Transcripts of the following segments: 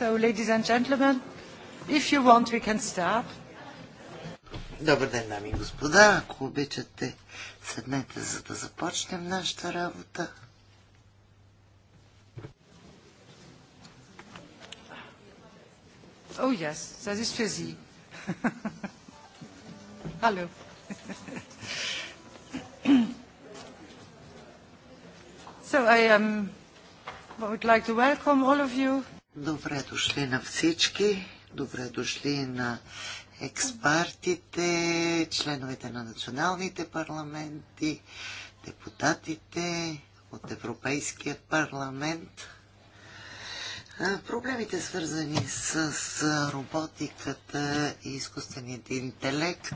So, ladies and gentlemen, if you want, we can start. Добър ден, дами и господа. Ако обичате, седнете, за да започнем нашата работа. Oh yes, das ist für Sie. Hallo. so I um, would like to welcome all of you Добре дошли на всички. Добре дошли на експертите, членовете на националните парламенти, депутатите от Европейския парламент. Проблемите свързани с роботиката и изкуственият интелект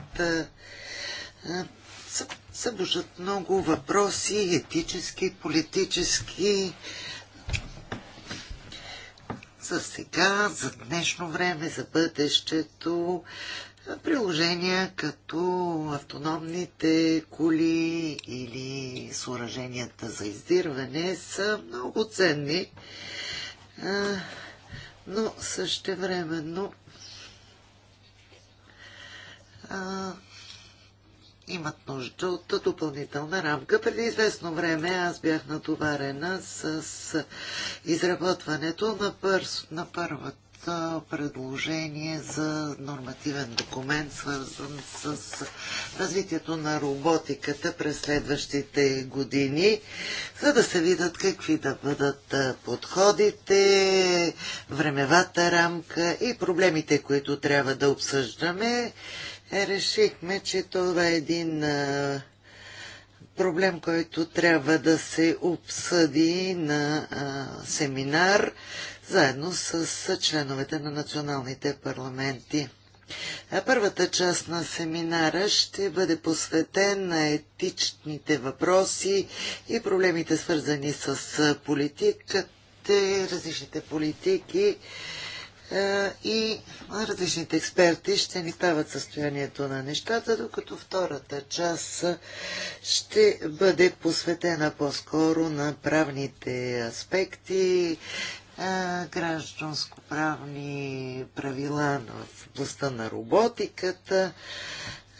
събуждат много въпроси, етически, политически, за сега, за днешно време, за бъдещето, приложения като автономните коли или съоръженията за издирване са много ценни, но също времено имат нужда от допълнителна рамка. Преди известно време аз бях натоварена с, изработването на, пър, на първата предложение за нормативен документ, свързан с, с развитието на роботиката през следващите години, за да се видят какви да бъдат подходите, времевата рамка и проблемите, които трябва да обсъждаме решихме, че това е един а, проблем, който трябва да се обсъди на а, семинар заедно с, членовете на националните парламенти. А първата част на семинара ще бъде посветен на етичните въпроси и проблемите свързани с политиката, различните политики, е, и различните експерти ще ни дават състоянието на нещата, докато втората част ще бъде посветена по-скоро на правните аспекти, е, гражданско-правни правила в областта на роботиката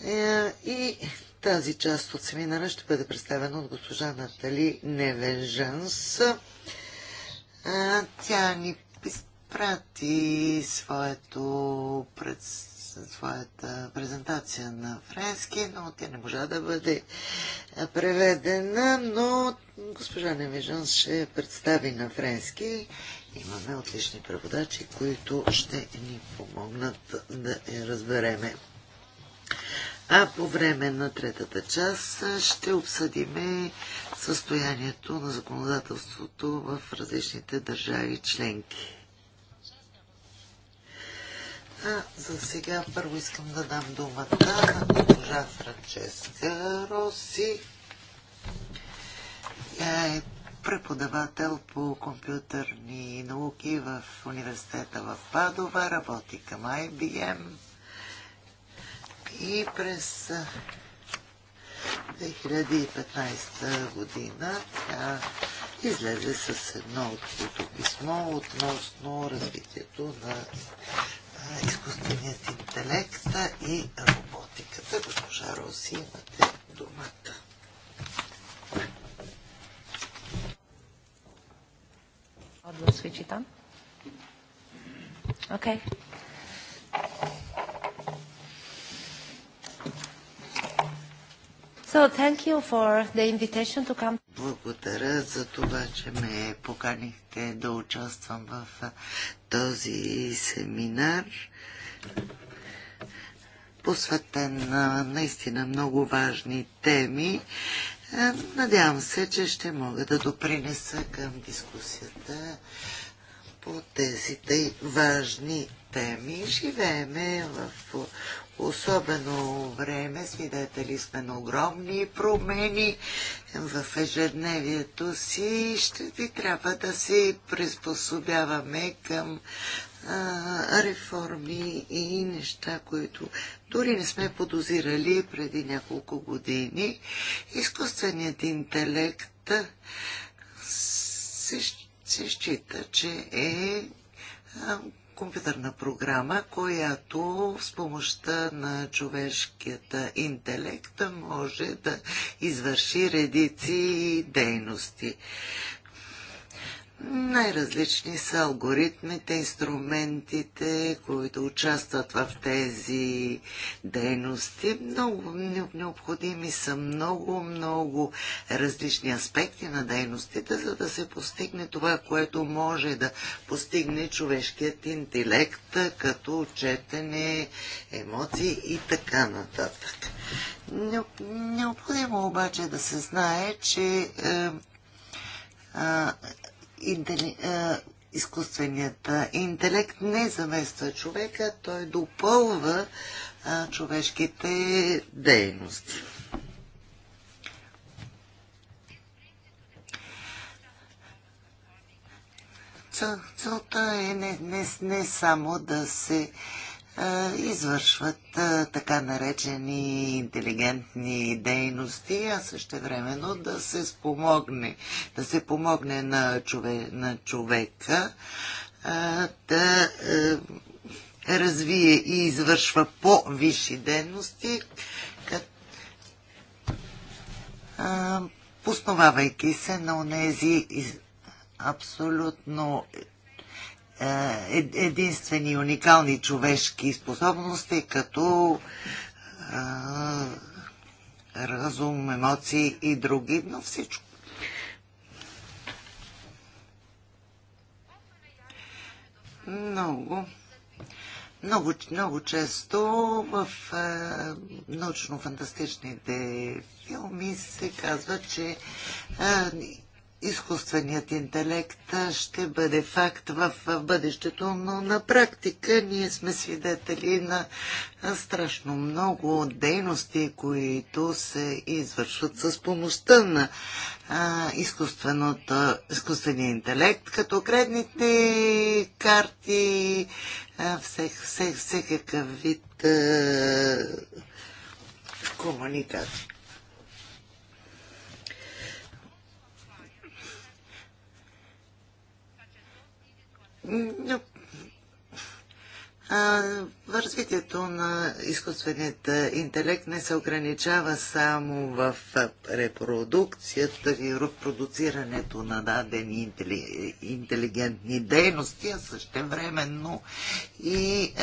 е, и тази част от семинара ще бъде представена от госпожа Натали Невенжанс. Тя ни Прати своето пред, своята презентация на френски, но тя не можа да бъде преведена, но госпожа Невижан ще представи на френски. Имаме отлични преводачи, които ще ни помогнат да я разбереме. А по време на третата част ще обсъдиме състоянието на законодателството в различните държави членки. А, за сега първо искам да дам думата на госпожа Франческа Роси. Тя е преподавател по компютърни науки в университета в Падова, работи към IBM и през 2015 година тя излезе с едно открито писмо относно развитието на изкуственият интелект и роботиката. Госпожа Роси, имате думата. I'll switch it on. Okay. So, thank you for the invitation to come. Благодаря за това, че ме поканихте да участвам в този семинар посветен на наистина много важни теми. Надявам се, че ще мога да допринеса към дискусията по тези важни теми. Живееме в особено време свидетели сме на огромни промени в ежедневието си. Ще ви трябва да се приспособяваме към а, реформи и неща, които дори не сме подозирали преди няколко години. Изкуственият интелект се, се счита, че е компютърна програма, която с помощта на човешкият интелект може да извърши редици и дейности. Най-различни са алгоритмите, инструментите, които участват в тези дейности. Много необходими са много, много различни аспекти на дейностите, за да се постигне това, което може да постигне човешкият интелект, като отчетене, емоции и така нататък. Необходимо обаче да се знае, че е, е, интели... изкуственият интелект не замества човека, той допълва човешките дейности. целта е не, не, не само да се извършват така наречени интелигентни дейности, а също времено да се спомогне, да се помогне на, чове, на човека да е, развие и извършва по-висши дейности, като основавайки се на онези абсолютно е, единствени и уникални човешки способности, като разум, емоции и други, но всичко. Много. Много, много често в е, научно-фантастичните филми се казва, че е, изкуственият интелект ще бъде факт в бъдещето, но на практика ние сме свидетели на страшно много дейности, които се извършват с помощта на изкуствения интелект, като кредитни карти, всекакъв вид комуникации. развитието на изкуственият интелект не се ограничава само в репродукцията и репродуцирането на дадени интелигентни дейности, а същевременно и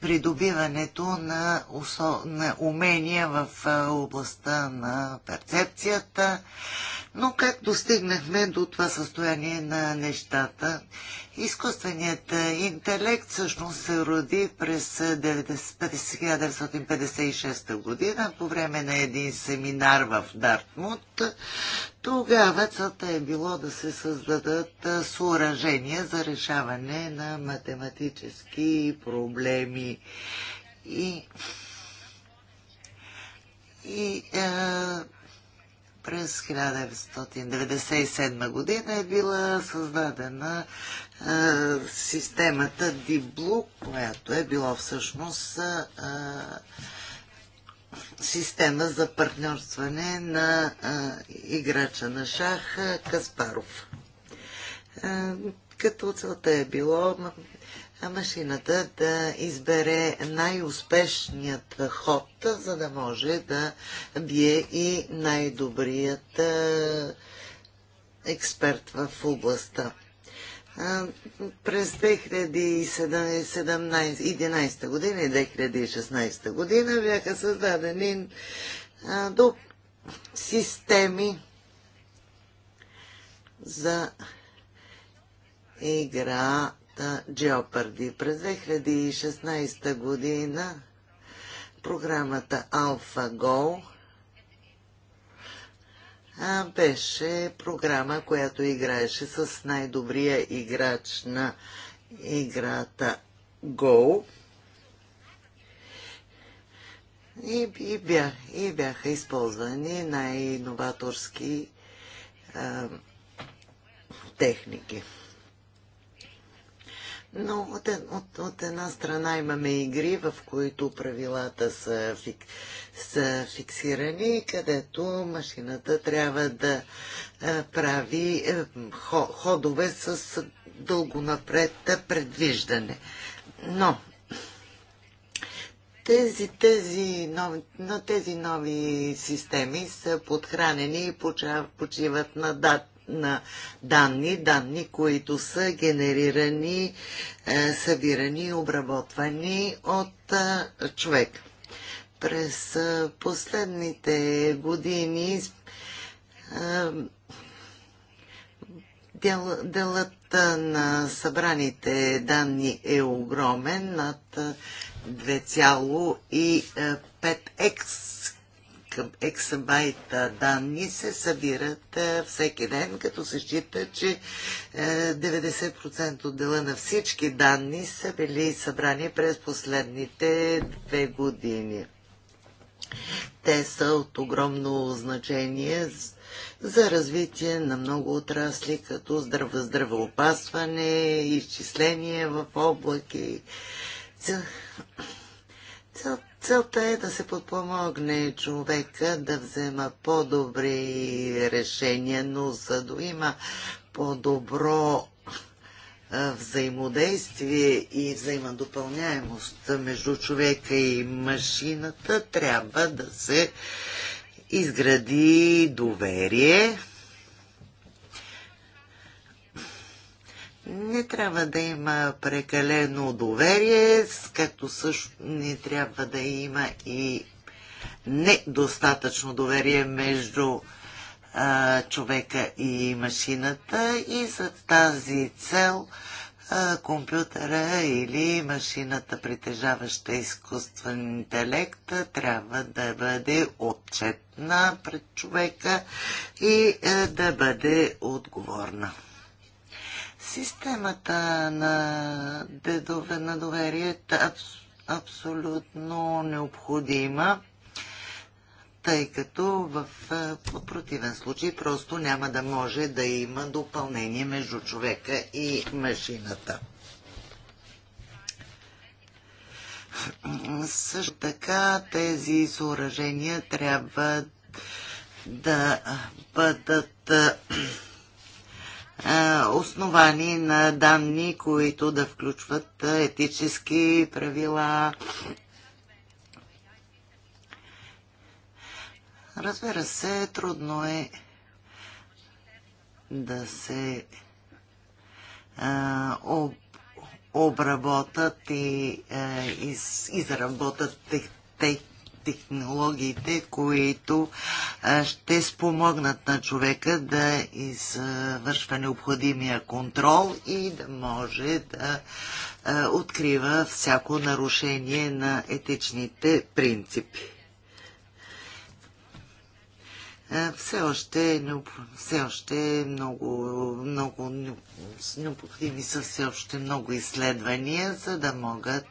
придобиването на, усо... на умения в областта на перцепцията, но как достигнахме до това състояние на нещата? Изкуственият интелект всъщност се роди през 1956 година по време на един семинар в Дартмут. Тогава целта е било да се създадат съоръжения за решаване на математически проблеми. И, и през 1997 година е била създадена е, системата Диблу, която е била всъщност е, система за партньорстване на е, играча на шах е, Каспаров. Е, като целта е било машината да избере най-успешният ход, за да може да бие и най-добрият експерт в областта. През 2011 година и 2016 година бяха създадени до системи за игра Джеопарди. През 2016 година програмата Алфа Гол беше програма, която играеше с най-добрия играч на играта Go. И, и, бях, и бяха използвани най-новаторски техники. Но от, е- от, от една страна имаме игри, в които правилата са, фик, са фиксирани, където машината трябва да е, прави а, ходове с дълго напред предвиждане. Но тези, тези нови, но тези нови системи са подхранени и почиват на дат, на данни, данни, които са генерирани, е, събирани, обработвани от е, човек. През е, последните години делът на събраните данни е огромен, над 2,5 екс Ексабайт данни се събират е, всеки ден, като се счита, че 90% е, от дела на всички данни са били събрани през последните две години. Те са от огромно значение за развитие на много отрасли, като здраво здравеопасване, изчисления в облаки. Цел, целта е да се подпомогне човека да взема по-добри решения, но за да има по-добро взаимодействие и взаимодопълняемост между човека и машината, трябва да се изгради доверие Не трябва да има прекалено доверие, както също не трябва да има и недостатъчно доверие между а, човека и машината и за тази цел а, компютъра или машината, притежаваща изкуствен интелект, трябва да бъде отчетна пред човека и а, да бъде отговорна. Системата на, дедове, на доверие е абсолютно необходима, тъй като в противен случай просто няма да може да има допълнение между човека и машината. Също така тези съоръжения трябва да бъдат основани на данни, които да включват етически правила. Разбира се, трудно е да се обработат и изработат технологиите, които ще спомогнат на човека да извършва необходимия контрол и да може да открива всяко нарушение на етичните принципи. Все още, е все още е много, много необходими са все още много изследвания, за да могат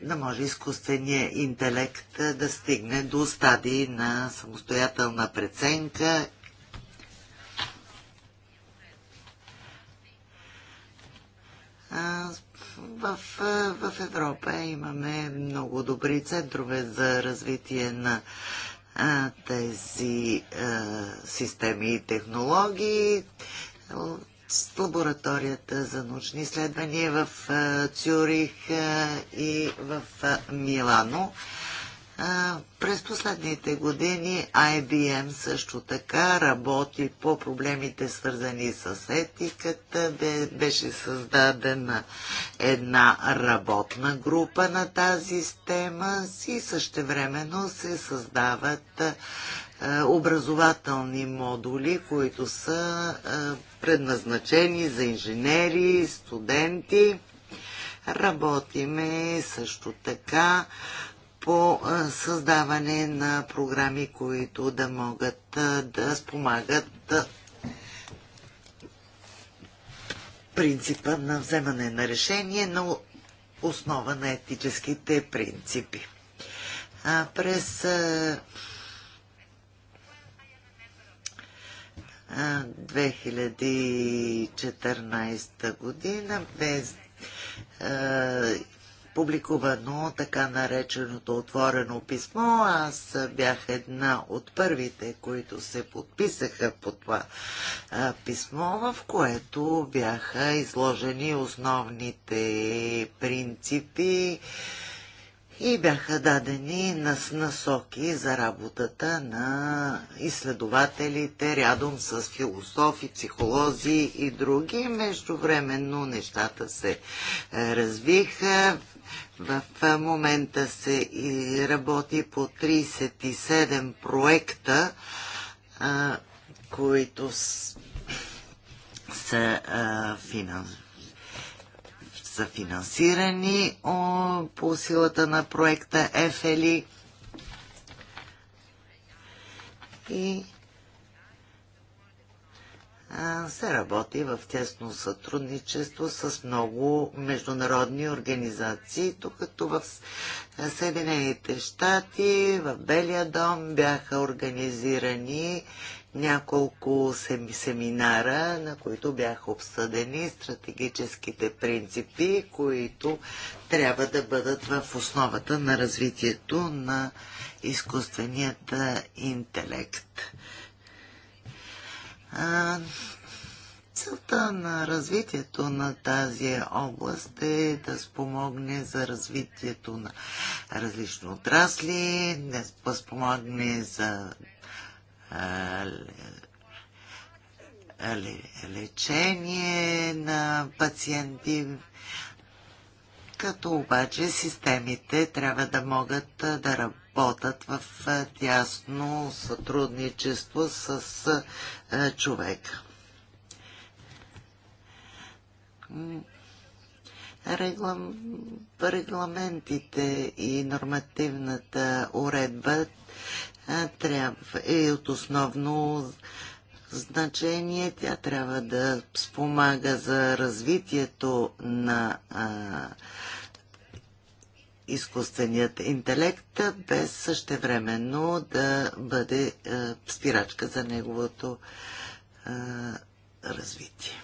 да може изкуственият интелект да стигне до стадии на самостоятелна преценка в, в Европа имаме много добри центрове за развитие на а, тези а, системи и технологии с лабораторията за научни изследвания в Цюрих и в Милано. През последните години IBM също така работи по проблемите свързани с етиката. Беше създадена една работна група на тази тема и същевременно се създават е, образователни модули, които са е, предназначени за инженери, студенти. Работиме също така по е, създаване на програми, които да могат да спомагат принципа на вземане на решение на основа на етическите принципи. през 2014 година бе публикувано така нареченото отворено писмо. Аз бях една от първите, които се подписаха по това писмо, в което бяха изложени основните принципи, и бяха дадени нас насоки за работата на изследователите рядом с философи, психолози и други. Междувременно нещата се е, развиха. В момента се и работи по 37 проекта, които са финансови са финансирани по силата на проекта ЕФЕЛИ. И се работи в тесно сътрудничество с много международни организации, докато в Съединените щати, в Белия дом бяха организирани няколко семинара, на които бяха обсъдени стратегическите принципи, които трябва да бъдат в основата на развитието на изкуственият интелект. Целта на развитието на тази област е да спомогне за развитието на различни отрасли, да спомогне за лечение на пациенти, като обаче системите трябва да могат да работят в тясно сътрудничество с човека. Реглам... Регламентите и нормативната уредба трябва, е от основно значение. Тя трябва да спомага за развитието на а, изкуственият интелект, без същевременно да бъде а, спирачка за неговото а, развитие.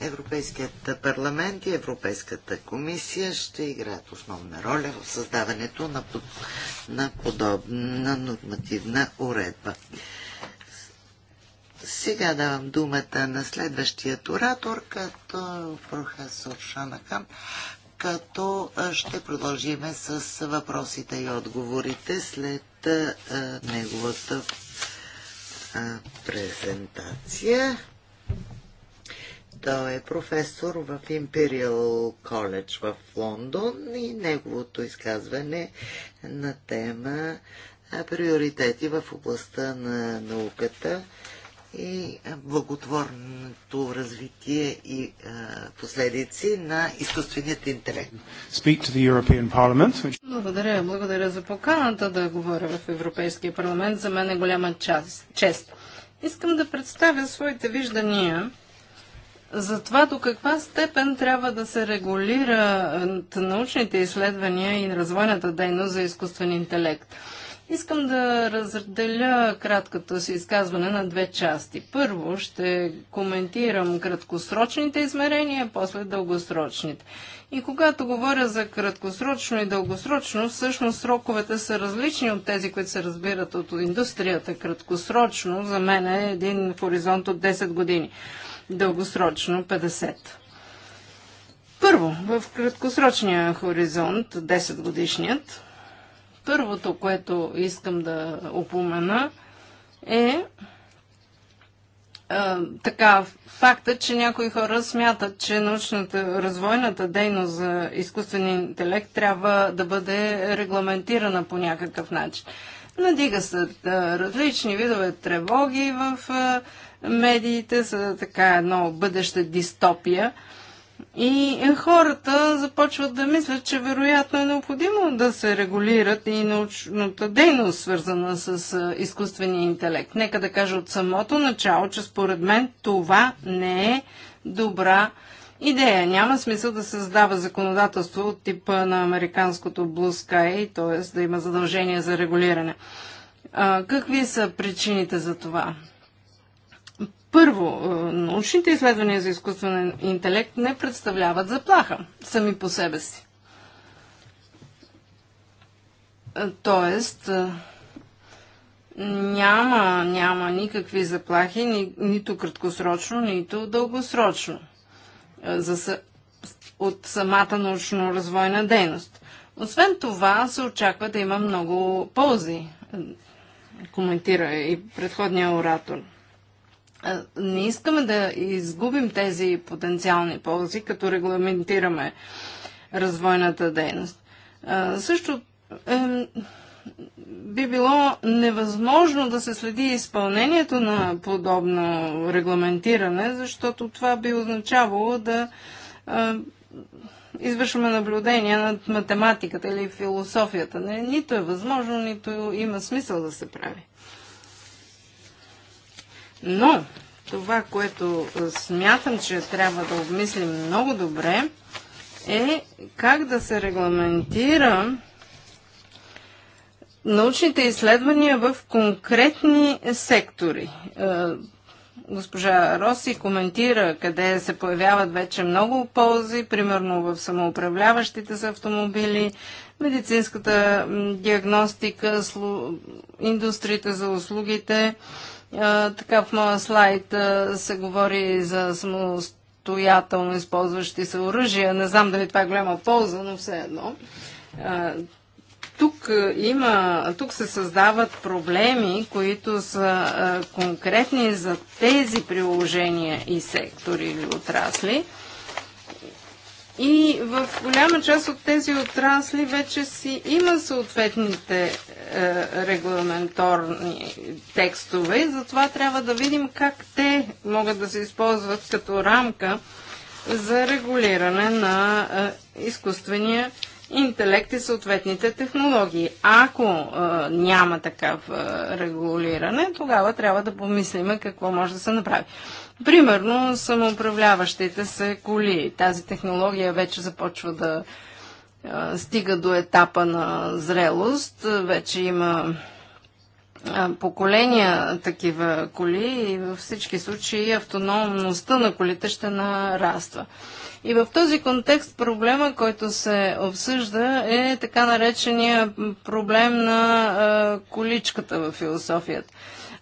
Европейският парламент и Европейската комисия ще играят основна роля в създаването на, под... на подобна нормативна уредба. Сега давам думата на следващия оратор, като професор Шанакан, като ще продължиме с въпросите и отговорите след а, неговата а, презентация. Той е професор в Imperial College в Лондон и неговото изказване на тема приоритети в областта на науката и благотворното развитие и последици на изкуственият интелект. Благодаря, благодаря за поканата да говоря в Европейския парламент. За мен е голяма чест. Искам да представя своите виждания за това до каква степен трябва да се регулират научните изследвания и развойната дейност за изкуствен интелект. Искам да разделя краткото си изказване на две части. Първо ще коментирам краткосрочните измерения, после дългосрочните. И когато говоря за краткосрочно и дългосрочно, всъщност сроковете са различни от тези, които се разбират от индустрията. Краткосрочно за мен е един хоризонт от 10 години дългосрочно 50. Първо, в краткосрочния хоризонт, 10 годишният, първото, което искам да упомена е а, така, факта, че някои хора смятат, че научната развойната дейност за изкуствен интелект трябва да бъде регламентирана по някакъв начин. Надига се различни видове тревоги в а, медиите са така едно бъдеща дистопия. И хората започват да мислят, че вероятно е необходимо да се регулират и научната дейност, свързана с изкуствения интелект. Нека да кажа от самото начало, че според мен това не е добра идея. Няма смисъл да създава законодателство от типа на американското Blue Sky, т.е. да има задължение за регулиране. А, какви са причините за това? Първо, е, научните изследвания за изкуствен интелект не представляват заплаха сами по себе си. Е, тоест, е, няма, няма никакви заплахи, ни, нито краткосрочно, нито дългосрочно за, от самата научно-развойна дейност. Освен това, се очаква да има много ползи, коментира и предходния оратор не искаме да изгубим тези потенциални ползи, като регламентираме развойната дейност. Също би било невъзможно да се следи изпълнението на подобно регламентиране, защото това би означавало да извършваме наблюдения над математиката или философията. Не, нито е възможно, нито има смисъл да се прави. Но това, което смятам, че трябва да обмислим много добре, е как да се регламентира научните изследвания в конкретни сектори. Е, госпожа Роси коментира къде се появяват вече много ползи, примерно в самоуправляващите се автомобили, медицинската диагностика, индустрията за услугите, така в моя слайд се говори за самостоятелно използващи се оръжия. Не знам дали това е голяма полза, но все едно. Тук, има, тук се създават проблеми, които са конкретни за тези приложения и сектори или отрасли. И в голяма част от тези отрасли вече си има съответните е, регламенторни текстове, и затова трябва да видим как те могат да се използват като рамка за регулиране на е, изкуствения интелект и съответните технологии. Ако е, няма такав е, регулиране, тогава трябва да помислиме какво може да се направи. Примерно самоуправляващите се коли. Тази технология вече започва да а, стига до етапа на зрелост. Вече има а, поколения такива коли и във всички случаи автономността на колите ще нараства. И в този контекст проблема, който се обсъжда, е така наречения проблем на а, количката в философията.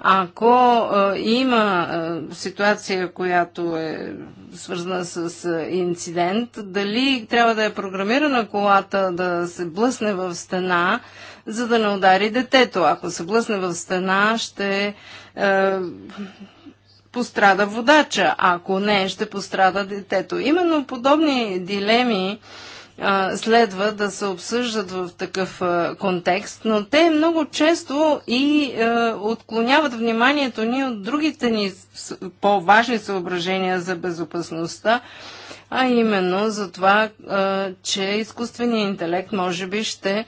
Ако има ситуация, която е свързана с инцидент, дали трябва да е програмирана колата да се блъсне в стена, за да не удари детето. Ако се блъсне в стена, ще пострада водача. Ако не, ще пострада детето. Именно подобни дилеми следва да се обсъждат в такъв контекст, но те много често и отклоняват вниманието ни от другите ни по-важни съображения за безопасността, а именно за това, че изкуственият интелект може би ще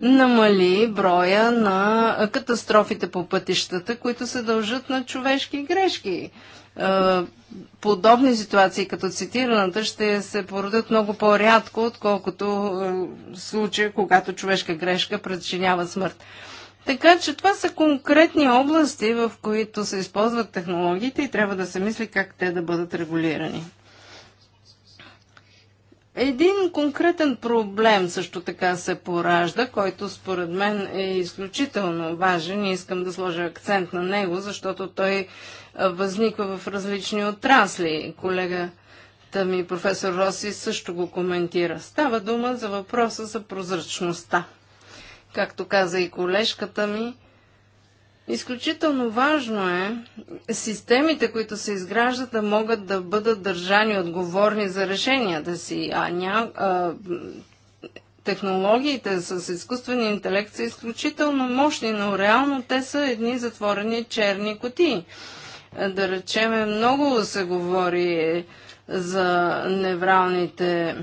намали броя на катастрофите по пътищата, които се дължат на човешки грешки. Е, подобни ситуации, като цитираната, ще се породят много по-рядко, отколкото е, случая, когато човешка грешка причинява смърт. Така че това са конкретни области, в които се използват технологиите и трябва да се мисли как те да бъдат регулирани. Един конкретен проблем също така се поражда, който според мен е изключително важен и искам да сложа акцент на него, защото той възниква в различни отрасли. Колегата ми, професор Роси, също го коментира. Става дума за въпроса за прозрачността. Както каза и колежката ми, Изключително важно е системите, които се изграждат, да могат да бъдат държани отговорни за решенията си, а, ня... а технологиите с изкуствения интелект са изключително мощни, но реално те са едни затворени черни кутии. Е, да речеме, много се говори за невралните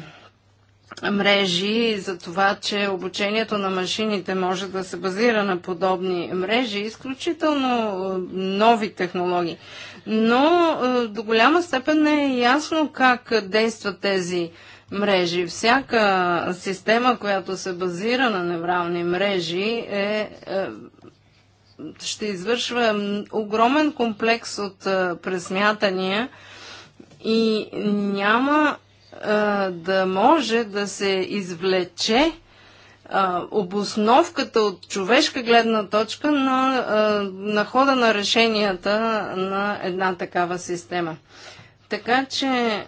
мрежи за това, че обучението на машините може да се базира на подобни мрежи, изключително е, нови технологии. Но е, до голяма степен не е ясно как действат тези мрежи. Всяка система, която се базира на неврални мрежи, е, е ще извършва огромен комплекс от пресмятания и няма да може да се извлече обосновката от човешка гледна точка на, на хода на решенията на една такава система. Така че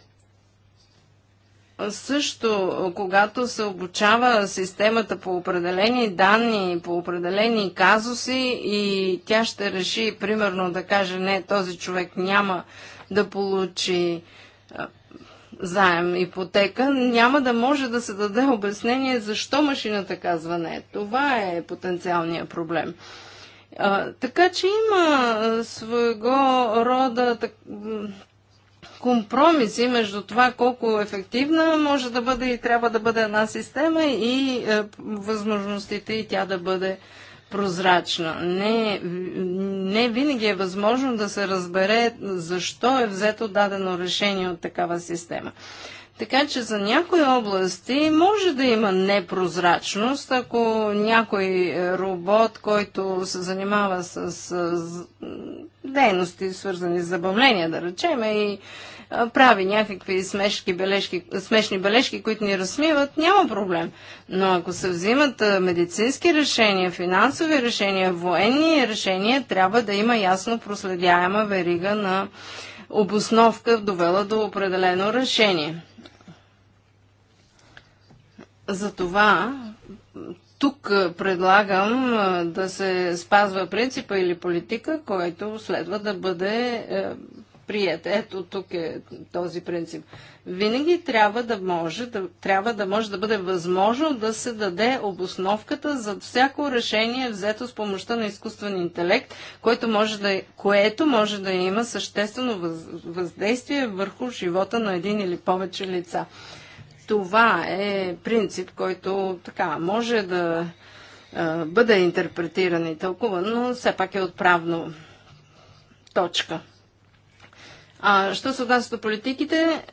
също, когато се обучава системата по определени данни, по определени казуси и тя ще реши, примерно, да каже, не, този човек няма да получи заем, ипотека, няма да може да се даде обяснение защо машината казва не. Това е потенциалният проблем. А, така че има своего рода так, компромиси между това колко ефективна може да бъде и трябва да бъде една система и е, възможностите и тя да бъде прозрачна. Не, не винаги е възможно да се разбере защо е взето дадено решение от такава система. Така че за някои области може да има непрозрачност, ако някой робот, който се занимава с, с дейности, свързани с забавления, да речем, и прави някакви смешки бележки, смешни бележки, които ни разсмиват, няма проблем. Но ако се взимат медицински решения, финансови решения, военни решения, трябва да има ясно проследяема верига на обосновка, довела до определено решение. Затова тук предлагам да се спазва принципа или политика, който следва да бъде прият. Ето тук е този принцип. Винаги трябва да може да, трябва да, може да бъде възможно да се даде обосновката за всяко решение взето с помощта на изкуствен интелект, което може да, което може да има съществено въз, въздействие върху живота на един или повече лица. Това е принцип, който така може да бъде интерпретиран и тълкуван, но все пак е отправно точка. А що се отнася до политиките,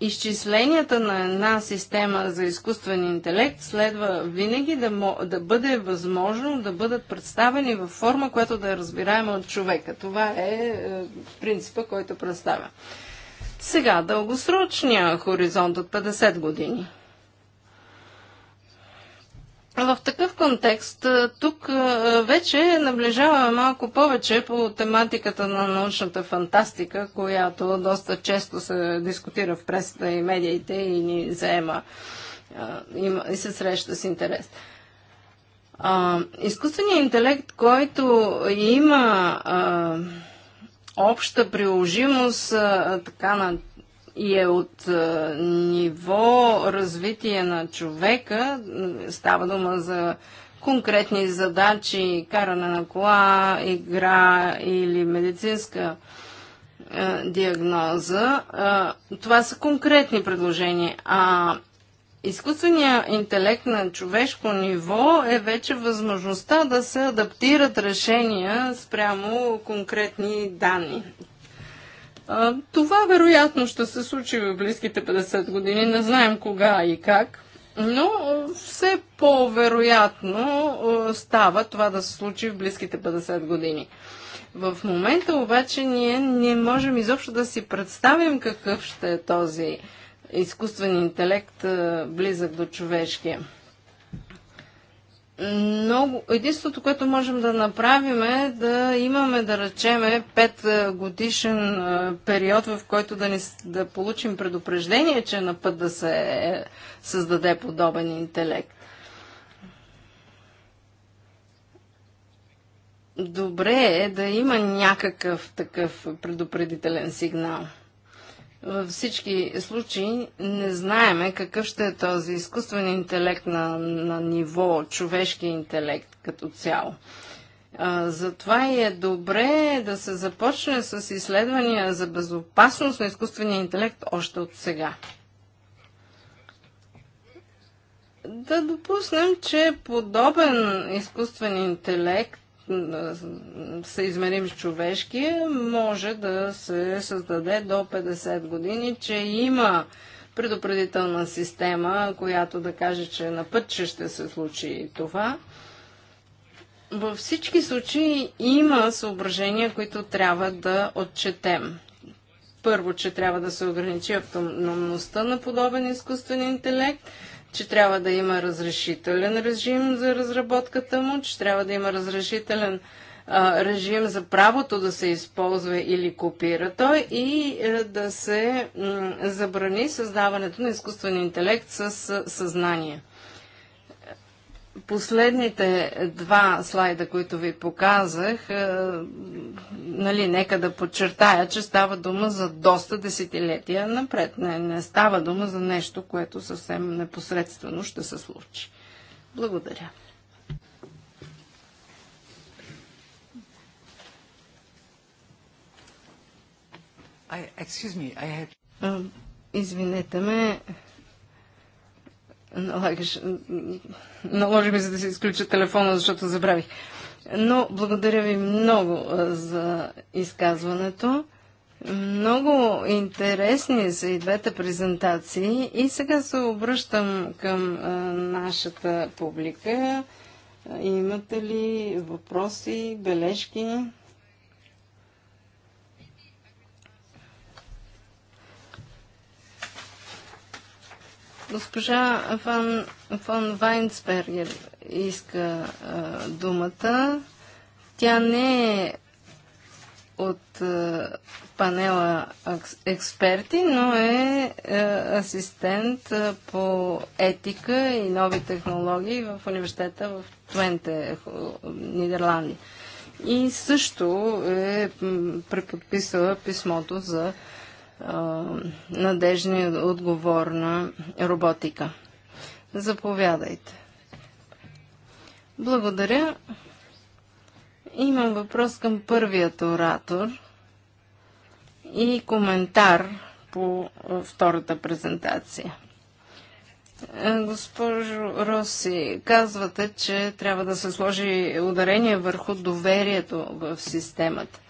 изчисленията на една система за изкуствен интелект следва винаги да, да бъде възможно да бъдат представени във форма, която да е разбираема от човека. Това е, е принципа, който представя. Сега, дългосрочния хоризонт от 50 години – в такъв контекст, тук вече наближаваме малко повече по тематиката на научната фантастика, която доста често се дискутира в пресата и медиите и ни заема и се среща с интерес. Изкуственият интелект, който има обща приложимост така на и е от е, ниво развитие на човека, става дума за конкретни задачи, каране на кола, игра или медицинска е, диагноза. Е, това са конкретни предложения. А изкуственият интелект на човешко ниво е вече възможността да се адаптират решения спрямо конкретни данни. Това вероятно ще се случи в близките 50 години, не знаем кога и как, но все по-вероятно става това да се случи в близките 50 години. В момента обаче ние не можем изобщо да си представим какъв ще е този изкуствен интелект близък до човешкия много, единството, което можем да направим е да имаме, да речеме, 5 е, годишен е, период, в който да, ни, да получим предупреждение, че е на път да се е, създаде подобен интелект. Добре е да има някакъв такъв предупредителен сигнал. Във всички случаи не знаеме какъв ще е този изкуствен интелект на, на ниво човешки интелект като цяло. А, затова и е добре да се започне с изследвания за безопасност на изкуствения интелект още от сега. Да допуснем, че подобен изкуствен интелект съизмерим с човешки, може да се създаде до 50 години, че има предупредителна система, която да каже, че на път, че ще се случи това. Във всички случаи има съображения, които трябва да отчетем. Първо, че трябва да се ограничи автономността на подобен изкуствен интелект – че трябва да има разрешителен режим за разработката му, че трябва да има разрешителен а, режим за правото да се използва или копира той и а, е, да се забрани създаването на изкуствен интелект с съзнание последните два слайда, които ви показах, е, нали, нека да подчертая, че става дума за доста десетилетия напред. Не, не става дума за нещо, което съвсем непосредствено ще се случи. Благодаря. I, excuse me, I е, Извинете ме, налагаш, наложи ми за да се изключа телефона, защото забравих. Но благодаря ви много за изказването. Много интересни са и двете презентации. И сега се обръщам към а, нашата публика. Имате ли въпроси, бележки? Госпожа Ван, Фон Вайнсбергер иска а, думата. Тя не е от а, панела експерти, но е а, асистент а, по етика и нови технологии в университета в Твенте, Нидерландия. И също е преподписала писмото за а, надежна и отговорна роботика. Заповядайте. Благодаря. Имам въпрос към първият оратор и коментар по втората презентация. Госпожо Роси, казвате, че трябва да се сложи ударение върху доверието в системата.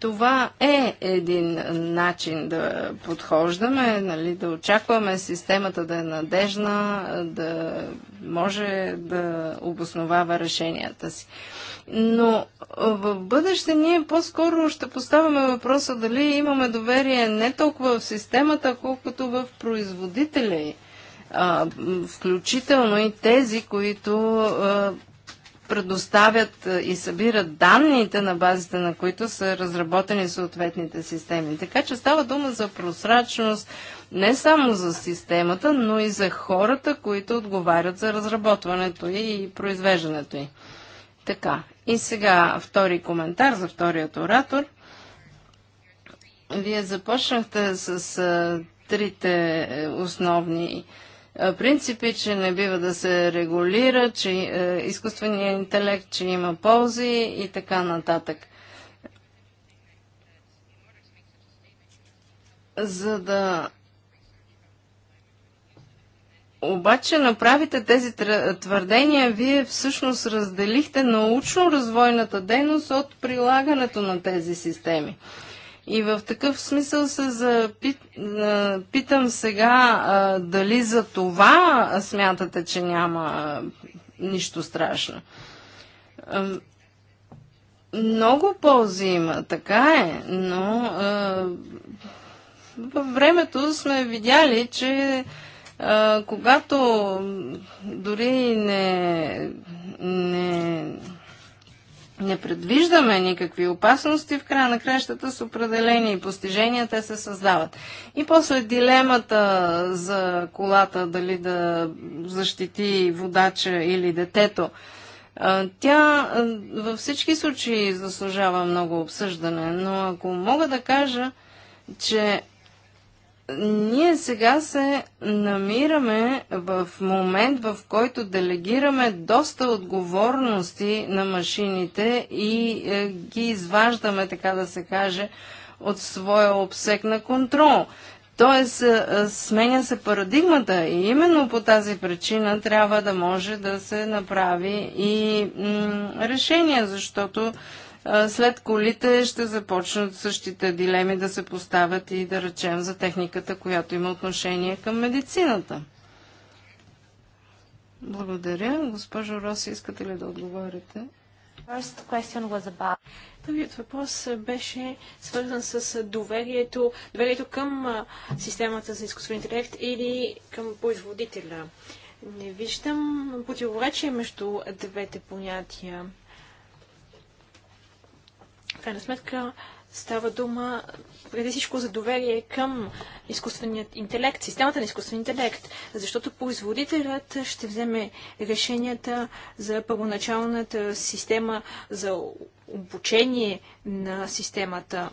Това е един начин да подхождаме, нали, да очакваме системата да е надежна, да може да обосновава решенията си. Но в бъдеще ние по-скоро ще поставяме въпроса дали имаме доверие не толкова в системата, колкото в производителя включително и тези, които предоставят е, и събират данните, на базите на които са разработени съответните системи. Така че става дума за прозрачност не само за системата, но и за хората, които отговарят за разработването и произвеждането й. Така, и сега втори коментар за вторият оратор. Вие започнахте с е, трите е, основни принципи, че не бива да се регулира, че е, изкуственият интелект, че има ползи и така нататък. За да обаче направите тези твърдения, вие всъщност разделихте научно-развойната дейност от прилагането на тези системи. И в такъв смисъл се запит, питам сега а, дали за това смятате, че няма а, нищо страшно. А, много ползи има, така е, но а, във времето сме видяли, че а, когато дори не, не не предвиждаме никакви опасности, в края на кращата с определени постижения те се създават. И после дилемата за колата, дали да защити водача или детето, тя във всички случаи заслужава много обсъждане, но ако мога да кажа, че ние сега се намираме в момент, в който делегираме доста отговорности на машините и е, ги изваждаме, така да се каже, от своя обсек на контрол. Тоест, е, е, сменя се парадигмата и именно по тази причина трябва да може да се направи и решение, защото след колите ще започнат същите дилеми да се поставят и да речем за техниката, която има отношение към медицината. Благодаря. Госпожо Роси, искате ли да отговорите? Първият въпрос беше свързан с доверието, доверието към системата за изкуствен интелект или към производителя. Не виждам противоречие между двете понятия. В крайна сметка става дума преди всичко за доверие към изкуственият интелект, системата на изкуствен интелект, защото производителят ще вземе решенията за първоначалната система за обучение на системата.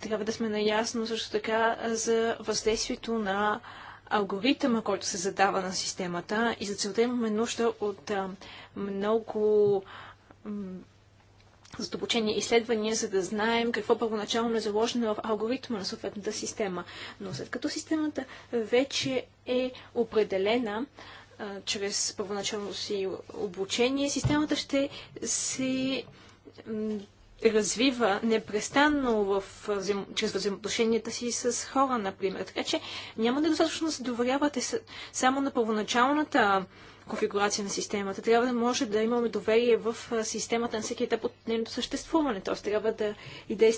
Трябва да сме наясно също така за въздействието на алгоритъма, който се задава на системата и за целта имаме нужда от много задълбочени изследвания, за да знаем какво първоначално е заложено в алгоритма на съответната система. Но след като системата вече е определена а, чрез първоначално си обучение, системата ще се развива непрестанно в, взаим... чрез взаимоотношенията си с хора, например. Така че няма да е достатъчно се доверявате само на първоначалната конфигурация на системата. Трябва да може да имаме доверие в системата на всеки етап от нейното съществуване. Тоест трябва да, и да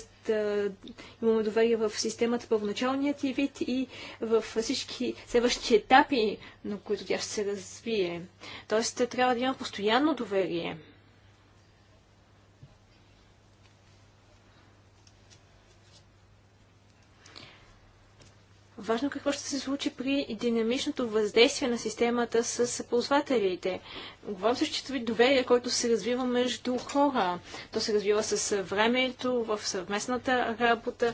имаме доверие в системата първоначалният и вид и в всички следващи етапи, на които тя ще се развие. Тоест трябва да има постоянно доверие. Важно е какво ще се случи при динамичното въздействие на системата с ползвателите. Говорим се, че доверие, който се развива между хора. То се развива с времето, в съвместната работа.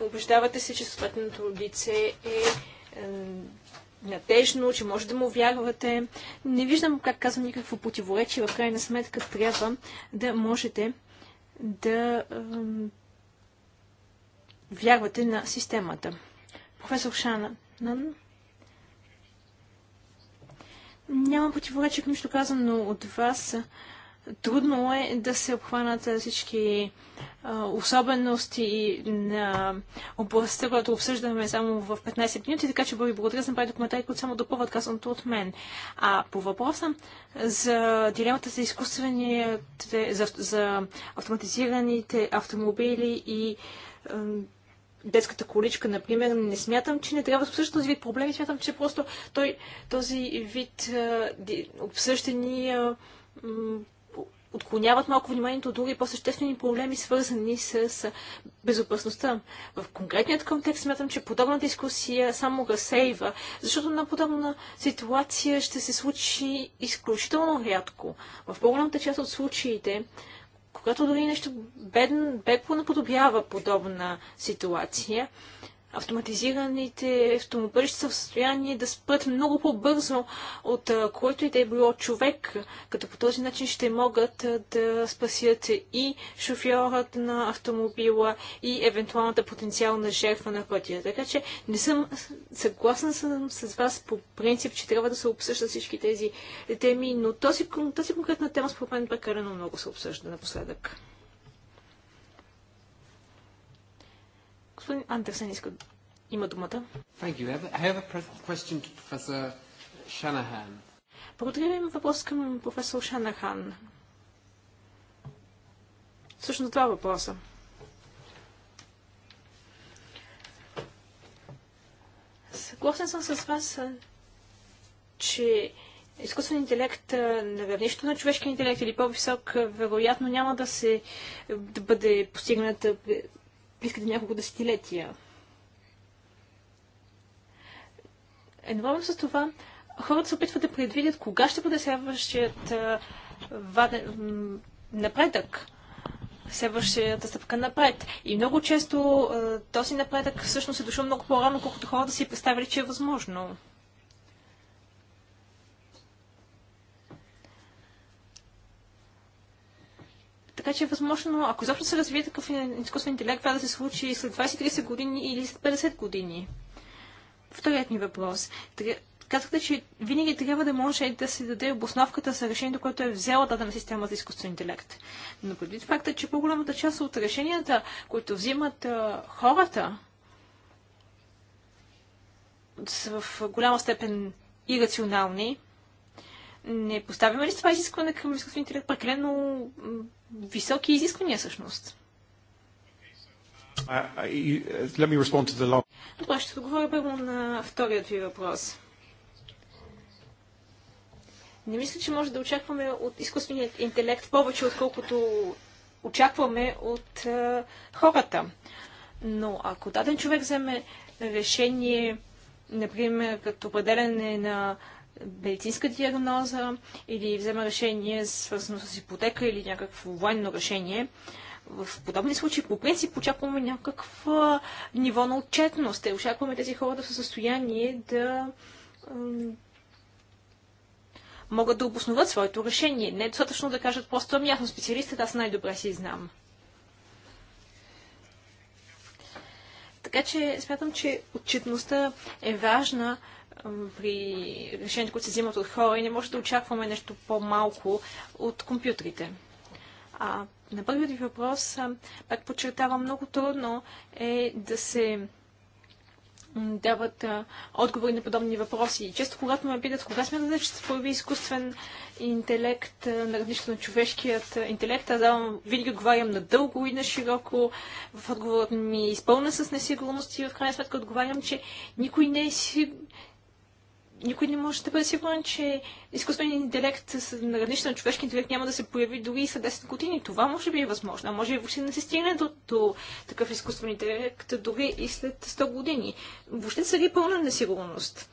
Обещавате се, че съответното лице е, е натежно, че може да му вярвате. Не виждам, как казвам, никакво противоречие. В крайна сметка трябва да можете да вярвате на системата професор Шана. Няма противоречие към нищо казано от вас. Трудно е да се обхванат всички а, особености на областта, която обсъждаме само в 15 минути, така че бъде благодаря за направите коментари, които само допълват казаното от мен. А по въпроса за дилемата за изкуствените, за, за автоматизираните автомобили и детската количка, например, не смятам, че не трябва да обсъжда този вид проблеми. Смятам, че просто той, този вид обсъждания отклоняват малко вниманието от други по-съществени проблеми, свързани с безопасността. В конкретният контекст смятам, че подобна дискусия само разсейва, защото на подобна ситуация ще се случи изключително рядко. В по-голямата част от случаите когато дори нещо бедно, бегло наподобява подобна ситуация, автоматизираните автомобили са в състояние да спрат много по-бързо от който и да е било човек, като по този начин ще могат да спасят и шофьорът на автомобила и евентуалната потенциална жертва на пътя. Така че не съм съгласна съм с вас по принцип, че трябва да се обсъждат всички тези теми, но този, тази конкретна тема според мен прекалено много се обсъжда напоследък. Господин Андерсен иска има думата. Thank you. I have a question to Professor Shanahan. Благодаря ви. Въпрос към професор Шанахан. Всъщност два въпроса. Съгласен съм с вас, че изкуствен интелект на равнището на човешкия интелект или по-висок, вероятно няма да се да бъде постигната близките няколко десетилетия. Едновременно с това, хората се опитват да предвидят кога ще бъде следващият ваден, напредък, следващата стъпка напред. И много често този напредък всъщност е дошъл много по-рано, колкото хората да си представили, че е възможно. Така че е възможно, ако изобщо се развие такъв изкуствен интелект, това да се случи след 20-30 години или след 50 години. Вторият ми въпрос. Казахте, че винаги трябва да може да се даде обосновката за решението, което е взела дадена система за изкуствен интелект. Но предвид факта, че по-голямата част от решенията, които взимат а, хората, са в голяма степен ирационални, не поставяме ли това изискване към изкуствените интелект прекалено високи изисквания всъщност? Това uh, uh, uh, Добре, ще отговоря първо на вторият ви въпрос. Не мисля, че може да очакваме от изкуственият интелект повече, отколкото очакваме от uh, хората. Но ако даден човек вземе решение, например, като определене на медицинска диагноза или взема решение свързано с ипотека или някакво военно решение, в подобни случаи по принцип очакваме някаква ниво на отчетност. Те очакваме тези хора да са в състояние да могат да обосноват своето решение. Не е достатъчно да кажат просто, ами аз съм специалистът, аз най-добре си знам. Така че смятам, че отчетността е важна при решенията, които се взимат от хора и не може да очакваме нещо по-малко от компютрите. А на първият ви въпрос, пак подчертавам, много трудно е да се дават а, отговори на подобни въпроси. И често, когато ме питат, кога смятате, че се появи изкуствен интелект а, на различно на човешкият интелект, аз давам, винаги отговарям дълго и на широко. В отговорът ми изпълна с несигурност и в крайна сметка отговарям, че никой не е никой не може да бъде сигурен, че изкуственият интелект на равнище на човешки интелект няма да се появи дори и след 10 години. Това може би е възможно. Може би въобще не се стигне до, до такъв изкуствен интелект дори и след 100 години. Въобще цари пълна несигурност.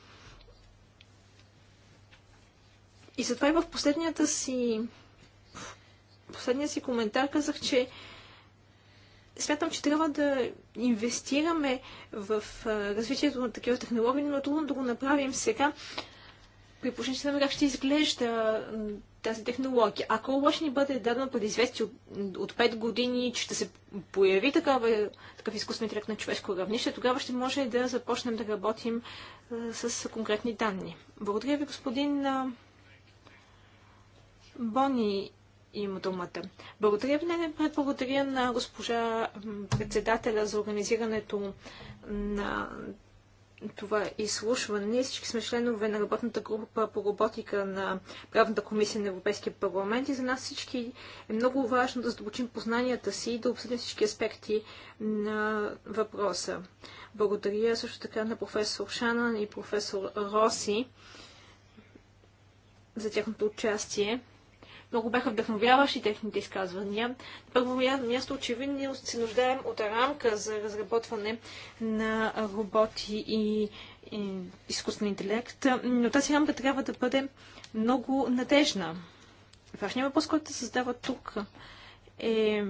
И затова и в последния си последния си коментар казах, че смятам, че трябва да инвестираме в развитието на такива технологии, но трудно да го направим сега. При положение, че как ще изглежда тази технология. Ако обаче ни бъде дадено предизвести от, от 5 години, че ще се появи такава, такъв изкуствен интелект на човешко равнище, тогава ще може да започнем да работим а, с конкретни данни. Благодаря ви, господин а, Бони има думата. Благодаря ви, най благодаря на госпожа председателя за организирането на това изслушване. Ние всички сме членове на работната група по роботика на правната комисия на Европейския парламент и за нас всички е много важно да задълбочим познанията си и да обсъдим всички аспекти на въпроса. Благодаря също така на професор Шанан и професор Роси за тяхното участие. Много бяха вдъхновяващи техните изказвания. На първо място очевидно се нуждаем от рамка за разработване на роботи и, изкуствен интелект, но тази рамка трябва да бъде много надежна. Важният въпрос, който се създава тук е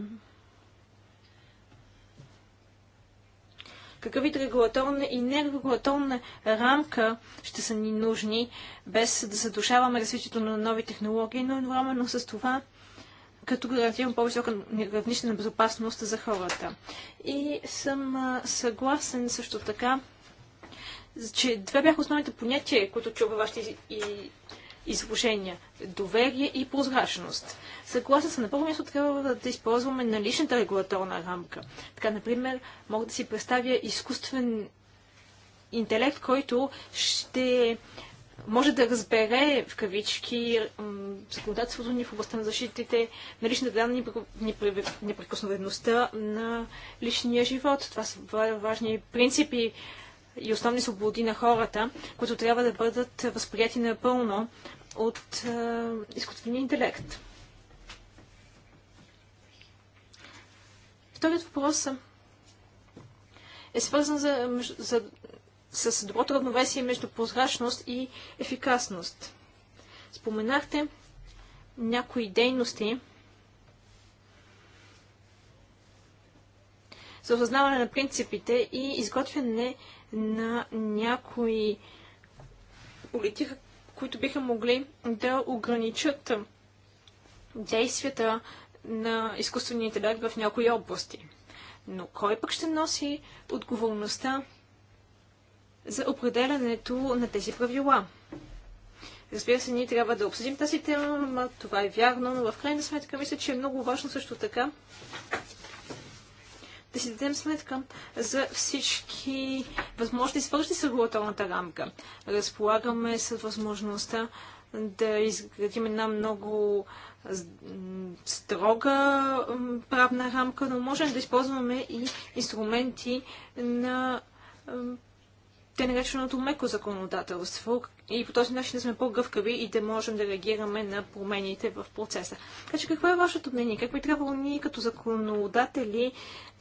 какъв вид регулаторна и нерегулаторна рамка ще са ни нужни, без да задушаваме развитието на нови технологии, но едновременно с това като гарантирам по-висока равнище на безопасност за хората. И съм съгласен също така, че две бяха основните понятия, които чува вашите и изложения. Доверие и прозрачност. Съгласен съм, на първо място трябва да, да използваме наличната регулаторна рамка. Така, например, мога да си представя изкуствен интелект, който ще може да разбере в кавички законодателството ни в областта на защитите на личната данни и на личния живот. Това са важни принципи и основни свободи на хората, които трябва да бъдат възприяти напълно от е, изкуствения интелект. Вторият въпрос е свързан за, за, с доброто равновесие между прозрачност и ефикасност. Споменахте някои дейности за осъзнаване на принципите и изготвяне на някои политика, които биха могли да ограничат действията на изкуствения интелект в някои области. Но кой пък ще носи отговорността за определянето на тези правила? Разбира се, ние трябва да обсъдим тази тема, това е вярно, но в крайна сметка мисля, че е много важно също така да си дадем сметка за всички възможности, свързани с регулаторната рамка. Разполагаме с възможността да изградим една много строга правна рамка, но можем да използваме и инструменти на те нареченото меко законодателство и по този начин да сме по-гъвкави и да можем да реагираме на промените в процеса. Така че какво е вашето мнение? Как би трябвало ние като законодатели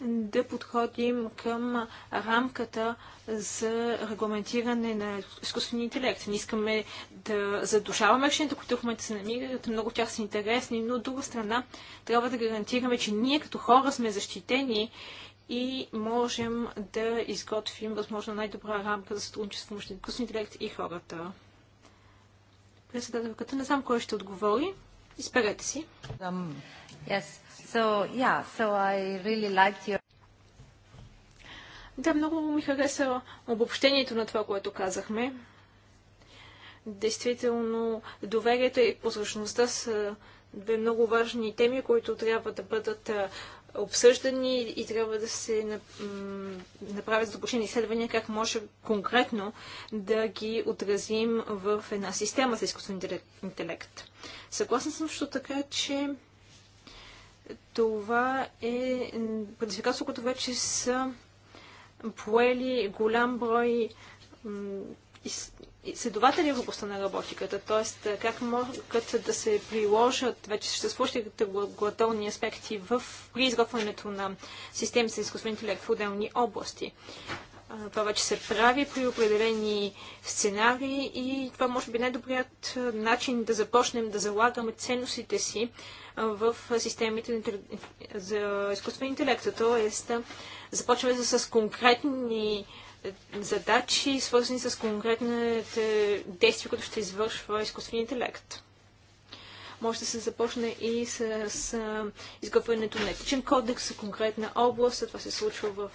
да подходим към рамката за регламентиране на изкуствения интелект? Не искаме да задушаваме решенията, които в момента се намират. Много тях са интересни, но от друга страна трябва да гарантираме, че ние като хора сме защитени и можем да изготвим възможно най-добра рамка за сътрудничество между изкуствен интелект и хората. Председателката, не знам кой ще отговори. Изберете си. Um, yes. so, yeah, so I really liked your... Да, много ми хареса обобщението на това, което казахме. Действително, доверието и прозрачността са две много важни теми, които трябва да бъдат обсъждани и трябва да се направят задълбочени изследвания как може конкретно да ги отразим в една система за изкуствен интелект. Съгласна съм също така, че това е предизвикателство, което вече са поели голям брой следователи в областта на работиката, т.е. как могат да се приложат вече съществуващите регулаторни аспекти в, при изготвянето на системи за изкуствен интелект в отделни области. Това вече се прави при определени сценарии и това може би най-добрият начин да започнем да залагаме ценностите си в системите за изкуствен интелект. Тоест, започваме с конкретни задачи, свързани с конкретните действия, които ще извършва изкуствен интелект. Може да се започне и с, с изготвянето на етичен кодекс за конкретна област. Това се случва в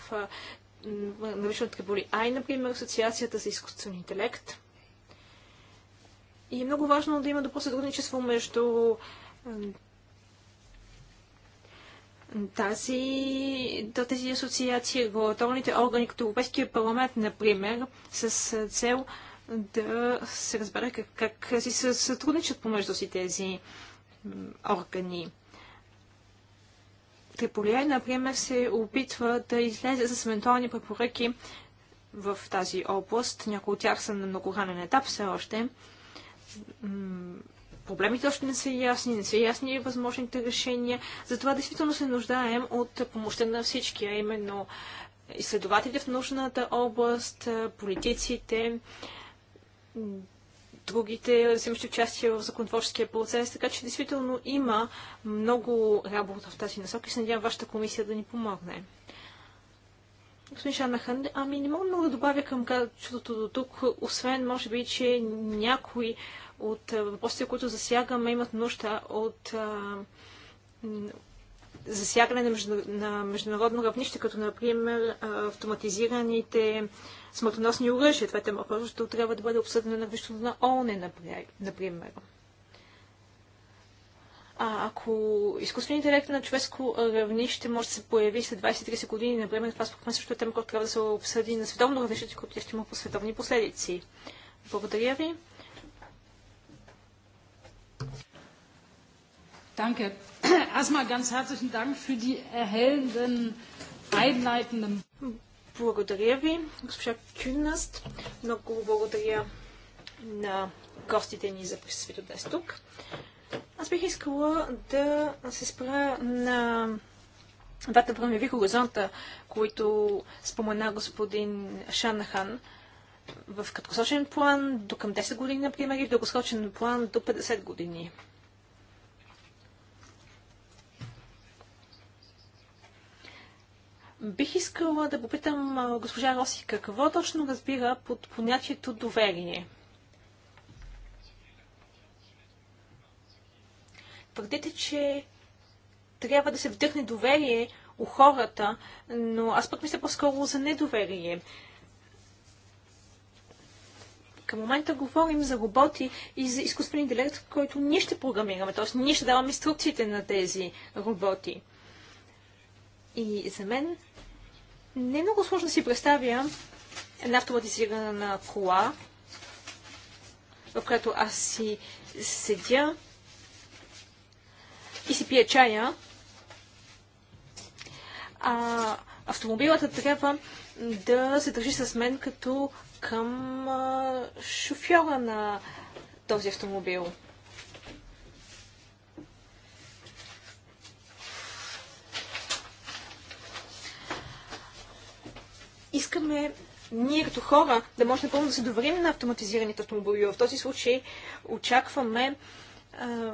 научната категория Ай, например, Асоциацията за изкуствен интелект. И е много важно да има добро сътрудничество между тази, до тези асоциации, регулаторните органи, като Европейския парламент, например, с цел да се разбере как, как си сътрудничат помежду си тези органи. Триполия, например, се опитва да излезе с ментални препоръки в тази област. Някои от тях са на много ранен етап все още. Проблемите още не са ясни, не са ясни и възможните решения. Затова действително се нуждаем от помощта на всички, а именно изследователите в нужната област, политиците, другите, вземащи участие в законотворческия процес, така че действително има много работа в тази насока и се надявам вашата комисия да ни помогне. Господин Шанахан, ами не мога много да добавя към чудото до тук, освен може би, че някои от е, въпросите, които засягаме, имат нужда от е, засягане на, международно равнище, като например е, автоматизираните смъртоносни оръжия. Това е тема, която трябва да бъде обсъдена на равнището на ООН, например. А ако изкуственият интелект на човешко равнище може да се появи след 20-30 години, например, това според мен също е тема, която трябва да се обсъди на световно равнище, което ще има по световни последици. Благодаря ви. Danke. Erstmal ganz herzlichen Dank für die erhellenden, einleitenden. Благодаря ви, госпожа Кюнест. Много благодаря на гостите ни за присъствието днес тук. Аз бих искала да се спра на двата времеви хоризонта, които спомена господин Шанахан в краткосрочен план до към 10 години, например, и в дългосрочен план до 50 години. Бих искала да попитам госпожа Роси, какво точно разбира под понятието доверие? Твърдите, че трябва да се вдъхне доверие у хората, но аз пък мисля по-скоро за недоверие. Към момента говорим за роботи и за изкуствен интелект, който ние ще програмираме, т.е. ние ще даваме инструкциите на тези роботи. И за мен не е много сложно да си представя една автоматизирана кола, в която аз си седя и си пия чая, а автомобилата трябва да се държи с мен като към а, шофьора на този автомобил. Искаме ние като хора да можем напълно да се доверим на автоматизираните автомобили. В този случай очакваме а,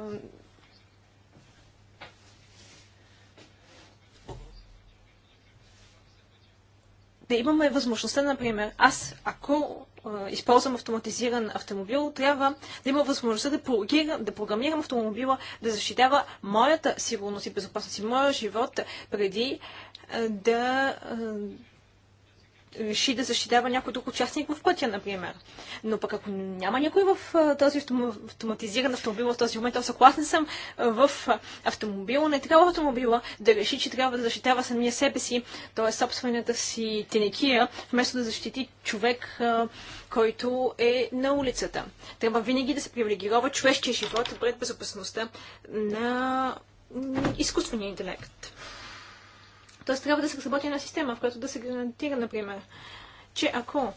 да имаме възможността, например, аз, ако използвам автоматизиран автомобил, трябва да има възможността да, прогирам, да програмирам автомобила, да защитава моята сигурност и безопасност и моя живот преди да реши да защитава някой друг участник в пътя, например. Но пък ако няма някой в този автоматизиран автомобил в този момент, аз съгласен съм в автомобила, не трябва автомобила да реши, че трябва да защитава самия себе си, т.е. собствената си тенекия, вместо да защити човек, който е на улицата. Трябва винаги да се привилегирова човешкия живот пред безопасността на изкуствения интелект. Тоест трябва да се разработи една система, в която да се гарантира, например, че ако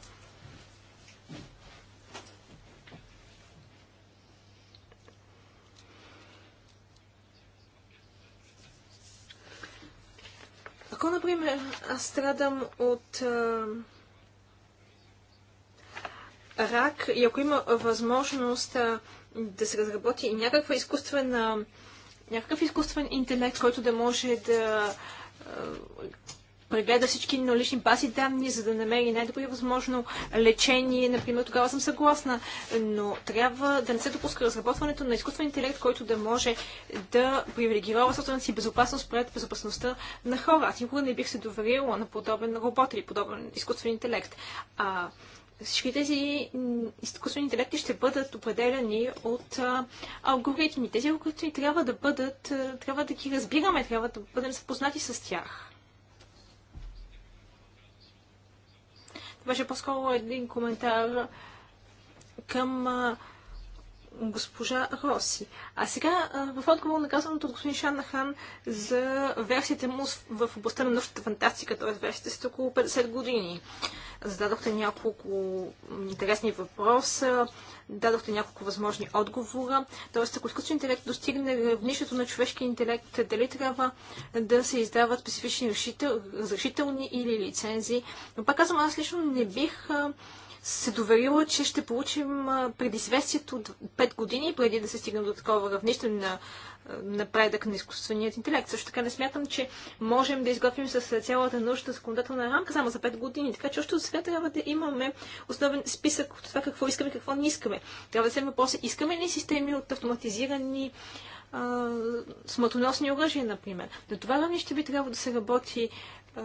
Ако, например, аз страдам от а, рак и ако има възможност а, да се разработи някаква изкуствена, някакъв изкуствен интелект, който да може да прегледа всички налични бази данни, за да намери най-добри възможно лечение. Например, тогава съм съгласна, но трябва да не се допуска разработването на изкуствен интелект, който да може да привилегирова собствената си безопасност пред безопасността на хора. Аз никога не бих се доверила на подобен робот или подобен изкуствен интелект. А всички тези изкуствени интелекти ще бъдат определени от алгоритми. Тези алгоритми трябва да бъдат, трябва да ги разбираме, трябва да бъдем запознати с тях. Това беше по-скоро един коментар към а, госпожа Роси. А сега в отговор на казаното от господин Шанахан за версията му в областта на научната фантастика, т.е. версиите са около 50 години. Зададохте няколко интересни въпроса, дадохте няколко възможни отговора. Т.е. ако изкуствен интелект достигне равнището на човешки интелект, дали трябва да се издават специфични разрешителни или лицензии. Но пак казвам, аз лично не бих се доверила, че ще получим предизвестието от 5 години преди да се стигнем до такова равнище на напредък на изкуственият интелект. Също така не смятам, че можем да изготвим с цялата нужда законодателна рамка само за 5 години. Така че още от сега трябва да имаме основен списък от това какво искаме, какво не искаме. Трябва да се въпроса, искаме ли системи от автоматизирани а, смъртоносни оръжия, например. На това равнище би трябвало да се работи а,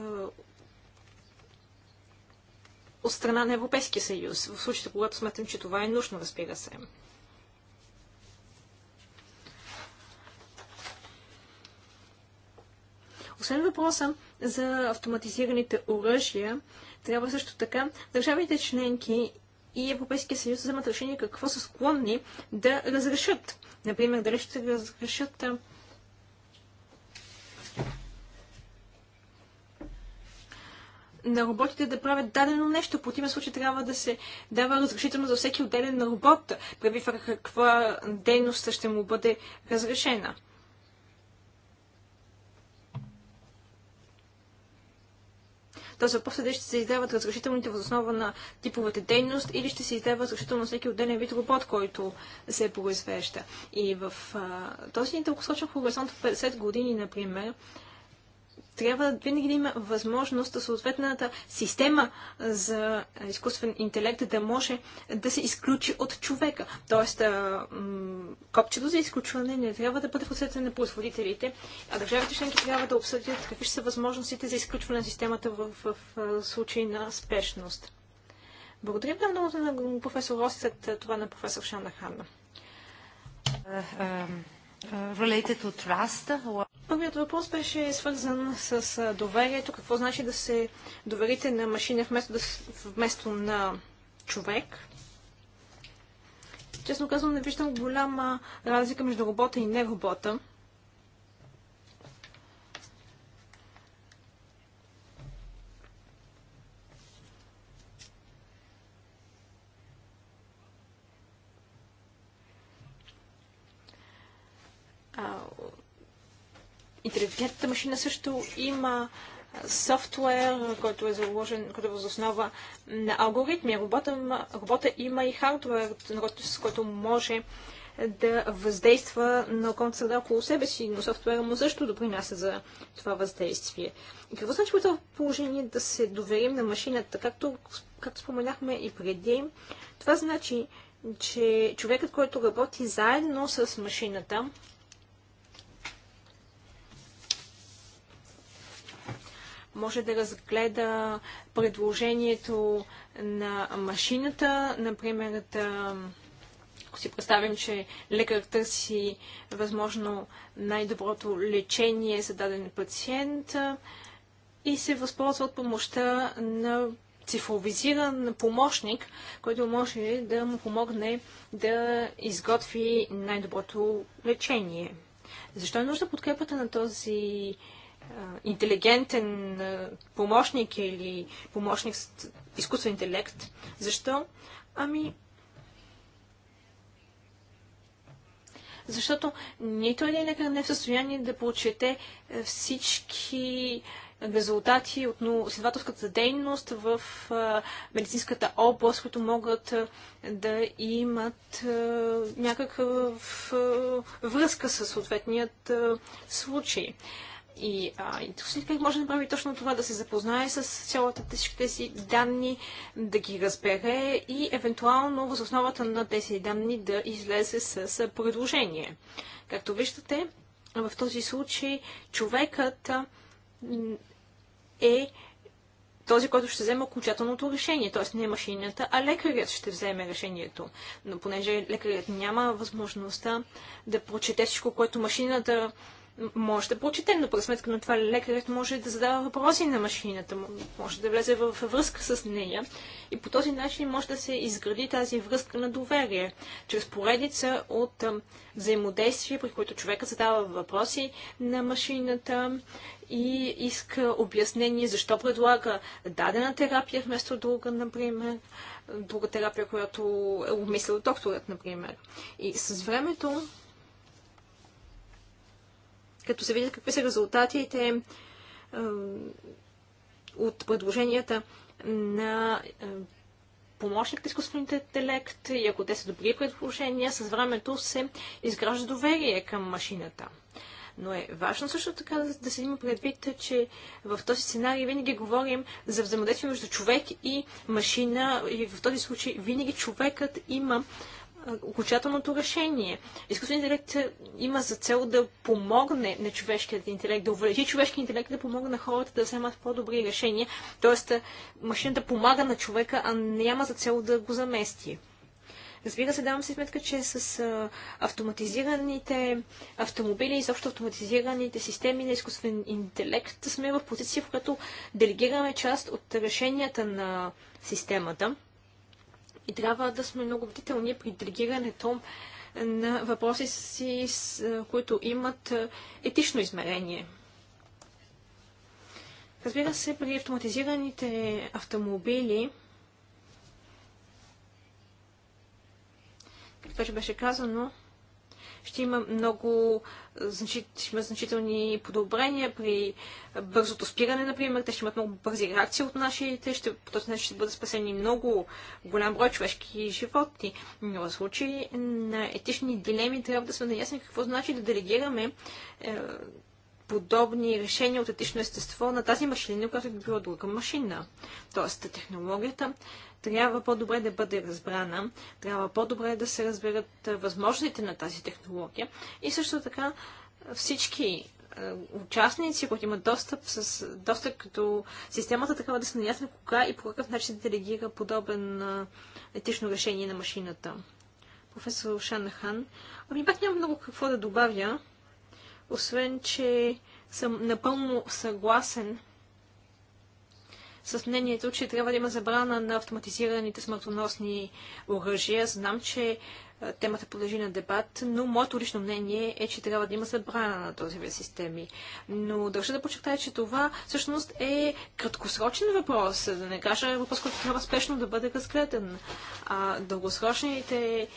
от страна на Европейския съюз, в случаите, когато смятам, че това е нужно, разбира се. Освен въпроса за автоматизираните оръжия, трябва също така държавите членки и Европейския съюз вземат решение какво са склонни да разрешат. Например, дали ще разрешат на роботите да правят дадено нещо. В противен случай трябва да се дава разрешително за всеки отделен робот, преди каква дейност ще му бъде разрешена. Тоест въпросът е ще се издават разрешителните въз основа на типовете дейност или ще се издава разрешително всеки отделен вид робот, който се произвежда. И в а, този дългосрочен хоризонт в 50 години, например, трябва винаги да има възможност съответната система за изкуствен интелект да може да се изключи от човека. Тоест, копчето за изключване не трябва да бъде в на производителите, а държавите членки трябва да обсъдят какви ще са възможностите за изключване на системата в, в, в случай на спешност. Благодаря много на професор Росет, това на професор Шана Ханна. Е, Uh, related to trust. Първият въпрос беше свързан с доверието. Какво значи да се доверите на машина вместо, да, вместо на човек? Честно казвам, не виждам голяма разлика между робота и неробота. интелигентната машина също има софтуер, който е заложен, който е възоснова на алгоритми. Робота, робота има и хардуер, с който може да въздейства на околната среда около себе си, но софтуера му също допринася за това въздействие. И какво значи това положение да се доверим на машината? Както, както споменахме и преди, това значи, че човекът, който работи заедно с машината, може да разгледа предложението на машината, например да ако си представим, че лекар търси възможно най-доброто лечение за даден пациент и се възползва от помощта на цифровизиран помощник, който може да му помогне да изготви най-доброто лечение. Защо е нужда подкрепата на този интелигентен помощник или помощник с изкуствен интелект. Защо? Ами, защото нито един лекар не е в състояние да прочете е, всички резултати от следвателската дейност в медицинската област, които могат да имат някаква връзка с съответният случай. И как може да прави точно това, да се запознае с цялата си данни, да ги разбере и евентуално въз основата на тези данни да излезе с, с предложение. Както виждате, в този случай човекът е този, който ще вземе окончателното решение, т.е. не машината, а лекарят ще вземе решението. Но понеже лекарят няма възможността да прочете всичко, което машината да може да прочете, но през сметка на това лекарят може да задава въпроси на машината, може да влезе в връзка с нея и по този начин може да се изгради тази връзка на доверие, чрез поредица от взаимодействия, при които човека задава въпроси на машината и иска обяснение защо предлага дадена терапия вместо друга, например, друга терапия, която е обмислил докторът, например. И с времето като се видят какви са резултатите от предложенията на помощник на изкуствения интелект и ако те са добри предложения, с времето се изгражда доверие към машината. Но е важно също така да се има предвид, че в този сценарий винаги говорим за взаимодействие между човек и машина и в този случай винаги човекът има окончателното решение. Изкуственият интелект има за цел да помогне на човешкият интелект, да увеличи човешкият интелект, да помогне на хората да вземат по-добри решения. Тоест, е, машината помага на човека, а няма за цел да го замести. Разбира се, давам си сметка, че с а, е, автоматизираните автомобили и общо автоматизираните системи на изкуствен интелект сме в позиция, в която делегираме част от решенията на системата и трябва да сме много бдителни при интригирането на въпроси, си, които имат етично измерение. Разбира се, при автоматизираните автомобили, както вече беше казано, ще има много значит, ще има значителни подобрения при бързото спиране, например. Те ще имат много бързи реакции от нашите, ще, по този начин ще бъдат спасени много голям брой човешки животни. Но в случай на етични дилеми трябва да сме наясни какво значи да делегираме е, подобни решения от етично естество на тази машина, която е била друга машина. Тоест, технологията трябва по-добре да бъде разбрана, трябва по-добре да се разберат възможностите на тази технология и също така всички участници, които имат достъп, с, достъп като системата трябва да са наясни кога и по какъв начин делегира подобен етично решение на машината. Професор Шанахан. Ами пак няма много какво да добавя освен че съм напълно съгласен с мнението, че трябва да има забрана на автоматизираните смъртоносни оръжия. Знам, че темата подлежи на дебат, но моето лично мнение е, че трябва да има събрана на този вид системи. Но държа да подчертая, че това всъщност е краткосрочен въпрос, да не кажа въпрос, който трябва спешно да бъде разгледан. А дългосрочните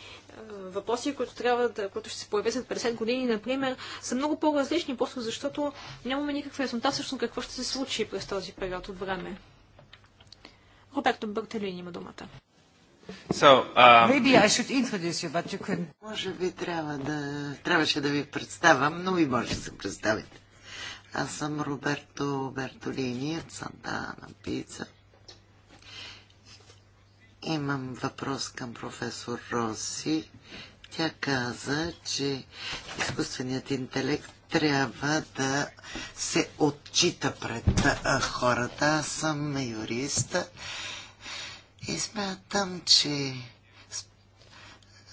въпроси, които, трябва да, които ще се появят след 50 години, например, са много по-различни, просто защото нямаме никаква яснота всъщност какво ще се случи през този период от време. Роберто Бъртелин има думата. So, um, Maybe I should introduce you, but you couldn't. Може би трябва да... трябваше да ви представям, но ви може да се представите. Аз съм Роберто Бертолини от Санта на Пица. Имам въпрос към професор Роси. Тя каза, че изкуственият интелект трябва да се отчита пред хората. Аз съм юрист и смятам, че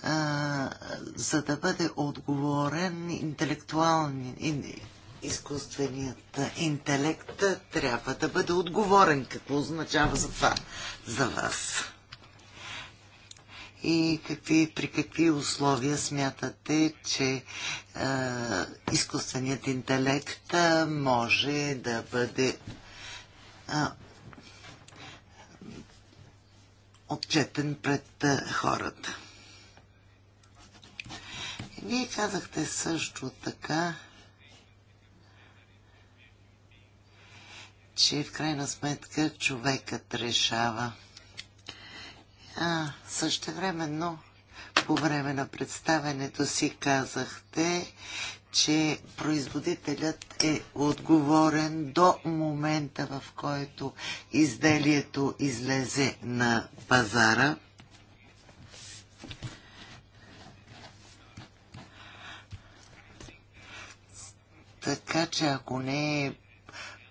а, за да бъде отговорен интелектуален изкуственият интелект трябва да бъде отговорен. Какво означава за това за вас? И какви, при какви условия смятате, че е, изкуственият интелект може да бъде е, отчетен пред хората. Вие казахте също така, че в крайна сметка човекът решава. А, същевременно, по време на представенето си казахте, че производителят е отговорен до момента, в който изделието излезе на пазара. Така че ако не е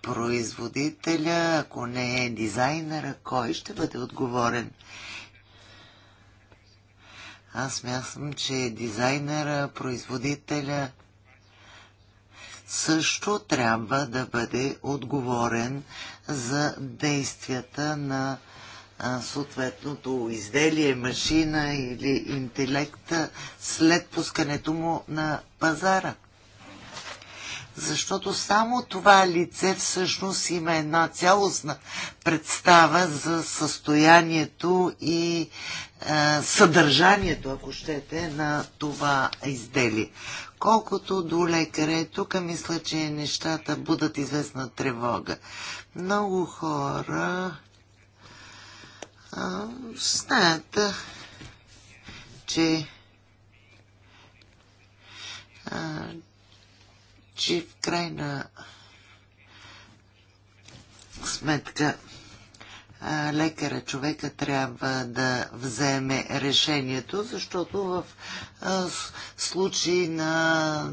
производителя, ако не е дизайнера, кой ще бъде отговорен? Аз мятам, че дизайнера, производителя също трябва да бъде отговорен за действията на съответното изделие, машина или интелекта след пускането му на пазара. Защото само това лице всъщност има една цялостна представа за състоянието и е, съдържанието, ако щете, на това изделие. Колкото до лекаря, тук мисля, че нещата будат известна тревога. Много хора а, знаят, че а, че в крайна сметка лекара, човека трябва да вземе решението, защото в случаи на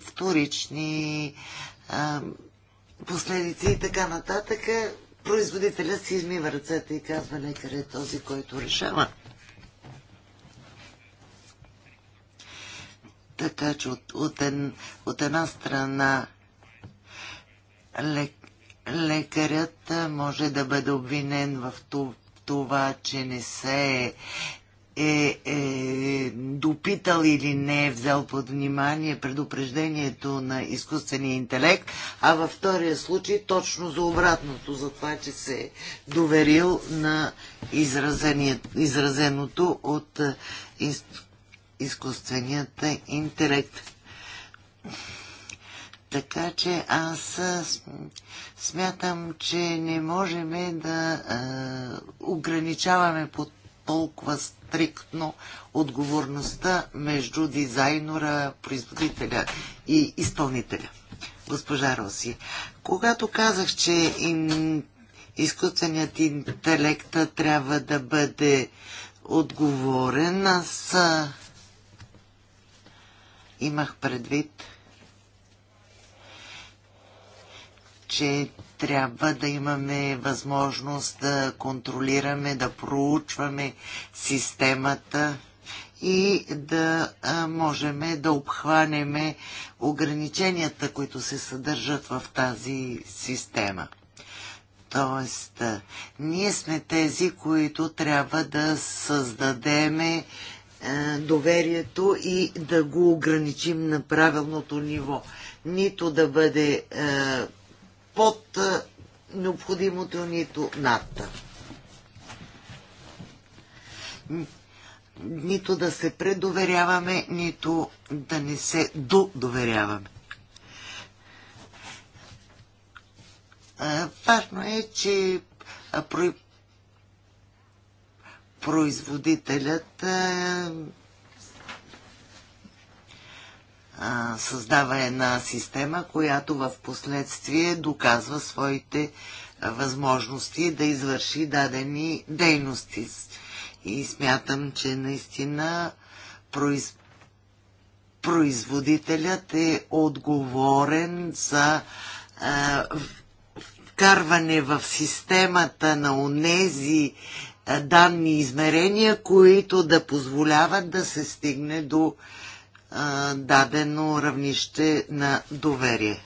вторични последици и така нататък, производителя си измива ръцете и казва лекаря е този, който решава. Така че от, от, ен, от една страна лекаря лекарят може да бъде обвинен в това, че не се е, е, е допитал или не е взел под внимание предупреждението на изкуствения интелект, а във втория случай точно за обратното, за това, че се е доверил на изразеното от из, изкуственият интелект. Така че аз Смятам, че не можем да а, ограничаваме по толкова стриктно отговорността между дизайнера, производителя и изпълнителя. Госпожа Роси, когато казах, че им, изкуственият интелект трябва да бъде отговорен, аз а, имах предвид че трябва да имаме възможност да контролираме, да проучваме системата и да можем да обхванеме ограниченията, които се съдържат в тази система. Тоест, ние сме тези, които трябва да създадеме доверието и да го ограничим на правилното ниво. Нито да бъде под необходимото нито над. Нито да се предоверяваме, нито да не се додоверяваме. Важно е, че производителят създава една система, която в последствие доказва своите възможности да извърши дадени дейности. И смятам, че наистина произ... производителят е отговорен за а, вкарване в системата на онези данни измерения, които да позволяват да се стигне до а, а, дадено равнище на доверие.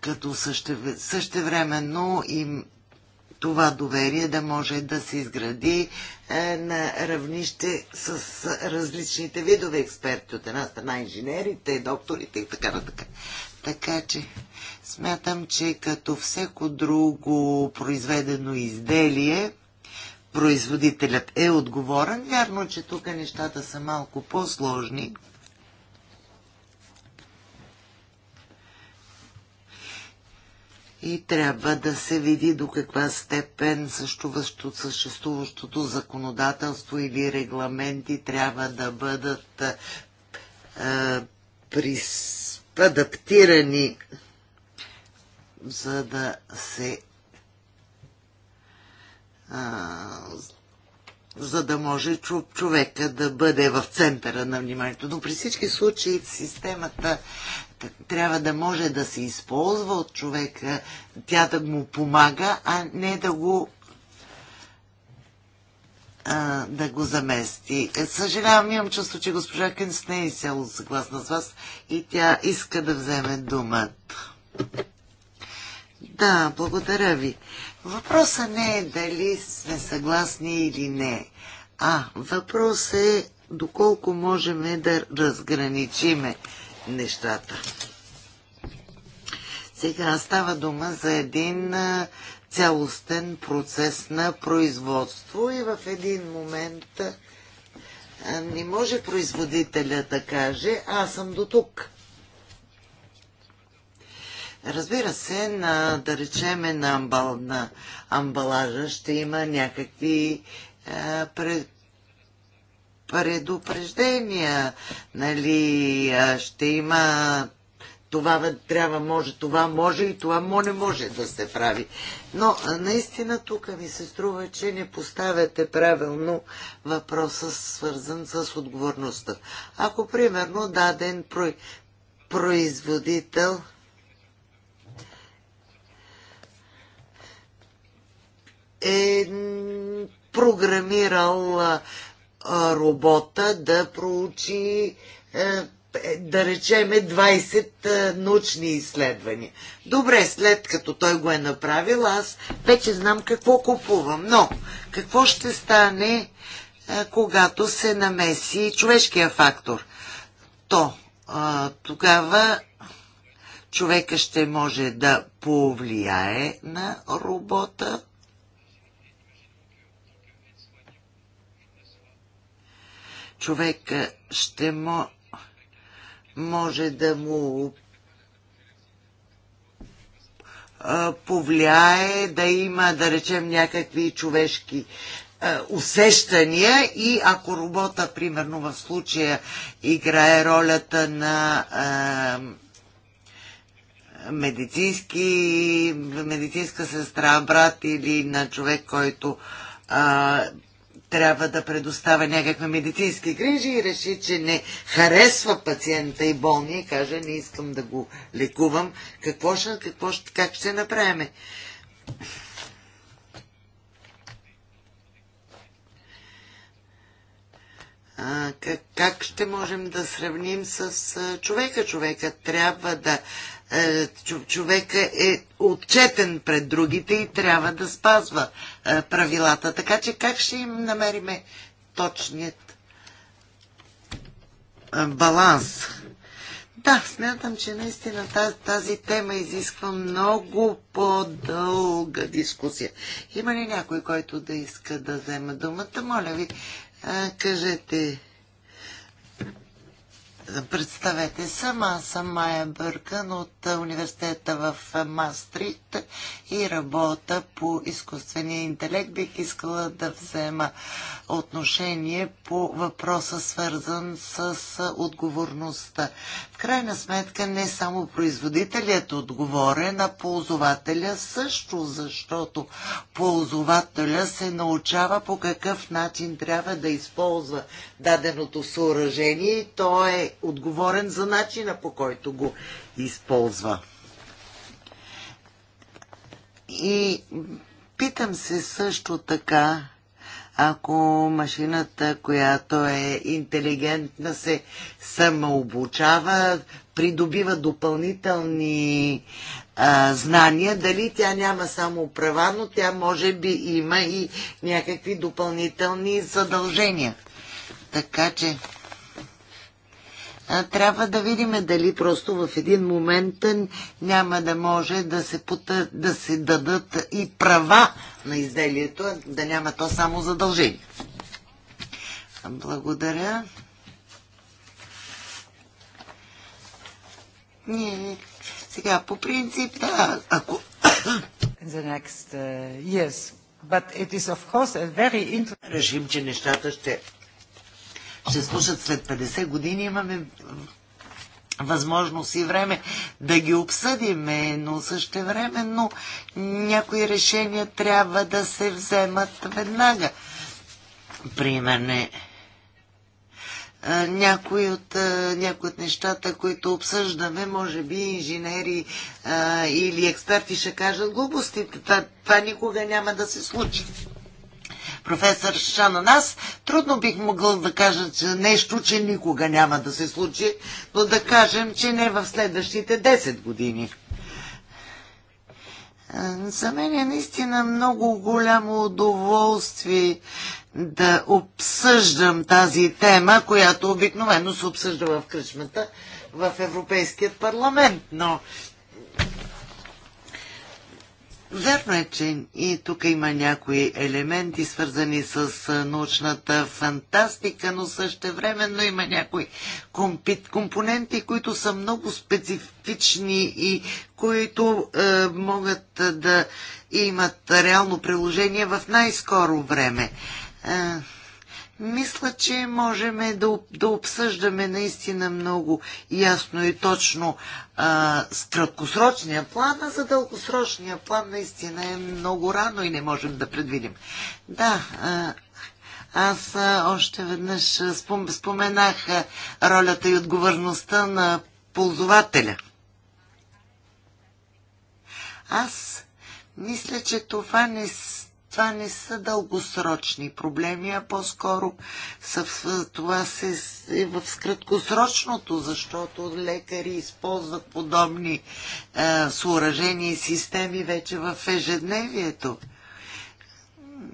Като съще, същевременно им това доверие да може да се изгради е, на равнище с, с различните видове експерти, от една страна инженерите, докторите и така нататък. Така че смятам, че като всеко друго произведено изделие, производителят е отговорен. Вярно, че тук нещата са малко по-сложни. И трябва да се види до каква степен съществуващото законодателство или регламенти трябва да бъдат е, прис, адаптирани, за да се а, за да може човека да бъде в центъра на вниманието. Но при всички случаи системата трябва да може да се използва от човека, тя да му помага, а не да го да го замести. Е, съжалявам, имам чувство, че госпожа Кенс не е изцяло съгласна с вас и тя иска да вземе думата. Да, благодаря ви. Въпросът не е дали сме съгласни или не. А, въпрос е доколко можем да разграничиме нещата. Сега става дума за един цялостен процес на производство и в един момент не може производителя да каже аз съм до тук. Разбира се, на, да речеме на, амбал, на амбалажа ще има някакви а, е, пред, предупреждения, нали, а, е, ще има това трябва, може, това може и това мо не може да се прави. Но е, наистина тук ми се струва, че не поставяте правилно въпроса свързан с отговорността. Ако примерно даден производител е програмирал робота да проучи е, е, да речеме 20 е, научни изследвания. Добре, след като той го е направил, аз вече знам какво купувам. Но какво ще стане, когато се намеси човешкия фактор? То тогава човека ще може да повлияе на робота, човек ще мо, може да му повлияе, да има, да речем, някакви човешки усещания и ако робота, примерно в случая, играе ролята на а, медицински, медицинска сестра, брат или на човек, който а, трябва да предоставя някакви медицински грижи и реши, че не харесва пациента и болния и каже, не искам да го лекувам. Какво ще, какво ще, как ще направим? А, как, как ще можем да сравним с а, човека? Човека трябва да. А, е, човека е отчетен пред другите и трябва да спазва правилата. Така че как ще им намериме точният баланс? Да, смятам, че наистина тази, тази тема изисква много по-дълга дискусия. Има ли някой, който да иска да вземе думата? Моля ви, кажете представете съм. Аз съм Майя Бъркан от университета в Мастрит и работя по изкуствения интелект. Бих искала да взема отношение по въпроса свързан с отговорността. В крайна сметка не само производителят отговоря, е отговорен, а ползователя също, защото ползователя се научава по какъв начин трябва да използва даденото съоръжение и то е отговорен за начина по който го използва. И питам се също така, ако машината, която е интелигентна, се самообучава, придобива допълнителни а, знания, дали тя няма само права, но тя може би има и някакви допълнителни задължения. Така че трябва да видим дали просто в един момент няма да може да се, пута, да се дадат и права на изделието, да няма то само задължение. Благодаря. Не, сега по принцип, да, ако... Next, uh, yes. But it is of course a very interesting... че нещата ще ще слушат след 50 години, имаме възможност и време да ги обсъдиме, но но някои решения трябва да се вземат веднага. Примерно, някои от, някои от нещата, които обсъждаме, може би инженери а, или експерти ще кажат глупости. Това, това никога няма да се случи професор Шана Аз трудно бих могъл да кажа че нещо, че никога няма да се случи, но да кажем, че не в следващите 10 години. За мен е наистина много голямо удоволствие да обсъждам тази тема, която обикновено се обсъжда в кръчмата в Европейският парламент. Но Верно е, че и тук има някои елементи, свързани с научната фантастика, но същевременно има някои компоненти, които са много специфични и които е, могат да имат реално приложение в най-скоро време. Е, мисля, че можем да, да обсъждаме наистина много ясно и точно а, с краткосрочния план, а за дългосрочния план наистина е много рано и не можем да предвидим. Да, а, аз а, още веднъж спом, споменах а, ролята и отговорността на ползвателя. Аз мисля, че това не това не са дългосрочни проблеми, а по-скоро това се е в краткосрочното, защото лекари използват подобни е, съоръжения и системи вече в ежедневието.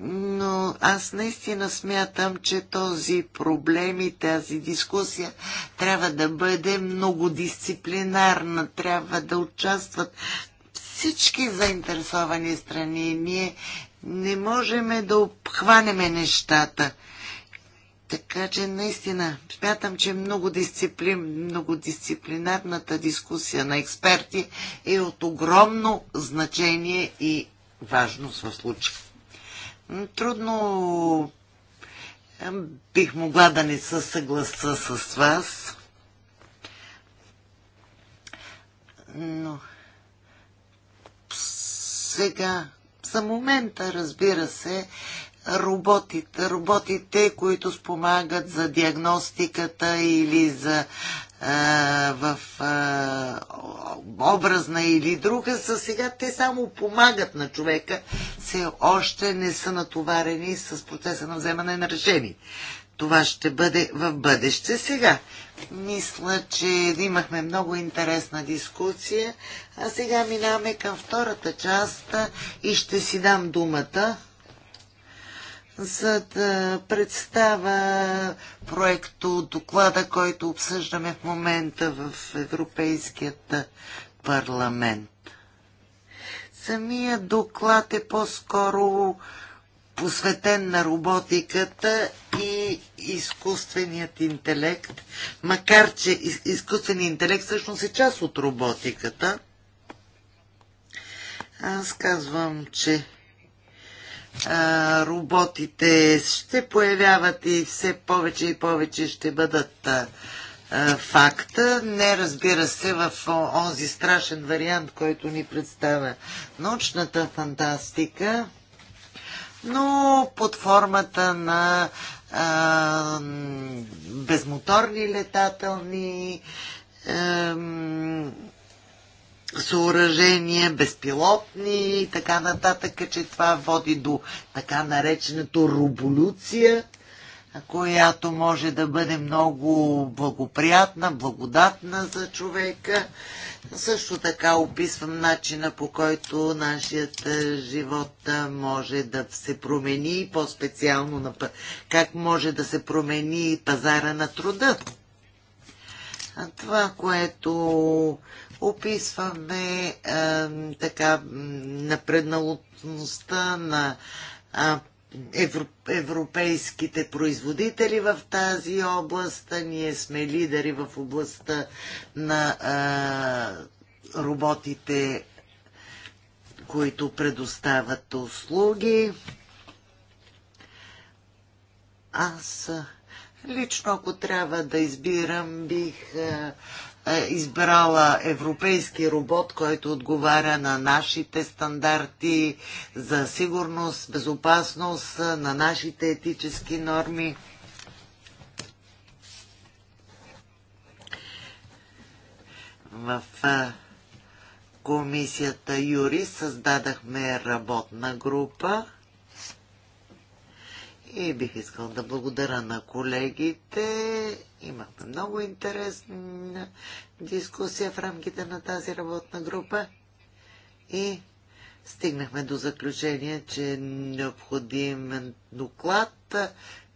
Но аз наистина смятам, че този проблем и тази дискусия трябва да бъде многодисциплинарна, трябва да участват всички заинтересовани страни. Ние не можем да обхванеме нещата. Така че наистина смятам, че много дисциплин, многодисциплинарната дискусия на експерти е от огромно значение и важност в случая. Трудно бих могла да не се съгласа с вас, но сега за момента, разбира се, роботите, роботите, които спомагат за диагностиката или за в а, образна или друга, са сега те само помагат на човека, все още не са натоварени с процеса на вземане на решение това ще бъде в бъдеще. Сега, мисля, че имахме много интересна дискусия, а сега минаваме към втората част и ще си дам думата, за да представя проекто доклада, който обсъждаме в момента в Европейският парламент. Самия доклад е по-скоро посветен на роботиката и изкуственият интелект, макар че изкуственият интелект всъщност е част от роботиката. Аз казвам, че а, роботите ще появяват и все повече и повече ще бъдат а, а, факта. Не разбира се в онзи страшен вариант, който ни представя научната фантастика но под формата на а, безмоторни летателни а, съоръжения, безпилотни и така нататък, че това води до така нареченото роболюция – която може да бъде много благоприятна, благодатна за човека. Също така описвам начина по който нашият е, живот е, може да се промени, по-специално как може да се промени пазара на труда. А това, което описваме е, така напредналостта на европейските производители в тази област. Ние сме лидери в областта на а, роботите, които предоставят услуги. Аз лично, ако трябва да избирам, бих а, е, избрала европейски робот, който отговаря на нашите стандарти за сигурност, безопасност, е, на нашите етически норми. В е, комисията Юри създадахме работна група и бих искал да благодаря на колегите. Имахме много интересна дискусия в рамките на тази работна група. И стигнахме до заключение, че е необходим доклад,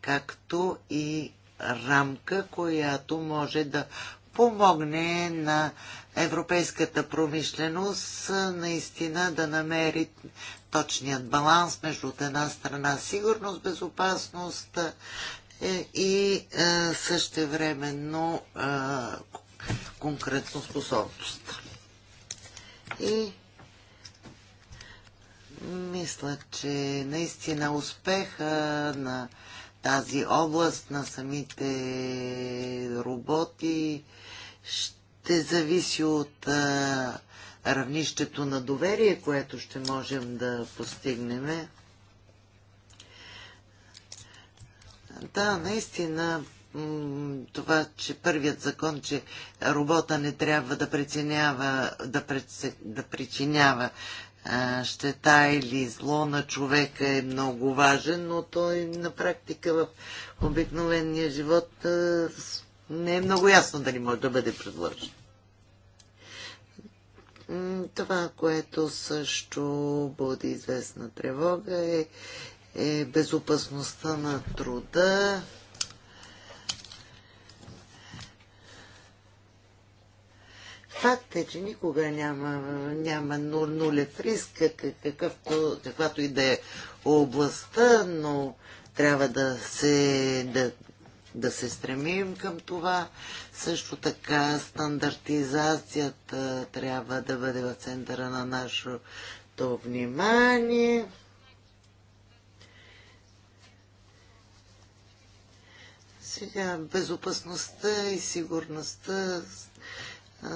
както и рамка, която може да помогне на европейската промишленост наистина да намери точният баланс между от една страна сигурност, безопасност е, и е, същевременно е, конкретно способност. И мисля, че наистина успеха на тази област, на самите роботи, ще зависи от а, равнището на доверие, което ще можем да постигнем. Да, наистина това, че първият закон, че робота не трябва да преценява, да, преце, да причинява а, щета или зло на човека е много важен, но той на практика в обикновения живот а, не е много ясно дали може да бъде предложен. Това, което също буди известна тревога е, е безопасността на труда. Факт е, че никога няма, няма нулев риск, какъвто, каквато и да е областта, но трябва да се, да, да се стремим към това. Също така стандартизацията трябва да бъде в центъра на нашето внимание. Сега безопасността и сигурността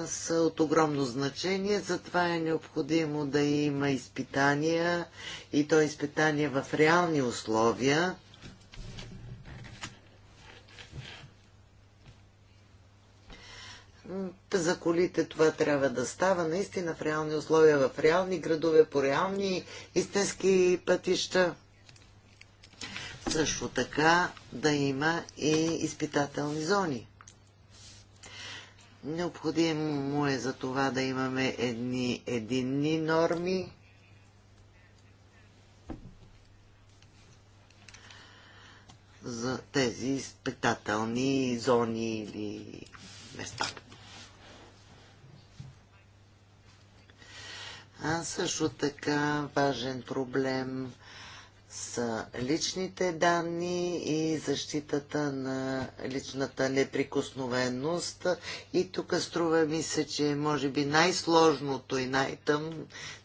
са от огромно значение, затова е необходимо да има изпитания и то изпитания в реални условия. за колите това трябва да става наистина в реални условия, в реални градове, по реални истински пътища. Също така да има и изпитателни зони. Необходимо е за това да имаме едни единни норми. за тези изпитателни зони или места. А също така важен проблем са личните данни и защитата на личната неприкосновеност. И тук струва ми се, че може би най-сложното и най-тъм,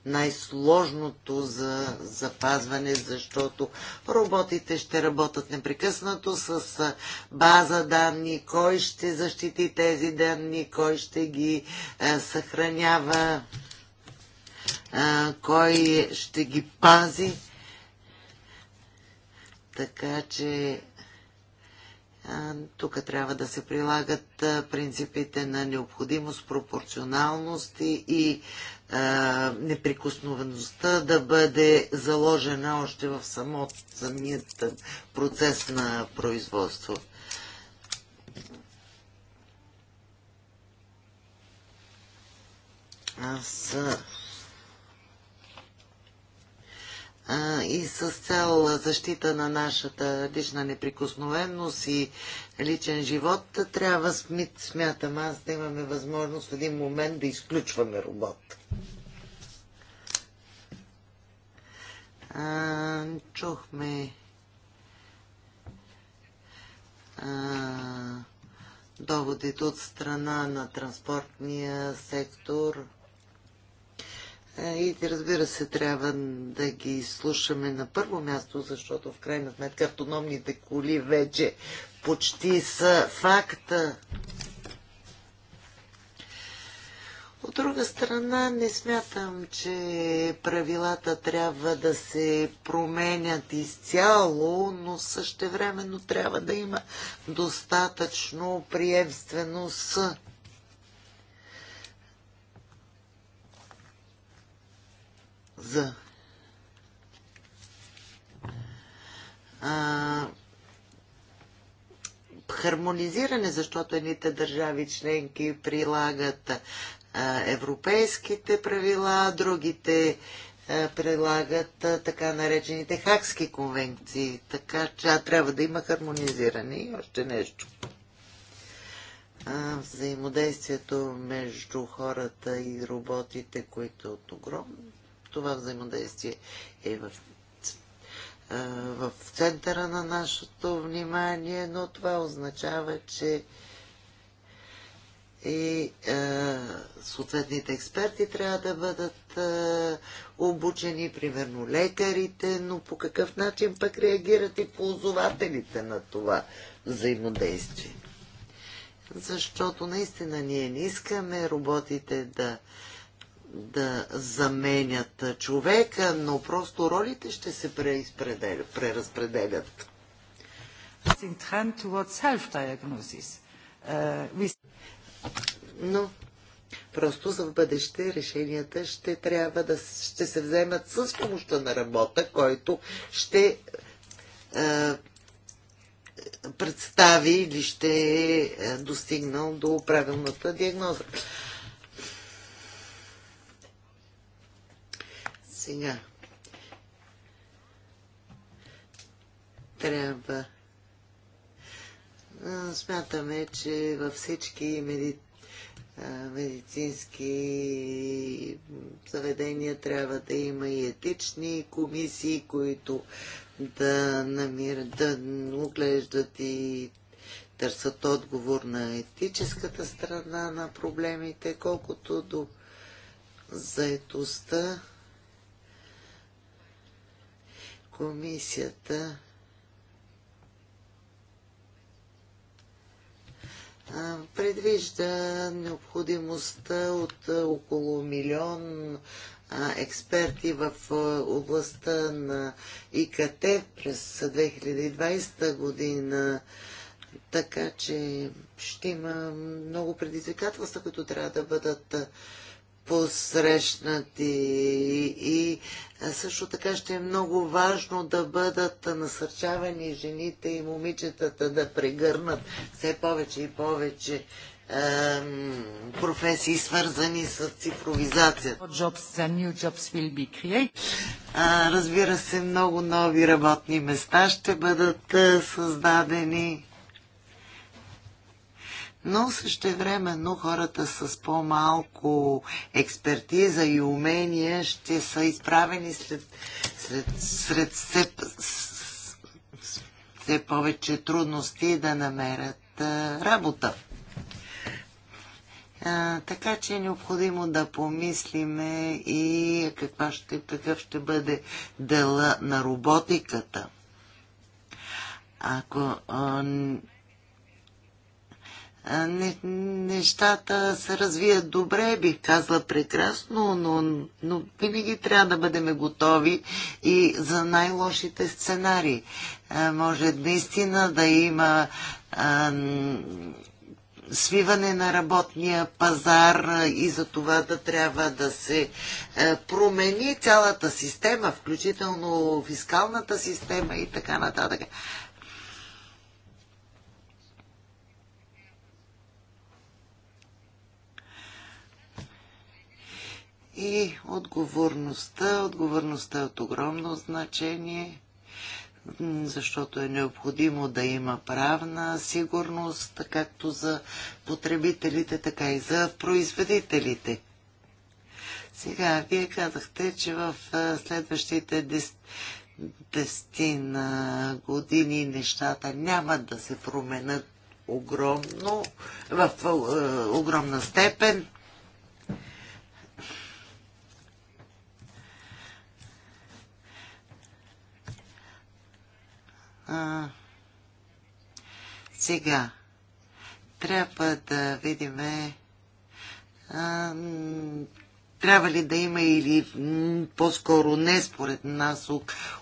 най-сложното за запазване, защото роботите ще работят непрекъснато с база данни, кой ще защити тези данни, кой ще ги съхранява а, кой ще ги пази. Така че тук трябва да се прилагат принципите на необходимост, пропорционалност и, и а, неприкосновеността да бъде заложена още в само, самият процес на производство. Аз и с цел защита на нашата лична неприкосновеност и личен живот, трябва, смятам аз, да имаме възможност в един момент да изключваме робот. А, чухме а, доводите от страна на транспортния сектор – е, и разбира се, трябва да ги слушаме на първо място, защото в крайна сметка автономните коли вече почти са факта. От друга страна, не смятам, че правилата трябва да се променят изцяло, но същевременно трябва да има достатъчно приемственост за а, хармонизиране, защото едните държави членки прилагат а, европейските правила, другите а, прилагат а, така наречените хакски конвенции. Така че трябва да има хармонизиране и още нещо. А, взаимодействието между хората и роботите, които е от огромно това взаимодействие е в, в центъра на нашето внимание, но това означава, че и е, съответните експерти трябва да бъдат е, обучени, примерно лекарите, но по какъв начин пък реагират и ползователите на това взаимодействие. Защото наистина ние не искаме роботите да е, да заменят човека, но просто ролите ще се преразпределят. Е, но просто за в бъдеще решенията ще трябва да ще се вземат с помощта на работа, който ще е, представи или ще е достигнал до правилната диагноза. Сега трябва смятаме, че във всички меди... медицински заведения трябва да има и етични комисии, които да намират, да оглеждат и търсят отговор на етическата страна на проблемите, колкото до заетостта комисията предвижда необходимостта от около милион експерти в областта на ИКТ през 2020 година. Така че ще има много предизвикателства, които трябва да бъдат посрещнати и също така ще е много важно да бъдат насърчавани жените и момичетата да прегърнат все повече и повече професии, свързани с цифровизацията. разбира се, много нови работни места ще бъдат създадени но същевременно хората с по-малко експертиза и умения ще са изправени след, след, сред все, все повече трудности да намерят а, работа. А, така че е необходимо да помислиме и каква ще, какъв ще бъде дела на роботиката. Ако а, не, нещата се развият добре, бих казала прекрасно, но, но винаги трябва да бъдем готови и за най-лошите сценари. може наистина да има а, свиване на работния пазар и за това да трябва да се промени цялата система, включително фискалната система и така нататък. и отговорността. Отговорността е от огромно значение, защото е необходимо да има правна сигурност, както за потребителите, така и за производителите. Сега, вие казахте, че в следващите 10 години нещата няма да се променят огромно, в огромна степен. А, сега, трябва да видим трябва ли да има или по-скоро не според нас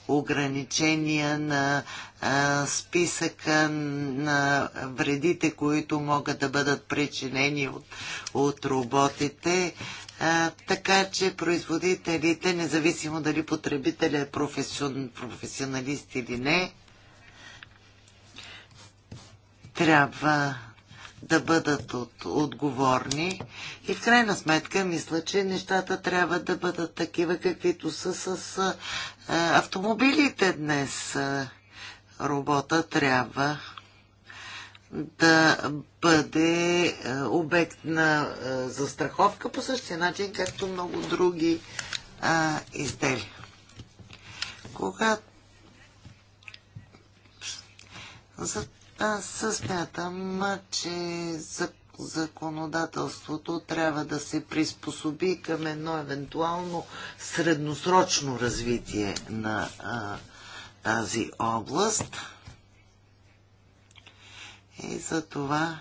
ограничения на а, списъка на вредите, които могат да бъдат причинени от, от роботите. А, така че производителите, независимо дали потребителя е професион, професионалист или не, трябва да бъдат от, отговорни. И в крайна сметка, мисля, че нещата трябва да бъдат такива, каквито са с а, автомобилите днес. Робота трябва да бъде обект на застраховка по същия начин, както много други а, изделия. Когато за аз смятам, че законодателството трябва да се приспособи към едно евентуално средносрочно развитие на а, тази област. И за това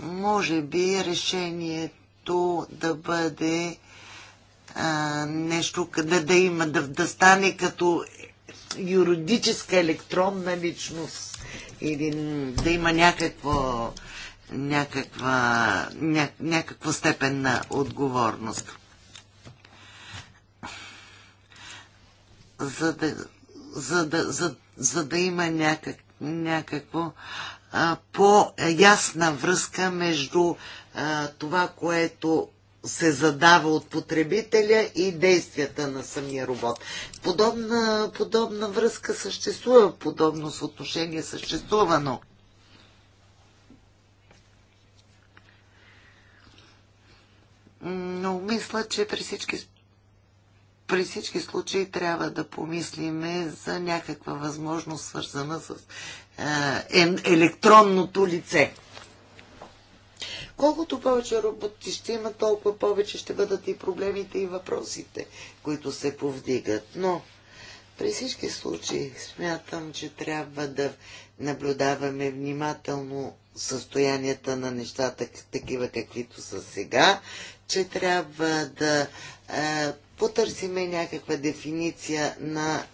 може би решението да бъде а, нещо, да, да има, да, да стане като юридическа електронна личност или да има някакво, някаква, ня, някаква степен на отговорност. За да, за да, за, за да има някак, някакво по-ясна връзка между а, това, което се задава от потребителя и действията на самия робот. Подобна, подобна връзка съществува, подобно съотношение съществувано. Но мисля, че при всички, при всички случаи трябва да помислиме за някаква възможност, свързана с е, електронното лице. Колкото повече роботи ще има, толкова повече ще бъдат и проблемите и въпросите, които се повдигат. Но при всички случаи смятам, че трябва да наблюдаваме внимателно състоянията на нещата, такива каквито са сега, че трябва да е, потърсиме някаква дефиниция на е,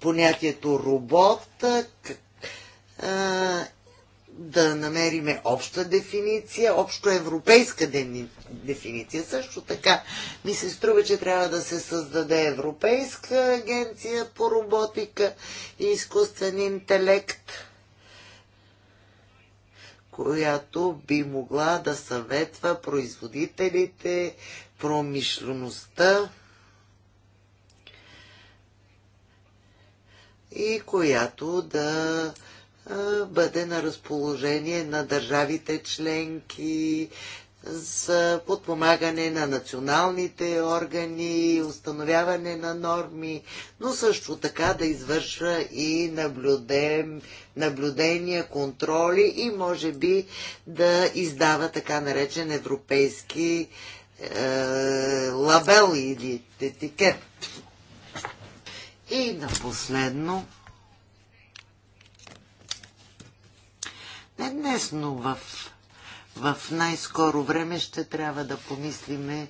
понятието робот е, да намериме обща дефиниция, общо европейска дефиниция. Също така ми се струва, че трябва да се създаде Европейска агенция по роботика и изкуствен интелект, която би могла да съветва производителите, промишлеността, и която да бъде на разположение на държавите членки за подпомагане на националните органи, установяване на норми, но също така да извършва и наблюдем, наблюдения, контроли и може би да издава така наречен европейски е, лабел или етикет. И на последно Не днес, но в, в най-скоро време ще трябва да помислиме е,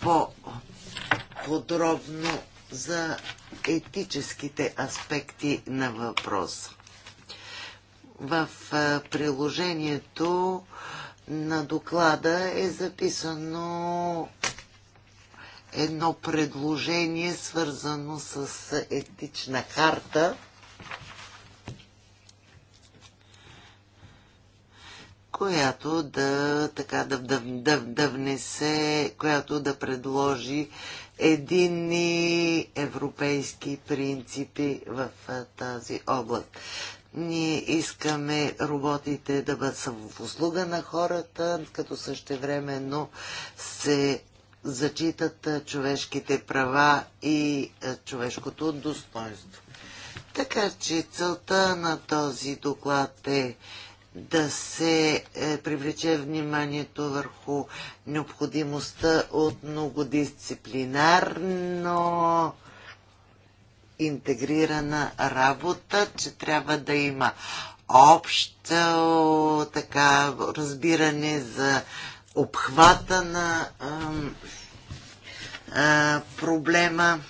по-подробно за етическите аспекти на въпроса. В е, приложението на доклада е записано едно предложение, свързано с етична харта която да, така, да, да, да, да внесе, която да предложи единни европейски принципи в тази област. Ние искаме роботите да бъдат в услуга на хората, като същевременно се зачитат човешките права и човешкото достоинство. Така че целта на този доклад е да се е, привлече вниманието върху необходимостта от многодисциплинарно интегрирана работа, че трябва да има общо така разбиране за обхвата на а, проблема.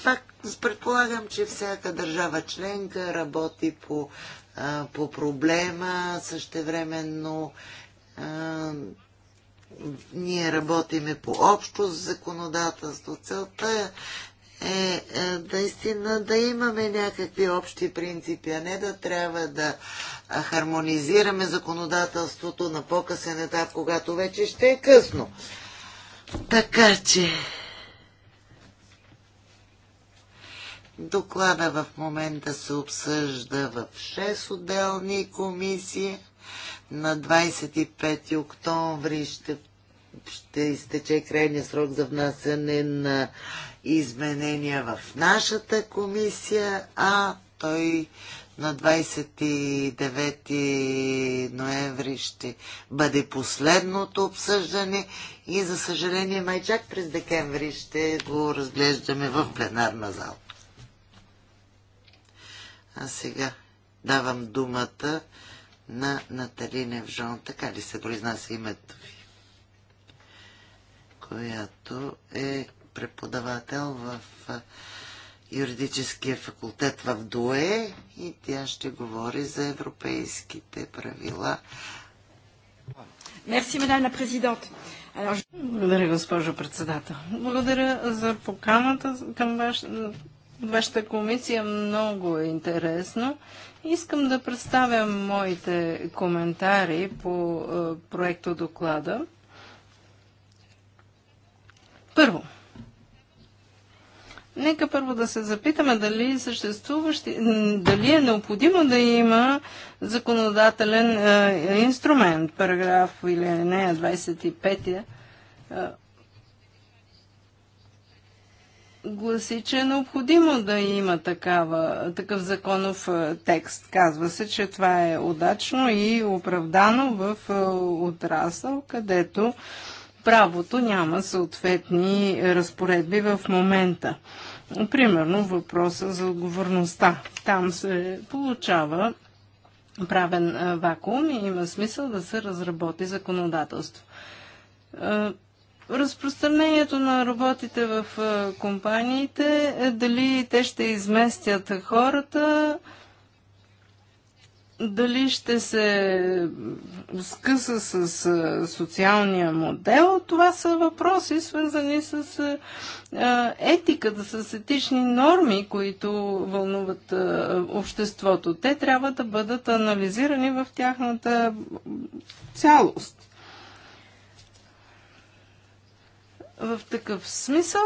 Факт, предполагам, че всяка държава членка работи по по проблема. Същевременно а, ние работиме по общо законодателство. Целта е, е наистина да имаме някакви общи принципи, а не да трябва да хармонизираме законодателството на по-късен етап, когато вече ще е късно. Така че Доклада в момента се обсъжда в 6 отделни комисии. На 25 октомври ще, ще изтече крайния срок за внасяне на изменения в нашата комисия, а той на 29 ноември ще бъде последното обсъждане и за съжаление май чак през декември ще го разглеждаме в пленарна зала. А сега давам думата на Натали Невжон, така ли се произнася името ви, която е преподавател в юридическия факултет в ДУЕ и тя ще говори за европейските правила. Мерси, мадам президент. Благодаря, госпожо председател. Благодаря за поканата към вашата вашата комисия много е интересно. Искам да представя моите коментари по е, проекто доклада. Първо, нека първо да се запитаме дали съществуващи, дали е необходимо да има законодателен е, инструмент, параграф или не, 25 е, гласи, че е необходимо да има такава, такъв законов е, текст. Казва се, че това е удачно и оправдано в е, отрасъл, където правото няма съответни разпоредби в момента. Примерно въпроса за отговорността. Там се получава правен е, вакуум и има смисъл да се разработи законодателство. Разпространението на работите в компаниите, е, дали те ще изместят хората, дали ще се скъса с социалния модел, това са въпроси, свързани с етиката, с етични норми, които вълнуват обществото. Те трябва да бъдат анализирани в тяхната цялост. В такъв смисъл,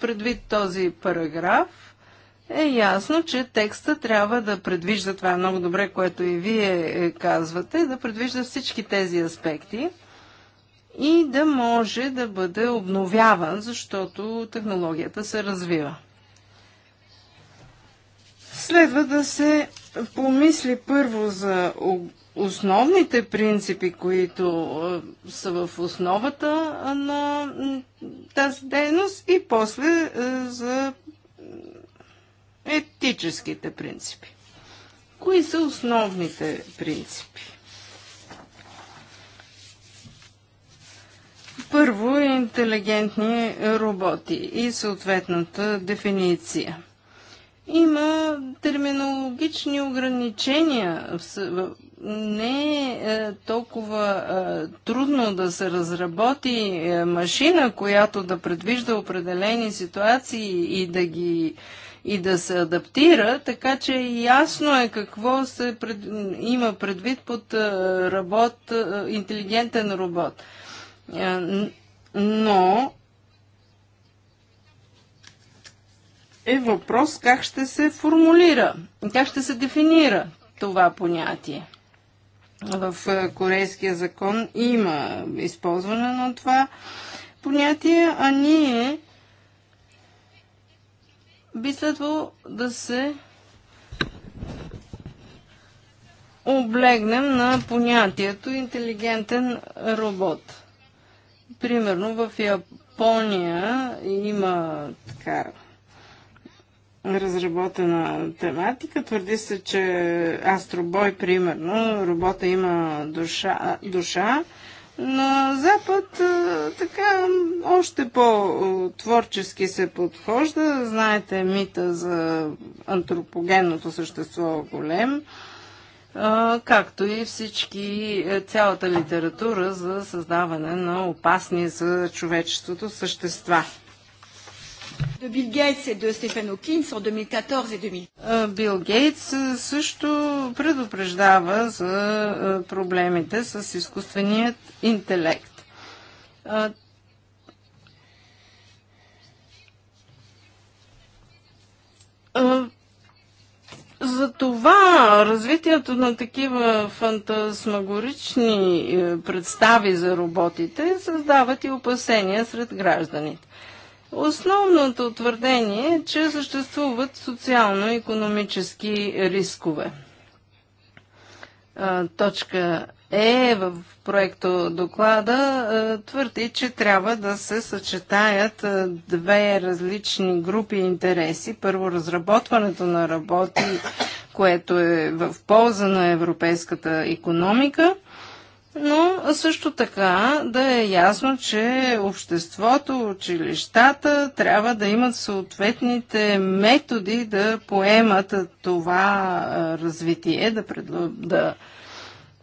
предвид този параграф, е ясно, че текста трябва да предвижда, това е много добре, което и вие е, казвате, да предвижда всички тези аспекти и да може да бъде обновяван, защото технологията се развива. Следва да се помисли първо за основните принципи, които са в основата на тази дейност и после за етическите принципи. Кои са основните принципи? Първо, интелигентни роботи и съответната дефиниция – има терминологични ограничения. Не е, е толкова е, трудно да се разработи е, машина, която да предвижда определени ситуации и да ги и да се адаптира, така че ясно е какво се пред... има предвид под работ, интелигентен робот. Но е въпрос как ще се формулира, как ще се дефинира това понятие. В е, корейския закон има използване на това понятие, а ние би следвало да се облегнем на понятието интелигентен робот. Примерно в Япония има така разработена тематика. Твърди се, че Астробой, примерно, робота има душа, душа. На Запад така още по-творчески се подхожда. Знаете мита за антропогенното същество голем, както и всички, е, цялата литература за създаване на опасни за човечеството същества de Bill Gates и de Stephen Hawking 2014 и 2000. Бил Гейтс също предупреждава за е, проблемите с изкуственият интелект. Е, е, за това развитието на такива фантасмагорични представи за роботите създават и опасения сред гражданите. Основното твърдение е, че съществуват социално-економически рискове. Точка Е в проекто доклада твърди, че трябва да се съчетаят две различни групи интереси. Първо, разработването на работи, което е в полза на европейската економика – но също така да е ясно, че обществото, училищата трябва да имат съответните методи да поемат това развитие, да, предло... да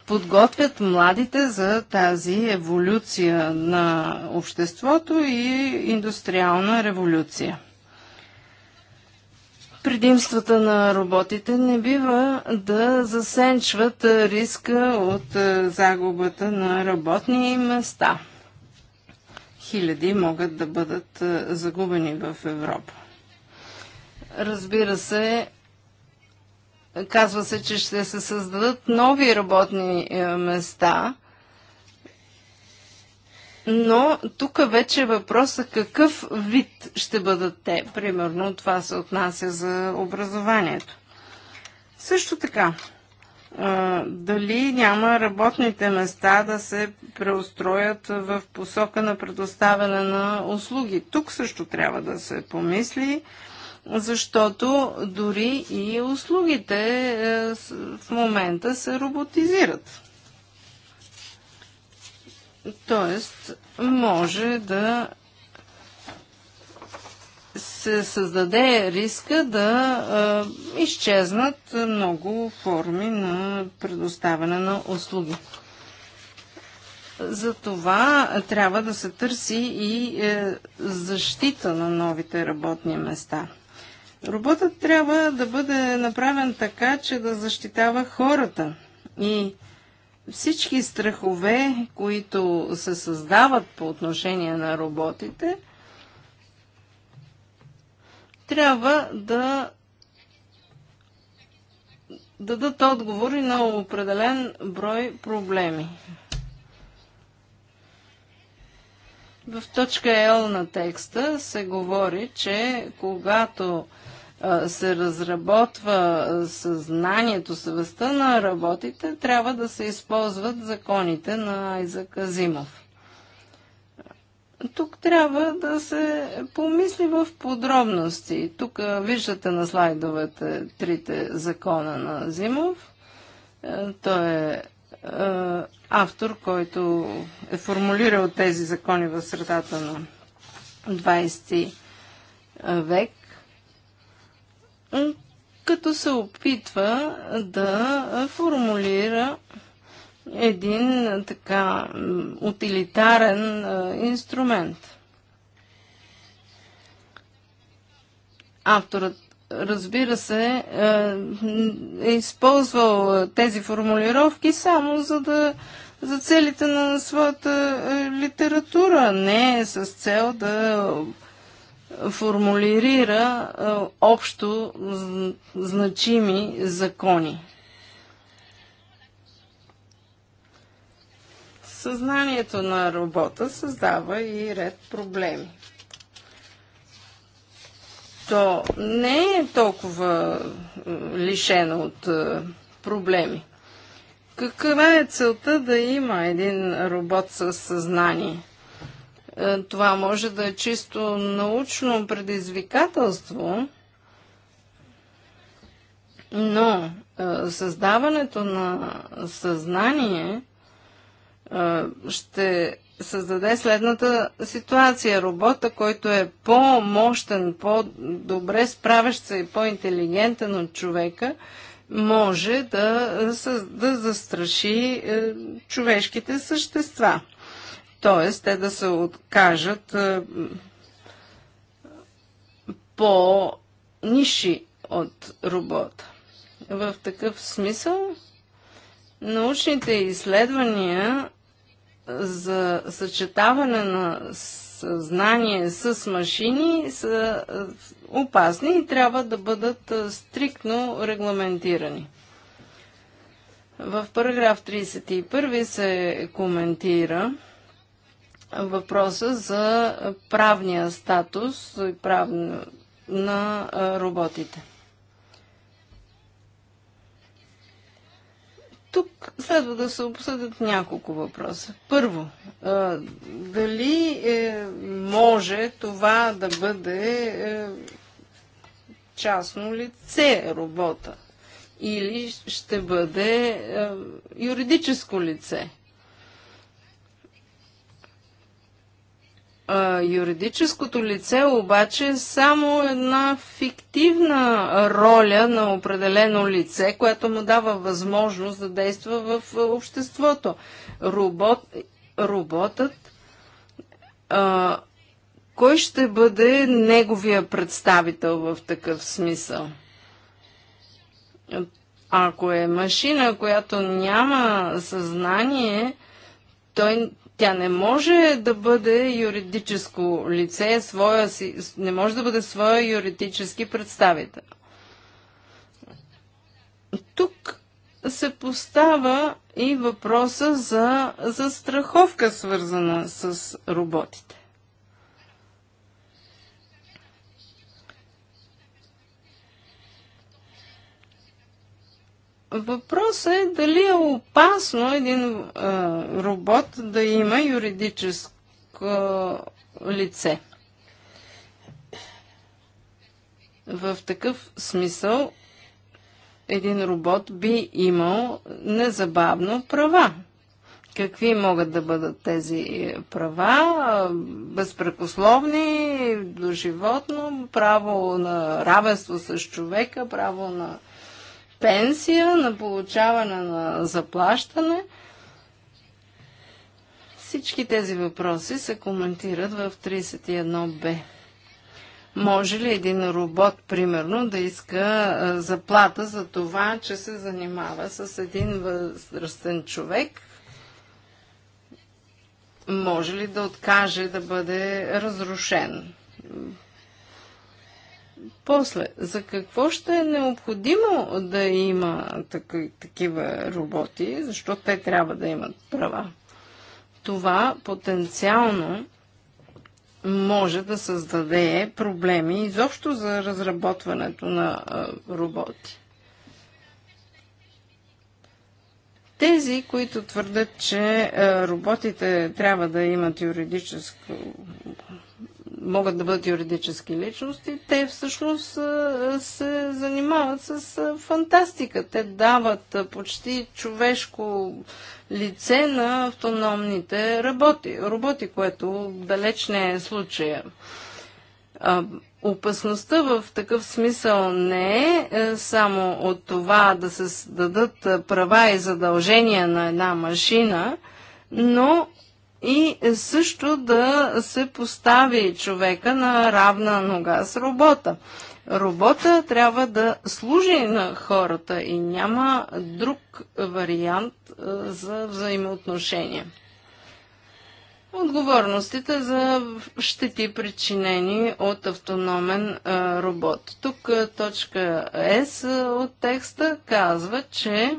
подготвят младите за тази еволюция на обществото и индустриална революция предимствата на роботите не бива да засенчват риска от е, загубата на работни места. Хиляди могат да бъдат е, загубени в Европа. Разбира се, казва се, че ще се създадат нови работни е, места – но тук вече е въпроса какъв вид ще бъдат те. Примерно това се отнася за образованието. Също така, дали няма работните места да се преустроят в посока на предоставяне на услуги. Тук също трябва да се помисли, защото дори и услугите е, в момента се роботизират. Тоест, може да се създаде риска да а, изчезнат много форми на предоставяне на услуги. За това трябва да се търси и е, защита на новите работни места. Роботът трябва да бъде направен така, че да защитава хората и всички страхове, които се създават по отношение на роботите, трябва да дадат отговори на определен брой проблеми. В точка L на текста се говори, че когато се разработва съзнанието, съвестта на работите, трябва да се използват законите на Айза Казимов. Тук трябва да се помисли в подробности. Тук виждате на слайдовете трите закона на Зимов. Той е автор, който е формулирал тези закони в средата на 20 век като се опитва да формулира един така утилитарен инструмент. Авторът, разбира се, е използвал тези формулировки само за да за целите на своята литература, не е с цел да формулира е, общо значими закони. Съзнанието на работа създава и ред проблеми. То не е толкова е, лишено от е, проблеми. Каква е целта да има един робот със съзнание – е, това може да е чисто научно предизвикателство, но е, създаването на съзнание е, ще създаде следната ситуация. Робота, който е по-мощен, по-добре справящ се и по-интелигентен от човека, може да, да застраши човешките същества т.е. те да се откажат е, по ниши от робота. В такъв смисъл научните изследвания за съчетаване на съзнание с машини са е, опасни и трябва да бъдат е, стриктно регламентирани. В параграф 31 се коментира, въпроса за правния статус и прав на роботите. Тук следва да се обсъдят няколко въпроса. Първо, дали е, може това да бъде е, частно лице робота или ще бъде е, юридическо лице – а, юридическото лице обаче е само една фиктивна роля на определено лице, което му дава възможност да действа в обществото. Робот, роботът, а, кой ще бъде неговия представител в такъв смисъл? Ако е машина, която няма съзнание, той тя не може да бъде юридическо лице, своя, не може да бъде своя юридически представител. Тук се постава и въпроса за застраховка, свързана с роботите. Въпросът е дали е опасно един а, робот да има юридическо лице. В такъв смисъл един робот би имал незабавно права. Какви могат да бъдат тези права? Безпрекословни, доживотно, право на равенство с човека, право на пенсия, на получаване на заплащане. Всички тези въпроси се коментират в 31б. Може ли един робот, примерно, да иска заплата за това, че се занимава с един възрастен човек? Може ли да откаже да бъде разрушен? После, за какво ще е необходимо да има такива роботи, защо те трябва да имат права? Това потенциално може да създаде проблеми изобщо за разработването на роботи. Тези, които твърдят, че роботите трябва да имат юридическо могат да бъдат юридически личности, те всъщност се занимават с фантастика. Те дават почти човешко лице на автономните работи. роботи което далеч не е случая. Опасността в такъв смисъл не е, е само от това да се дадат права и задължения на една машина, но и също да се постави човека на равна нога с работа. Робота трябва да служи на хората и няма друг вариант е, за взаимоотношения. Отговорностите за щети причинени от автономен е, робот. Тук е, точка С от текста казва, че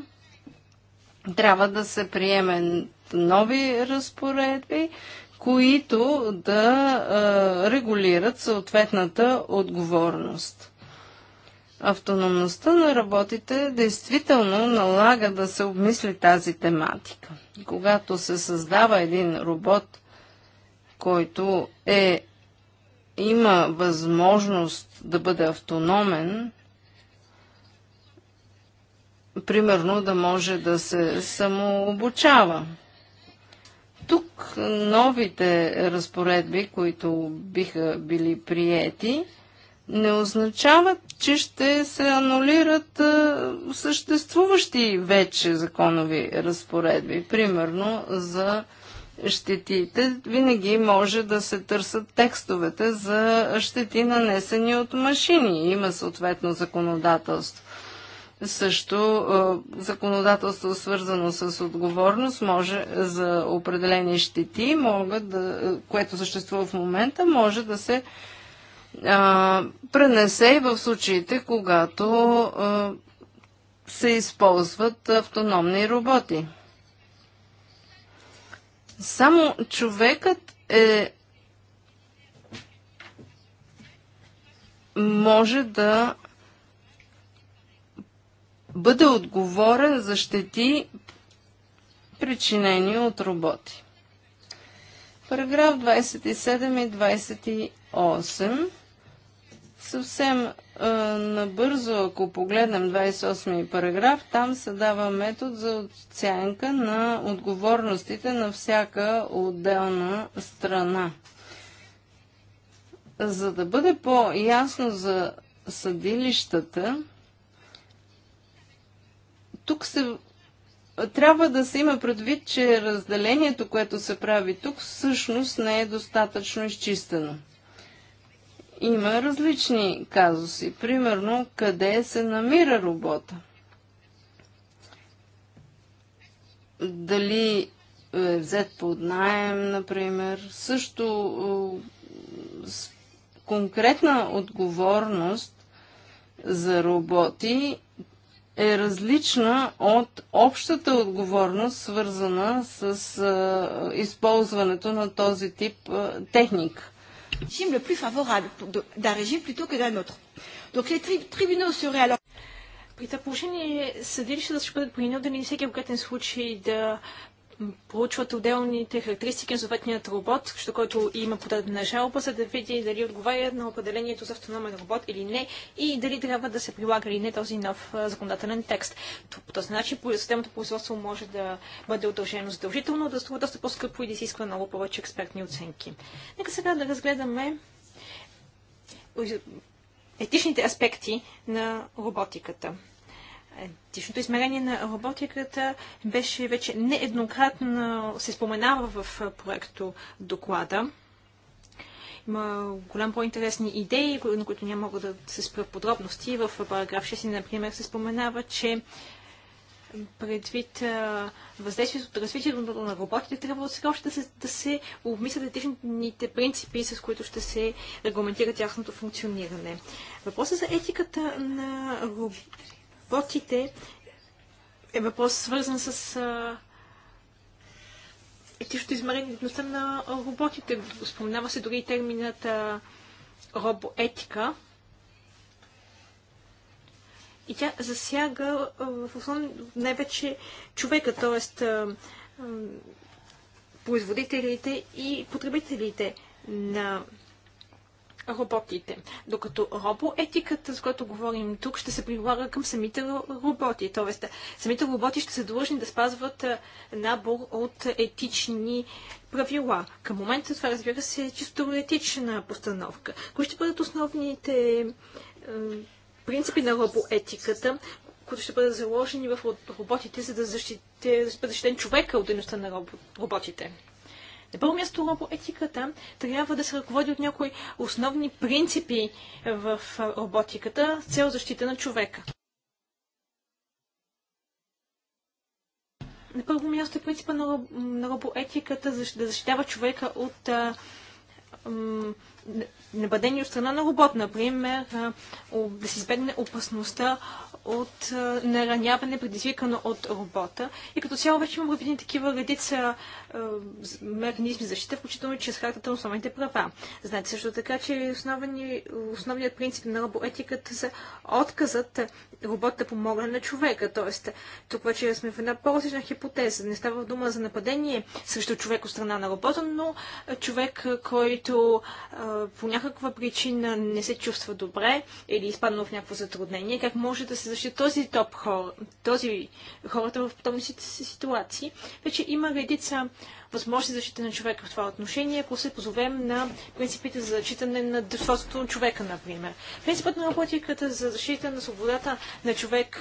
трябва да се приеме нови разпоредби, които да регулират съответната отговорност. Автономността на работите действително налага да се обмисли тази тематика. Когато се създава един робот, който е, има възможност да бъде автономен, примерно да може да се самообучава. Тук новите разпоредби, които биха били приети, не означават, че ще се анулират съществуващи вече законови разпоредби. Примерно за щетите винаги може да се търсят текстовете за щети нанесени от машини. Има съответно законодателство. Също е, законодателство, свързано с отговорност може за определени щети, могат да, което съществува в момента, може да се а, пренесе и в случаите, когато а, се използват автономни роботи. Само човекът е може да бъде отговорен за щети, причинени от роботи. Параграф 27 и 28. Съвсем е, набързо, ако погледнем 28 параграф, там се дава метод за оценка на отговорностите на всяка отделна страна. За да бъде по-ясно за съдилищата, тук се трябва да се има предвид, че разделението, което се прави тук, всъщност не е достатъчно изчистено. Има различни казуси. Примерно, къде се намира работа? Дали е взет под найем, например? Също с конкретна отговорност за роботи е различна от общата отговорност, свързана с а, използването на този тип а, техник. при това положение съдилищата ще бъдат принудени всеки обкатен случай да проучват отделните характеристики на съответният робот, защото който има подадена жалба, за да види дали отговаря на определението за автономен робот или не и дали трябва да се прилага или не този нов законодателен текст. По този начин системното производство може да бъде удължено задължително, да струва доста по-скъпо и да изисква много повече експертни оценки. Нека сега да разгледаме етичните аспекти на роботиката етичното измерение на роботиката беше вече нееднократно се споменава в проекто доклада. Има голям по-интересни идеи, на които няма мога да се спра подробности. В параграф 6, например, се споменава, че предвид въздействието, от развитието на роботите, трябва от сега още да се, да се обмислят етичните принципи, с които ще се регламентира тяхното функциониране. Въпросът за етиката на отпадъците е въпрос свързан с а, етичното измерение на роботите. Споменава се дори и терминът робоетика. И тя засяга в основно най-вече човека, т.е. производителите и потребителите на роботите. Докато робоетиката, за която говорим тук, ще се прилага към самите роботи. Тоест, самите роботи ще са длъжни да спазват набор от етични правила. Към момента това, разбира се, е чисто етична постановка. Кои ще бъдат основните принципи на робоетиката, които ще бъдат заложени в роботите, за да защитите, да защитен човека от дейността на роботите. На първо място робоетиката трябва да се ръководи от някои основни принципи в роботиката с цел защита на човека. На първо място е принципа на, робоетиката да защитава човека от Нападение от страна на робот, например, да се избегне опасността от нараняване, предизвикано от робота. И като цяло вече имаме видени такива редица механизми за защита, включително и чрез хартата на основните права. Знаете също така, че основни, основният принцип на робоетиката за отказът робот да помогне на човека. Тоест, тук вече сме в една по-различна хипотеза. Не става дума за нападение срещу човек от страна на робота, но човек, който е, по някаква причина не се чувства добре или е изпадна в някакво затруднение, как може да се защити този топ хор, този хората в подобните ситуации. Вече има редица възможности за защита на човека в това отношение, ако се позовем на принципите за зачитане на достоинството на човека, например. Принципът на роботиката за защита на свободата на човек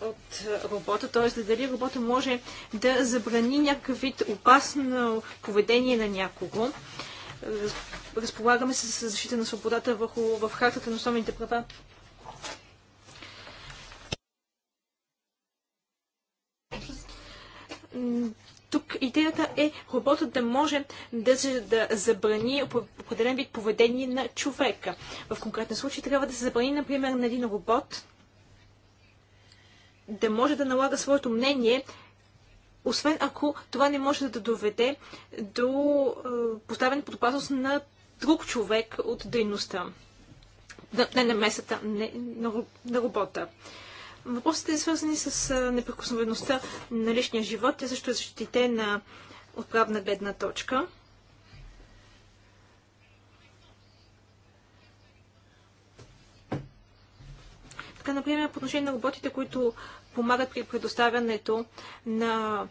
от работа, т.е. дали работа може да забрани някакъв вид опасно поведение на някого разполагаме с защита на свободата върху, в хартата на основните права. Тук идеята е работа да може да, да забрани определен вид поведение на човека. В конкретен случай трябва да се забрани, например, на един робот да може да налага своето мнение освен ако това не може да доведе до е, поставяне под опасност на друг човек от дейността, не на месата, не на, на работа. Въпросите е свързани с е, неприкосновеността на личния живот. Тя също е защитена от правна гледна точка. Така, например, по отношение на работите, които помагат при предоставянето на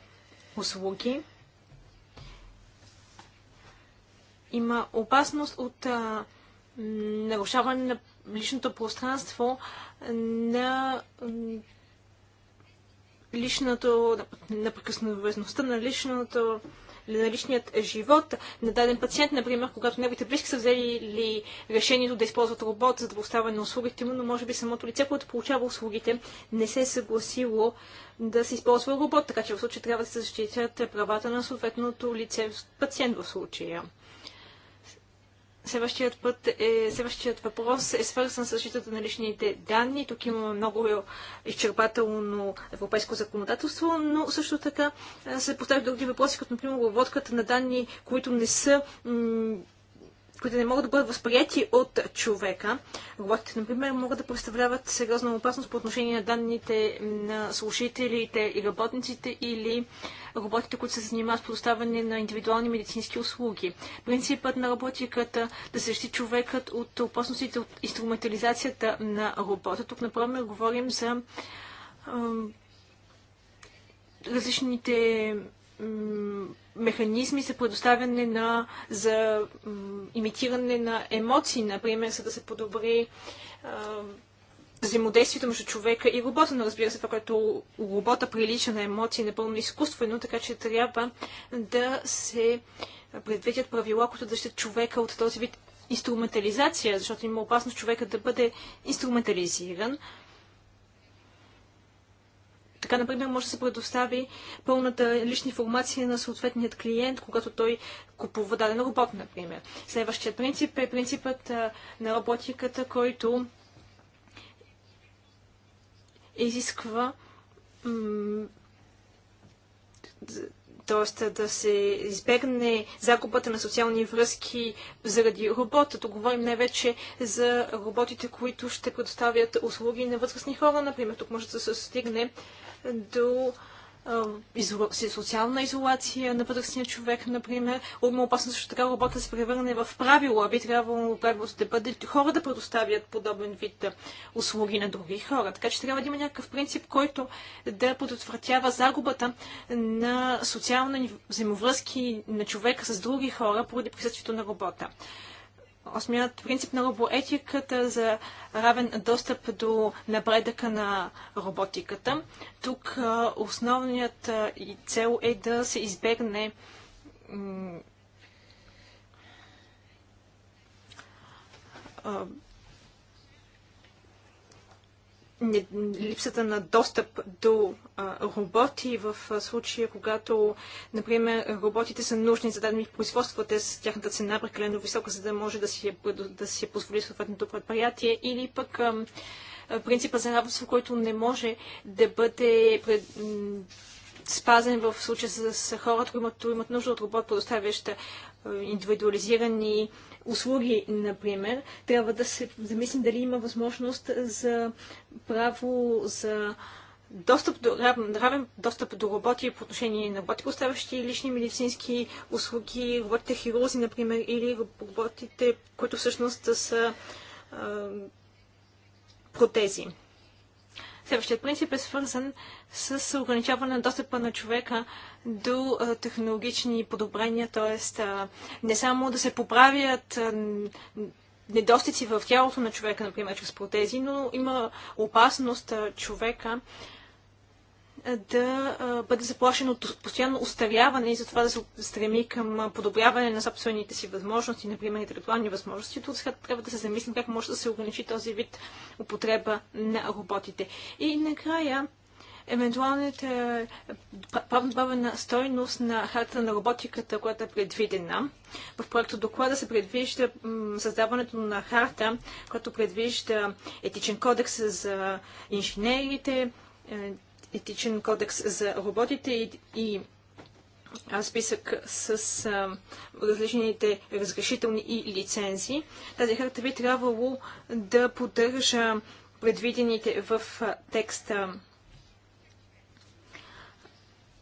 услуги. Има опасност от а, нарушаване на личното пространство на личното, на прикосновеността на личното на личният живот на даден пациент, например, когато неговите близки са взели ли решението да използват робот, за да на услугите му, но може би самото лице, което получава услугите, не се е съгласило да се използва робот, така че в случай трябва да се защитят правата на съответното лице, пациент в случая. Следващият, път е, следващият въпрос е свързан с защитата на личните данни. Тук имаме много изчерпателно европейско законодателство, но също така се поставят други въпроси, като например водката на данни, които не са които не могат да бъдат възприяти от човека. Роботите, например, могат да представляват сериозна опасност по отношение на данните на служителите и работниците или роботите, които се занимават с предоставяне на индивидуални медицински услуги. Принципът на роботиката да се защити човекът от опасностите от инструментализацията на робота. Тук, например, говорим за различните механизми за предоставяне на, за имитиране на емоции, например, за да се подобри взаимодействието между човека и робота, но разбира се, това, което робота прилича на емоции, е напълно изкуствено, така че трябва да се предвидят правила, които дъщат човека от този вид инструментализация, защото има опасност човека да бъде инструментализиран. Така, например, може да се предостави пълната лична информация на съответният клиент, когато той купува даден робот, например. Следващият принцип е принципът на роботиката, който изисква т.е. да се избегне загубата на социални връзки заради робота. Тук говорим най-вече за роботите, които ще предоставят услуги на възрастни хора. Например, тук може да се стигне до социална изолация на възрастния човек, например. Има опасност, че така работа се превърне в правило, а би трябвало правилото да бъде хора да предоставят подобен вид услуги на други хора. Така че трябва да има някакъв принцип, който да предотвратява загубата на социални взаимовръзки на човека с други хора поради присъствието на работа осмият принцип на робоетиката за равен достъп до напредъка на роботиката. Тук основният и цел е да се избегне не, липсата на достъп до а, роботи в а, случая, когато, например, роботите са нужни за дадени производства, те с тяхната цена прекалено висока, за да може да си, да си позволи съответното предприятие, или пък а, принципа за равенство, който не може да бъде пред, спазен в случая с, с хората, които имат, имат нужда от робот, предоставяща индивидуализирани услуги, например, трябва да се замислим дали има възможност за право за достъп до, равен, равен достъп до роботи по отношение на роботи, оставащи лични медицински услуги, роботите хирурзи, например, или роботите, които всъщност са а, протези. Следващият принцип е свързан с ограничаване на достъпа на човека до технологични подобрения, т.е. не само да се поправят недостици в тялото на човека, например, чрез протези, но има опасност човека да бъде заплашен от постоянно устаряване и затова да се стреми към подобряване на собствените си възможности, например интелектуални възможности. Тук сега трябва да се замислим как може да се ограничи този вид употреба на роботите. И накрая евентуалната е, правна стойност на харта на роботиката, която е предвидена. В проекта доклада се предвижда създаването на харта, която предвижда етичен кодекс за инженерите, е, етичен кодекс за роботите и, списък с а, различните разрешителни и лицензии. Тази харта би трябвало да поддържа предвидените в текста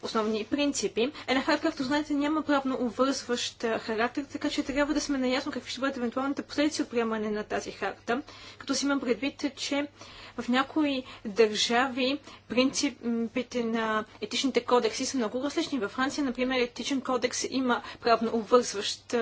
основни принципи. Е, НХ, както знаете, няма правно обвързващ характер, така че трябва да сме наясно какви ще бъдат евентуалните последици от приемане на тази харта, като си имам предвид, че в някои държави принципите на етичните кодекси са много различни. Във Франция, например, етичен кодекс има правно обвързващ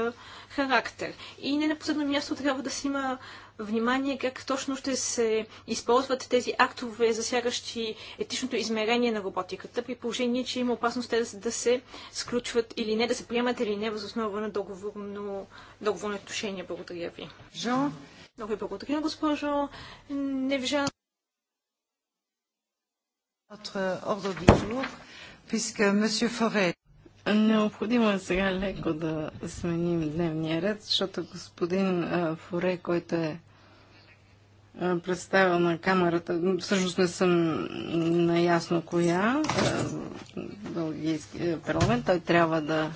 характер. И не на последно място трябва да си има внимание как точно ще се използват тези актове, засягащи етичното измерение на роботиката, при положение, че има опасност те да се сключват или не, да се приемат или не, въз основа на договорно, договорно отношение. Благодаря ви. Жо. Много ви благодаря, госпожо Невжан. Е, Необходимо е сега леко да сменим дневния ред, защото господин е, Форе, който е представил на камерата, всъщност не съм наясно коя, бългийския парламент, той трябва да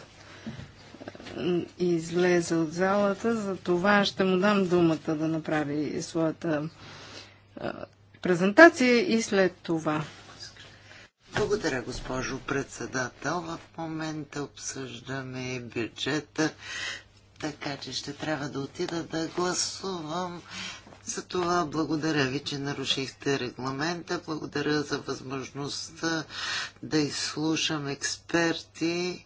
излезе от залата, за това ще му дам думата да направи своята презентация и след това. Благодаря, госпожо председател. В момента обсъждаме бюджета, така че ще трябва да отида да гласувам за това благодаря ви, че нарушихте регламента. Благодаря за възможността да изслушам експерти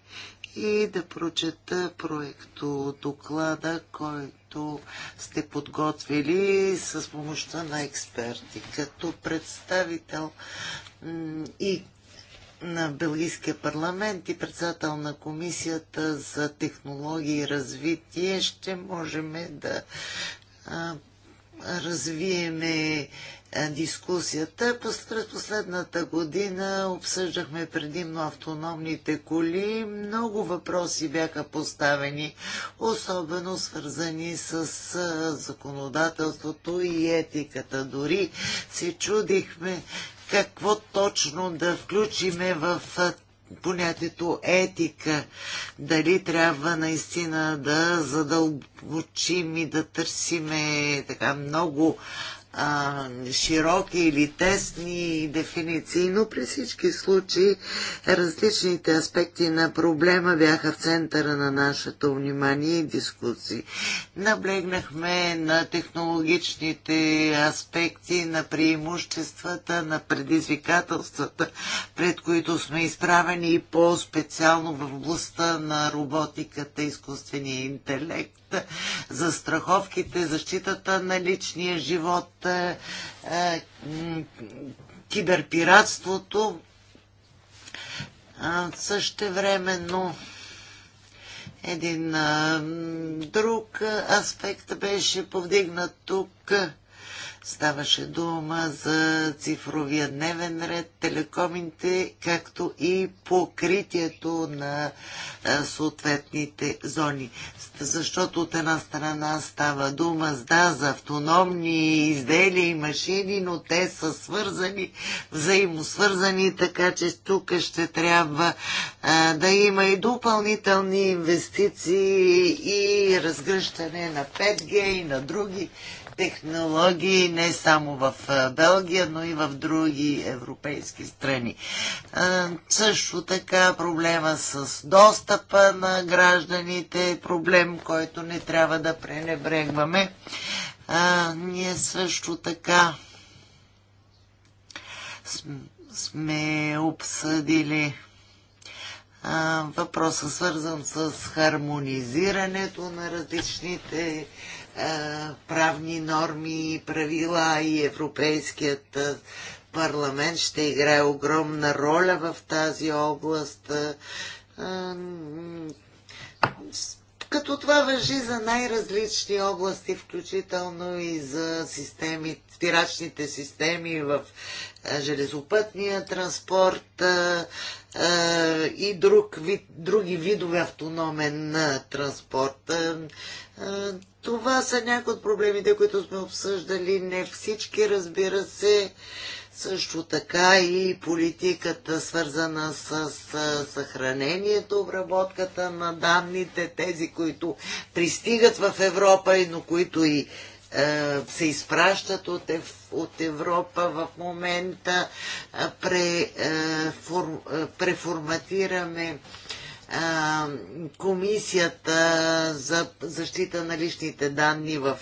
и да прочета проекто доклада, който сте подготвили с помощта на експерти. Като представител и на Белгийския парламент и председател на Комисията за технологии и развитие ще можем да развиеме дискусията. През последната година обсъждахме предимно автономните коли. Много въпроси бяха поставени, особено свързани с законодателството и етиката. Дори се чудихме какво точно да включиме в понятието етика, дали трябва наистина да задълбочим и да търсиме така много а, широки или тесни дефиниции, но при всички случаи различните аспекти на проблема бяха в центъра на нашето внимание и дискусии. Наблегнахме на технологичните аспекти, на преимуществата, на предизвикателствата, пред които сме изправени и по-специално в областта на роботиката, изкуствения интелект за страховките, защитата на личния живот, е, е, киберпиратството. Също но един друг аспект беше повдигнат тук – Ставаше дума за цифровия дневен ред, телекомите, както и покритието на съответните зони. Защото от една страна става дума да, за автономни изделия и машини, но те са свързани, взаимосвързани, така че тук ще трябва а, да има и допълнителни инвестиции и разгръщане на 5G и на други технологии не само в Белгия, но и в други европейски страни. Също така проблема с достъпа на гражданите е проблем, който не трябва да пренебрегваме. Ние също така сме обсъдили въпроса свързан с хармонизирането на различните правни норми, правила и Европейският парламент ще играе огромна роля в тази област. Като това въжи за най-различни области, включително и за системи, спирачните системи в железопътния транспорт и друг вид, други видове автономен транспорт. Това са някои от проблемите, които сме обсъждали. Не всички, разбира се, също така и политиката, свързана с, съхранението, обработката на данните, тези, които пристигат в Европа, но които и е, се изпращат от, Европа в момента, е, фор, е, преформатираме Комисията за защита на личните данни в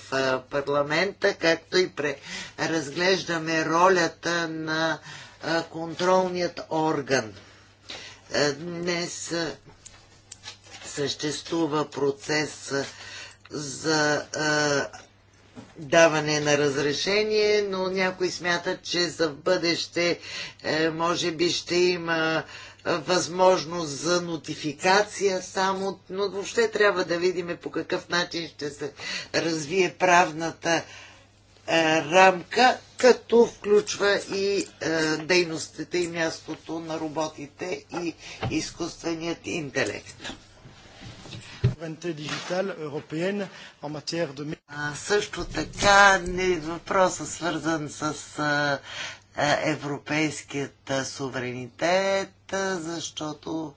парламента, както и разглеждаме ролята на контролният орган. Днес съществува процес за даване на разрешение, но някой смята, че за бъдеще е, може би ще има възможност за нотификация само, но въобще трябва да видим по какъв начин ще се развие правната е, рамка, като включва и е, дейностите и мястото на роботите и изкуственият интелект. също така не, въпроса свързан с е, европейският е, суверенитет, защото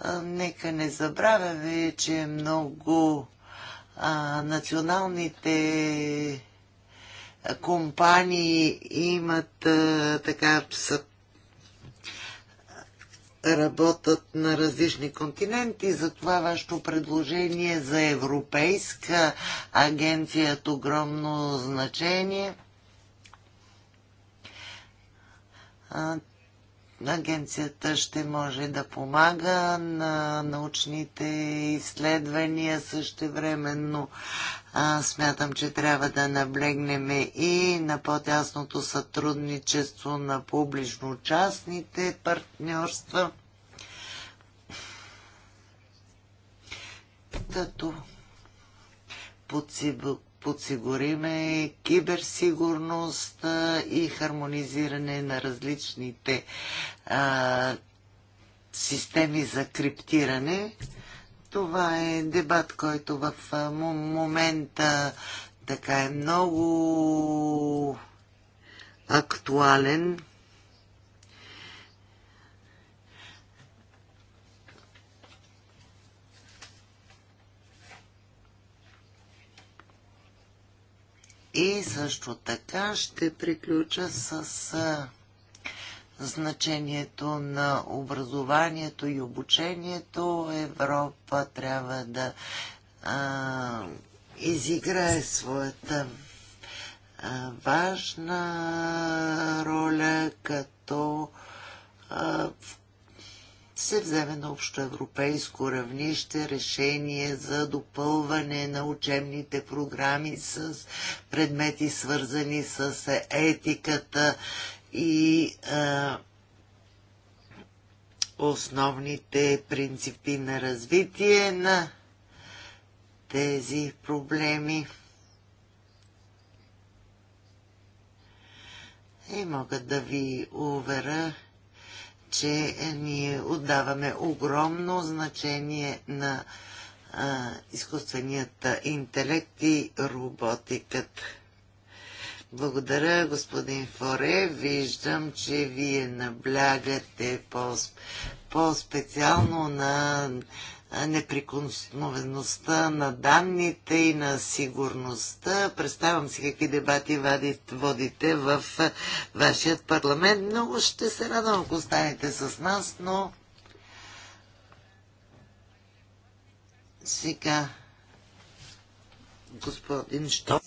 а, нека не забравяме, че много а, националните компании имат а, така са, работят на различни континенти, затова вашето предложение за Европейска агенция е огромно значение агенцията ще може да помага на научните изследвания същевременно. А, смятам, че трябва да наблегнем и на по-тясното сътрудничество на публично-частните партньорства. Като подсибук подсигуриме киберсигурност и хармонизиране на различните а, системи за криптиране. Това е дебат, който в момента така е много актуален. И също така ще приключа с значението на образованието и обучението. Европа трябва да а, изиграе своята а, важна роля, като а, в се вземе на общоевропейско равнище решение за допълване на учебните програми с предмети свързани с етиката и а, основните принципи на развитие на тези проблеми. И мога да ви уверя, че е, ние отдаваме огромно значение на а, изкуственият интелект и роботикът. Благодаря, господин Форе. Виждам, че вие наблягате по-специално на неприкосновеността на данните и на сигурността. Представям си какви дебати водите в вашият парламент. Много ще се радвам, ако останете с нас, но сега господин Штоп.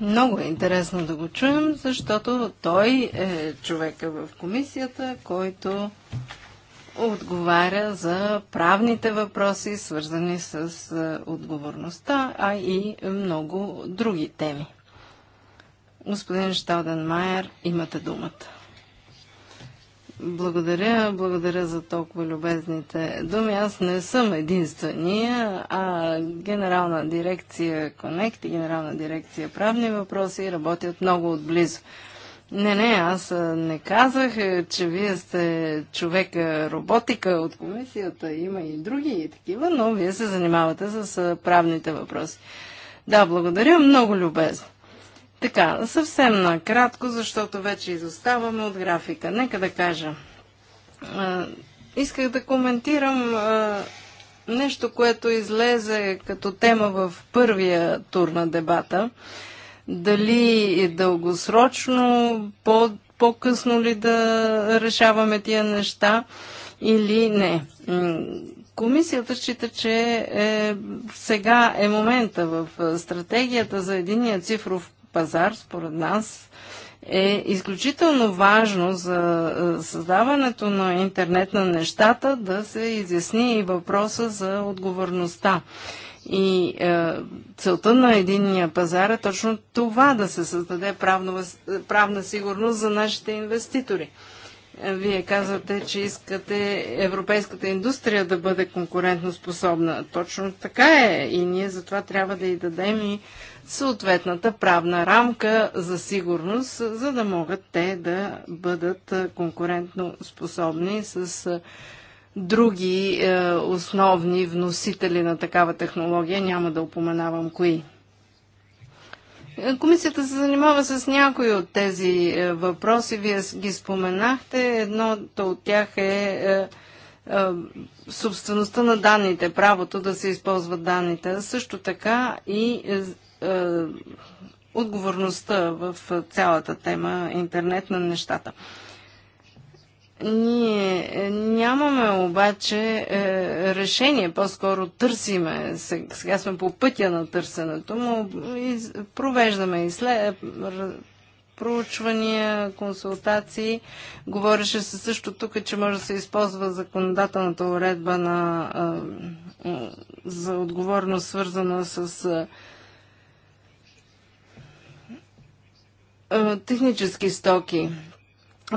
Много е интересно да го чуем, защото той е човека в комисията, който отговаря за правните въпроси, свързани с е, отговорността, а и много други теми. Господин Шталденмайер, имате думата. Благодаря, благодаря за толкова любезните думи. Аз не съм единствения, а Генерална дирекция Connect и Генерална дирекция Правни въпроси работят много отблизо. Не, не, аз не казах, е, че вие сте човек роботика от комисията, има и други и такива, но вие се занимавате с правните въпроси. Да, благодаря, много любезно. Така, съвсем накратко, защото вече изоставаме от графика. Нека да кажа. исках да коментирам нещо, което излезе като тема в първия тур на дебата. Дали е дългосрочно, по, по-късно ли да решаваме тия неща или не. Комисията счита, че е, сега е момента в стратегията за единия цифров пазар, според нас, е изключително важно за създаването на интернет на нещата да се изясни и въпроса за отговорността. И е, целта на единния пазар е точно това да се създаде правна, правна сигурност за нашите инвеститори. Е, вие казвате, че искате европейската индустрия да бъде конкурентоспособна. Точно така е и ние затова трябва да й дадем и съответната правна рамка за сигурност, за да могат те да бъдат е, конкурентно способни с е, други е, основни вносители на такава технология, няма да упоменавам кои. Комисията се занимава с някои от тези е, въпроси, вие ги споменахте. Едното от тях е, е, е собствеността на данните, правото да се използват данните, също така и е, е, отговорността в цялата тема интернет на нещата. Ние е, нямаме обаче е, решение, по-скоро търсиме, сега сме по пътя на търсенето, но из, провеждаме изслед, е, проучвания, консултации. Говореше се също тук, че може да се използва законодателната уредба на, е, за отговорност, свързана с е, е технически стоки.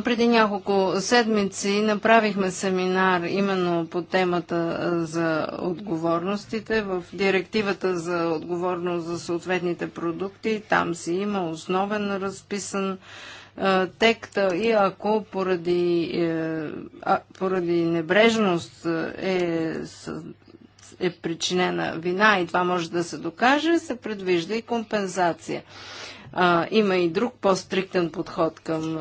Преди няколко седмици направихме семинар именно по темата за отговорностите. В директивата за отговорност за съответните продукти там си има основен разписан текст и ако поради, е, поради небрежност е, е причинена вина и това може да се докаже, се предвижда и компенсация. А, има и друг по-стриктен подход към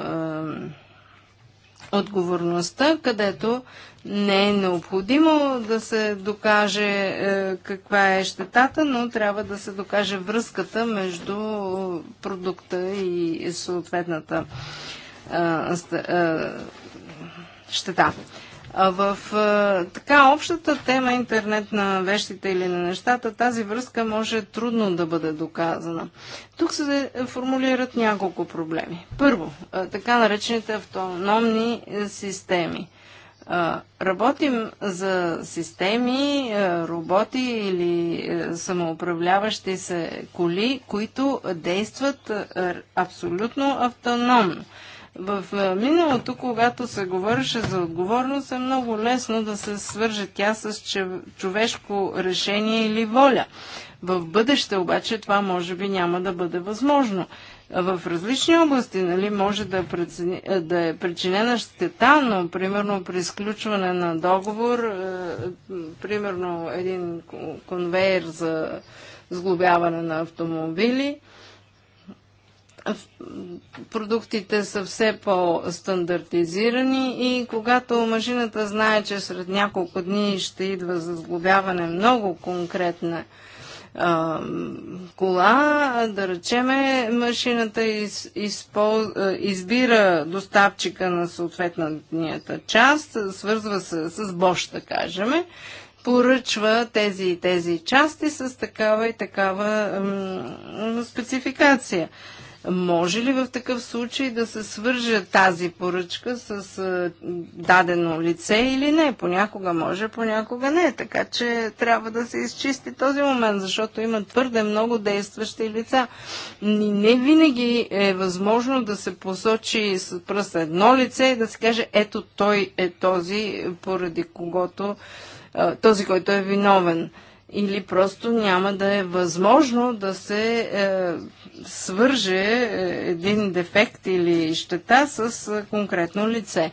отговорността, където не е необходимо да се докаже е, каква е щетата, но трябва да се докаже връзката между продукта и съответната е, е, щета. В така общата тема интернет на вещите или на нещата, тази връзка може трудно да бъде доказана. Тук се формулират няколко проблеми. Първо, така наречените автономни системи. Работим за системи, роботи или самоуправляващи се коли, които действат абсолютно автономно. В е, миналото, когато се говореше за отговорност, е много лесно да се свърже тя с човешко решение или воля. В бъдеще обаче това може би няма да бъде възможно. В различни области нали, може да, прецени, е, да е причинена щета, но примерно при изключване на договор, е, примерно един конвейер за сглобяване на автомобили – продуктите са все по-стандартизирани и когато машината знае, че сред няколко дни ще идва за сглобяване много конкретна а, кола, да речеме, машината из, използ, избира доставчика на съответната част, свързва се с Бош, да кажем, поръчва тези и тези части с такава и такава м, спецификация. Може ли в такъв случай да се свържа тази поръчка с дадено лице или не? Понякога може, понякога не. Така че трябва да се изчисти този момент, защото има твърде много действащи лица. Не винаги е възможно да се посочи с пръст едно лице и да се каже ето той е този, поради когото този, който е виновен или просто няма да е възможно да се е, свърже е, един дефект или щета с е, конкретно лице.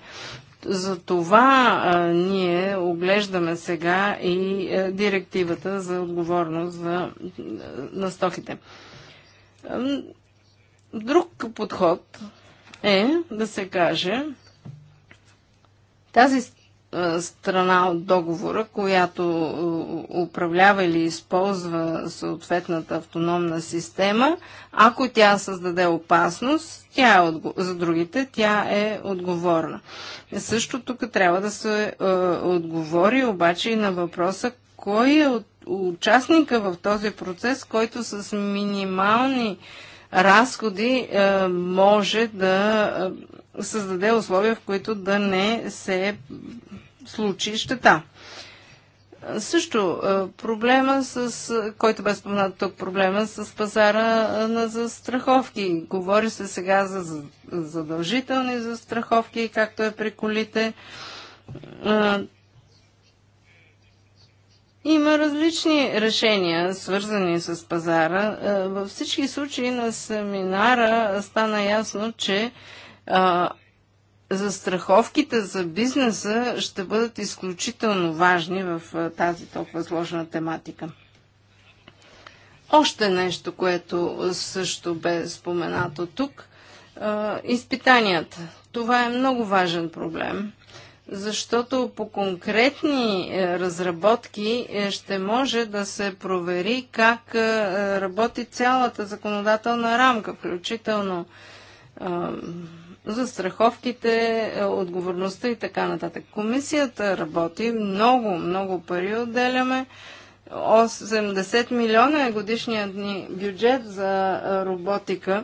За това а, е, ние оглеждаме сега и а, директивата за отговорност за, на стоките. Друг подход е да се каже тази е, страна от договора, която е, управлява или използва съответната автономна система, ако тя създаде опасност, тя е отго... за другите тя е отговорна. Също тук трябва да се е, отговори обаче и на въпроса кой е от, участника в този процес, който с минимални разходи е, може да е, създаде условия, в които да не се случи щета. Също е, проблема с, който бе споменат тук, проблема с пазара е, на застраховки. Говори се сега за задължителни застраховки, както е при колите. Е, има различни решения, свързани с пазара. Във всички случаи на семинара стана ясно, че а, застраховките за бизнеса ще бъдат изключително важни в тази толкова сложна тематика. Още нещо, което също бе споменато тук – изпитанията. Това е много важен проблем, защото по конкретни е, разработки е, ще може да се провери как е, работи цялата законодателна рамка, включително за страховките, е, отговорността и така нататък. Комисията работи много, много пари отделяме. 80 милиона е годишният ни бюджет за е, роботика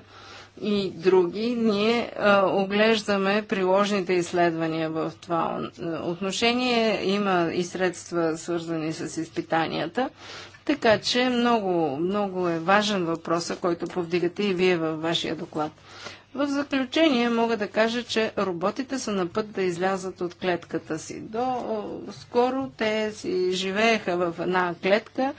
и други. Ние а, е, оглеждаме приложните изследвания в това отношение. Има и средства свързани с изпитанията. Така че много, много е важен въпросът, който повдигате и вие във вашия доклад. В заключение мога да кажа, че роботите са на път да излязат от клетката си. До скоро те си живееха в една клетка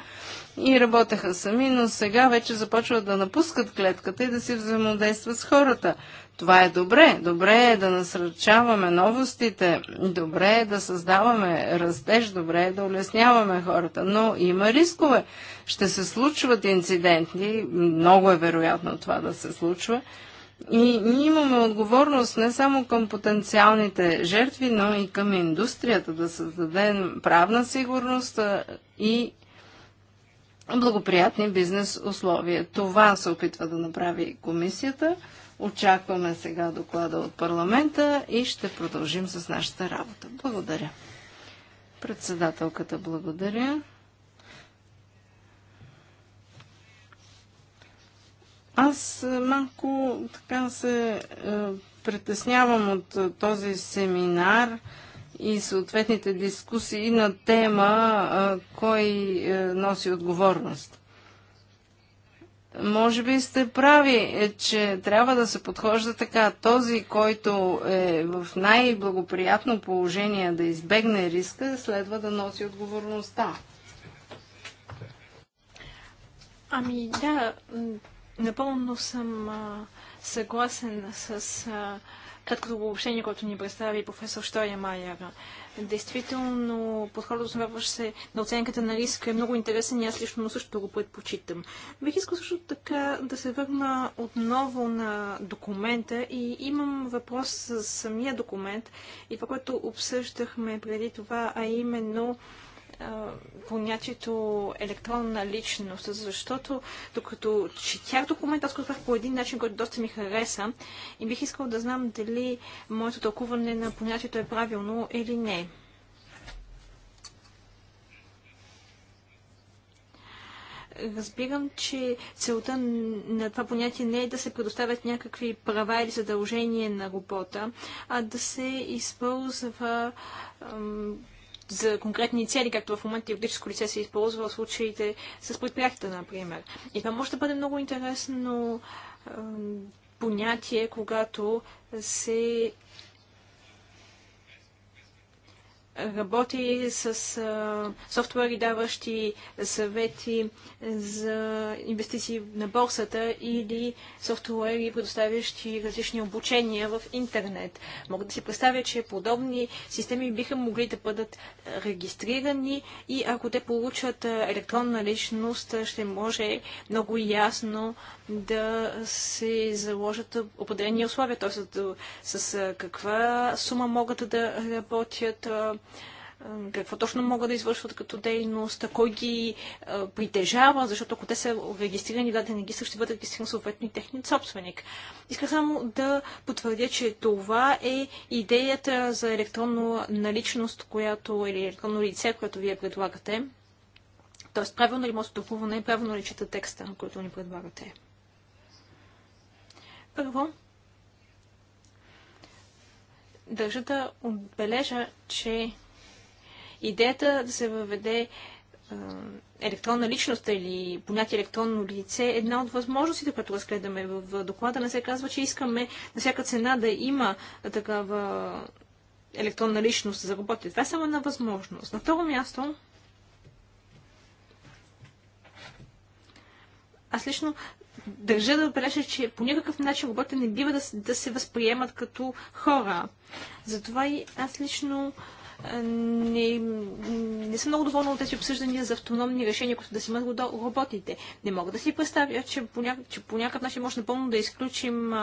и работеха сами, но сега вече започват да напускат клетката и да си взаимодействат с хората. Това е добре. Добре е да насръчаваме новостите, добре е да създаваме растеж, добре е да улесняваме хората, но има рискове. Ще се случват инциденти, много е вероятно това да се случва. И ние имаме отговорност не само към потенциалните жертви, но и към индустрията да създадем правна сигурност и благоприятни бизнес условия. Това се опитва да направи комисията. Очакваме сега доклада от парламента и ще продължим с нашата работа. Благодаря. Председателката благодаря. Аз е, малко така се е, притеснявам от е, този семинар и съответните дискусии на тема кой носи отговорност. Може би сте прави, че трябва да се подхожда така. Този, който е в най-благоприятно положение да избегне риска, следва да носи отговорността. Ами да, Напълно съм а, съгласен с а, краткото обобщение, което ни представи професор Штоя Майер. Действително, подходът, основаващ се на оценката на риска, е много интересен и аз лично също го предпочитам. Бих искал също така да се върна отново на документа и имам въпрос за самия документ и това, което обсъждахме преди това, а именно понятието електронна личност, защото докато четях документ аз го по един начин, който доста ми хареса и бих искал да знам дали моето тълкуване на понятието е правилно или не. разбирам, че целта на това понятие не е да се предоставят някакви права или задължения на работа, а да се използва за конкретни цели, както в момента юридическо лице се използва в случаите с предприятията, например. И това може да бъде много интересно понятие, когато се работи с а, софтуери, даващи съвети за инвестиции на борсата или софтуери, предоставящи различни обучения в интернет. Мога да си представя, че подобни системи биха могли да бъдат регистрирани и ако те получат електронна личност, ще може много ясно да се заложат определени условия, т.е. с каква сума могат да работят какво точно могат да извършват като дейност, кой ги а, притежава, защото ако те са регистрирани в даден регистр, ще бъдат регистрирани съответно и техният собственик. Иска само да потвърдя, че това е идеята за електронно наличност, която или електронно лице, което вие предлагате. Тоест, правилно ли да тълкуване, е правилно ли чета текста, който ни предлагате? Първо, Държа да отбележа, че идеята да се въведе електронна личност или понятие електронно лице, е една от възможностите, които разгледаме в доклада, не се казва, че искаме на всяка цена да има такава електронна личност за работи. Това е само една възможност. На второ място, аз лично държа да отбележа, че по никакъв начин роботите не бива да, да се възприемат като хора. Затова и аз лично не, не съм много доволна от тези обсъждания за автономни решения, които да си имат роботите. Не мога да си представя, че по, ня... че по някакъв начин може напълно да изключим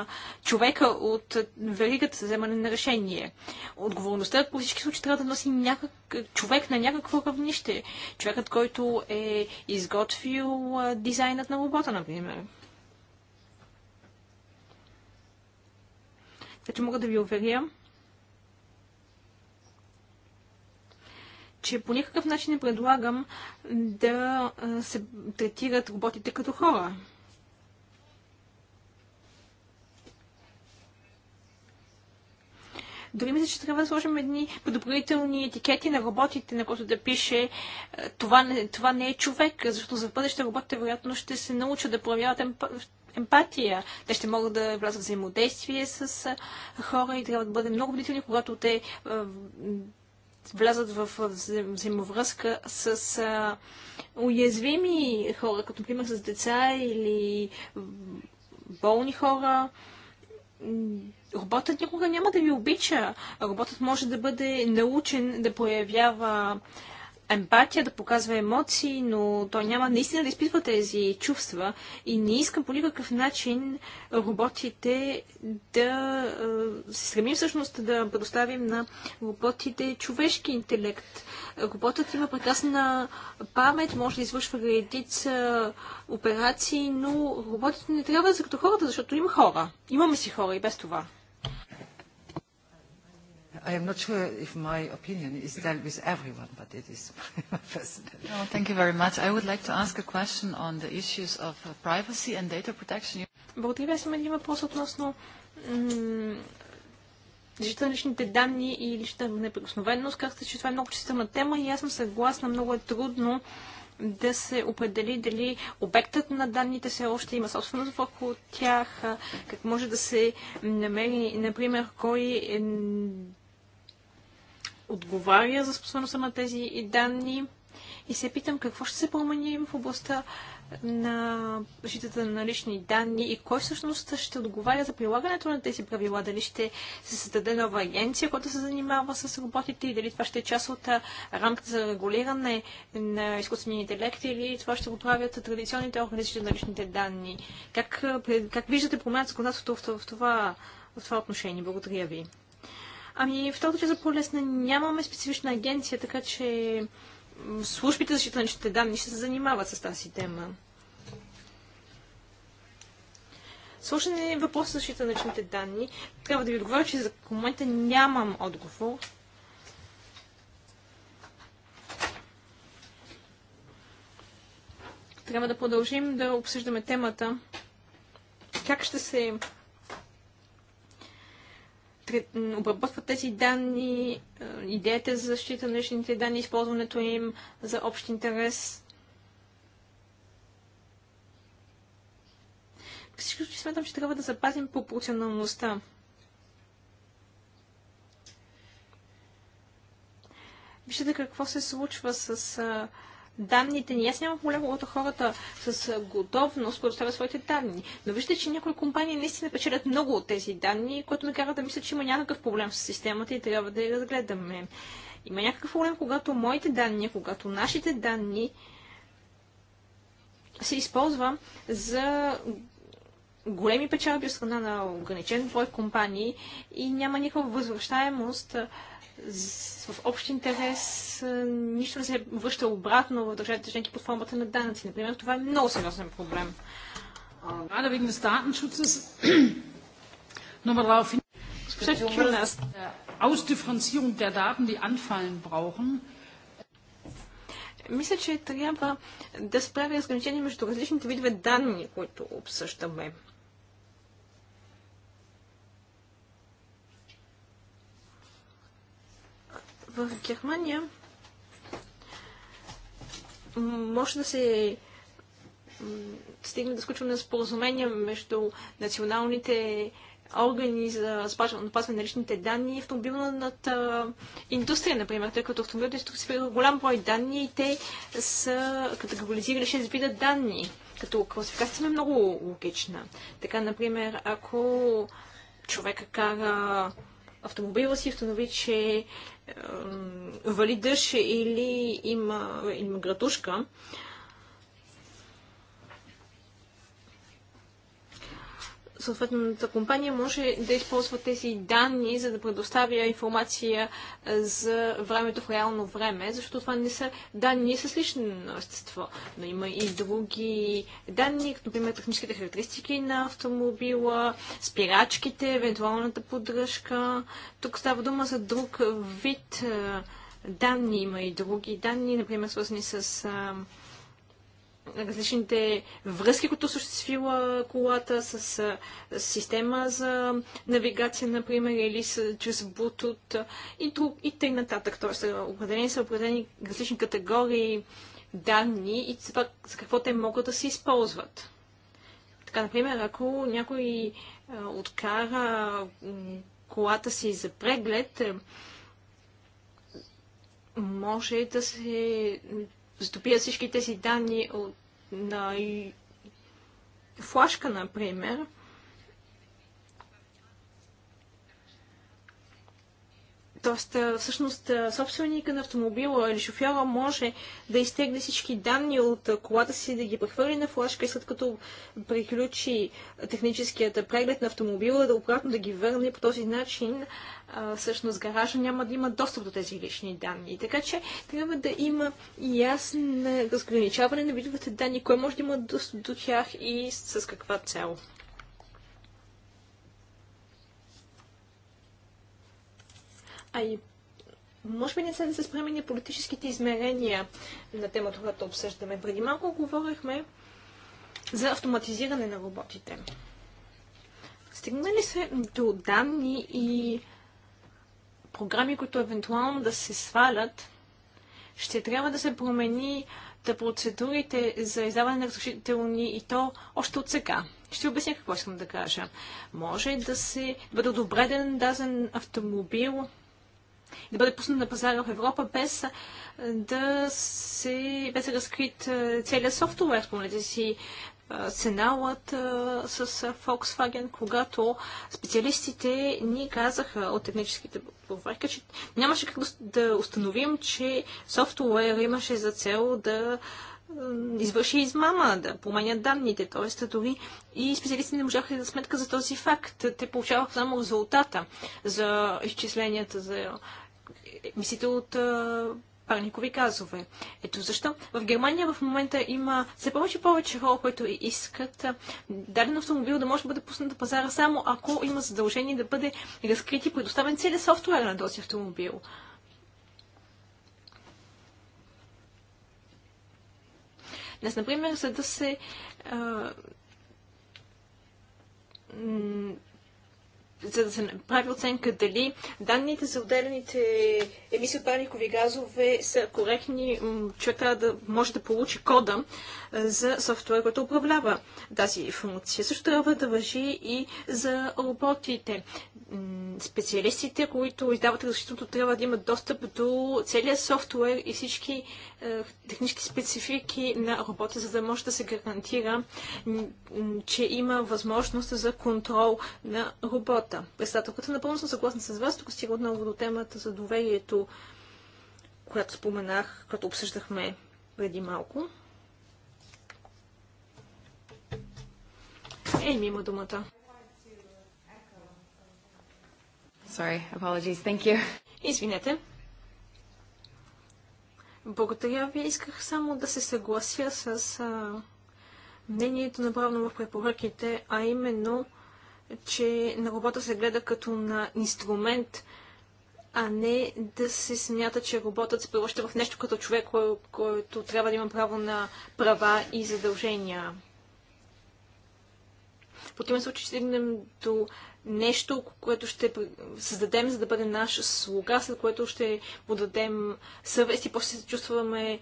човека от веригата за вземане на решение. Отговорността по всички случаи трябва да носи някак... човек на някакво равнище. Човекът, който е изготвил дизайнът на робота, например. Така че мога да ви уверя, че по никакъв начин не предлагам да се третират роботите като хора. Дори мисля, че трябва да сложим едни подобрителни етикети на роботите, на които да пише е, това не, това не е човек, защото за бъдеще роботите вероятно ще се научат да проявяват емпатия. Те ще могат да влязат в взаимодействие с е, хора и трябва да бъдем много бдителни, когато те е, влязат в взаимовръзка с а, уязвими хора, като например с деца или болни хора роботът никога няма да ви обича. Роботът може да бъде научен да проявява емпатия, да показва емоции, но той няма наистина да изпитва тези чувства и не искам по никакъв начин роботите да се стремим всъщност да предоставим на роботите човешки интелект. Роботът има прекрасна памет, може да извършва редица операции, но роботите не трябва да са като хората, защото има хора. Имаме си хора и без това. I am not sure if my opinion is dealt with everyone, but it is personal. No, thank you very much. I would like to ask a question on the issues of uh, privacy and data protection. Благодаря. Аз имам един въпрос относно защита на личните данни и личната неприкосновеност. Казахте, че това е много чувствена тема и аз съм съгласна. Много е трудно да се определи дали обектът на данните все още има собственост върху тях, как може да се намери, например, кой е отговаря за способността на тези данни. И се питам какво ще се промени в областта на защитата на лични данни и кой всъщност ще отговаря за прилагането на тези правила. Дали ще се създаде нова агенция, която се занимава с роботите и дали това ще е част от рамката за регулиране на изкуствения интелект или това ще го правят традиционните органи за на личните данни. Как, как виждате промяна законодателството в в това отношение? Благодаря ви. Ами, в този за полезна нямаме специфична агенция, така че службите за защита на личните данни ще се занимават с тази тема. Сложен е въпрос за защита на личните данни. Трябва да ви отговоря, че за момента нямам отговор. Трябва да продължим да обсъждаме темата. Как ще се обработват тези данни, идеята за защита на личните данни, използването им за общ интерес. Всичко че смятам, че трябва да запазим пропорционалността. Вижте какво се случва с данните ни. Аз нямам проблем, когато хората с готовност предоставят своите данни. Но вижте, че някои компании наистина печелят много от тези данни, което ме кара да мисля, че има някакъв проблем с системата и трябва да я разгледаме. Има някакъв проблем, когато моите данни, когато нашите данни се използва за големи печалби от страна на ограничен брой компании и няма никаква възвръщаемост в общ интерес нищо не се връща обратно в държавите членки под формата на данъци. Например, това е много сериозен проблем. Gerade wegen des Datenschutzes nochmal darauf hin, Ausdifferenzierung der Daten, die anfallen brauchen. Мисля, че трябва да се разграничение между различните видове данни, които обсъждаме. В Германия може да се стигне да сключване на споразумения между националните органи за спазване на личните данни и автомобилната индустрия, например, тъй като автомобилната индустрия събира голям брой данни и те са категоризирали 6 вида данни. Като класификацията е много логична. Така, например, ако човека кара автомобила си установи, че е, вали или има, има гратушка, съответната компания може да използва тези данни, за да предоставя информация за времето в реално време, защото това не са данни с лично естество, но има и други данни, като например техническите характеристики на автомобила, спирачките, евентуалната поддръжка. Тук става дума за друг вид данни, има и други данни, например свързани с различните връзки, които съществила колата с система за навигация, например, или с, чрез Bluetooth и, друг, и тъй нататък. Тоест, определени са определени различни категории данни и това, за какво те могат да се използват. Така, например, ако някой а, откара колата си за преглед, може да се затопия всички тези данни от, на флашка, например, Тоест, всъщност, собственика на автомобила или шофьора може да изтегне всички данни от колата си, да ги прехвърли на флашка и след като приключи техническият преглед на автомобила, да обратно да ги върне. По този начин, всъщност, гаража няма да има достъп до тези лични данни. Така че трябва да има ясно разграничаване на видовете данни, кой може да има достъп до тях и с каква цел. а и може би не са да се спреме политическите измерения на темата, която обсъждаме. Преди малко говорихме за автоматизиране на роботите. Стигнали се до данни и програми, които евентуално да се свалят, ще трябва да се промени да процедурите за издаване на разрешителни и то още от сега. Ще обясня какво искам да кажа. Може да се бъде добреден дазен автомобил да бъде пуснат на пазара в Европа без да се, без да е разкрит целият софтуер. Спомнете си сценалът с Volkswagen, когато специалистите ни казаха от техническите проверка, че нямаше как да установим, че софтуер имаше за цел да извърши измама, да променят данните. Т.е. дори и специалистите не можаха да сметка за този факт. Те получаваха само резултата за изчисленията за Мислите от парникови газове. Ето защо в Германия в момента има все повече и повече хора, които искат даден автомобил да може да бъде пуснат на пазара само ако има задължение да бъде разкрит и предоставен целият софтуер на този автомобил. Днес, например, за да се а, за да се направи оценка дали данните за отделените емисии от парникови газове са коректни, човек трябва да може да получи кода за софтуер, който управлява тази функция. Също трябва да въжи и за роботите. Специалистите, които издават разрешителното, трябва да имат достъп до целият софтуер и всички е, технически специфики на робота, за да може да се гарантира, че има възможност за контрол на робота. Председателката напълно съм съгласна с вас. Тук стига отново до темата за доверието, която споменах, като обсъждахме преди малко. Amy има думата. Sorry, apologies. Thank you. Извинете. Благодаря ви. Исках само да се съглася с а, мнението направено в препоръките, а именно, че на робота се гледа като на инструмент, а не да се смята, че роботът се превръща в нещо като човек, който трябва да има право на права и задължения. В противен случай ще стигнем до нещо, което ще създадем, за да бъде наш слуга, след което ще му дадем съвест и после се чувстваме,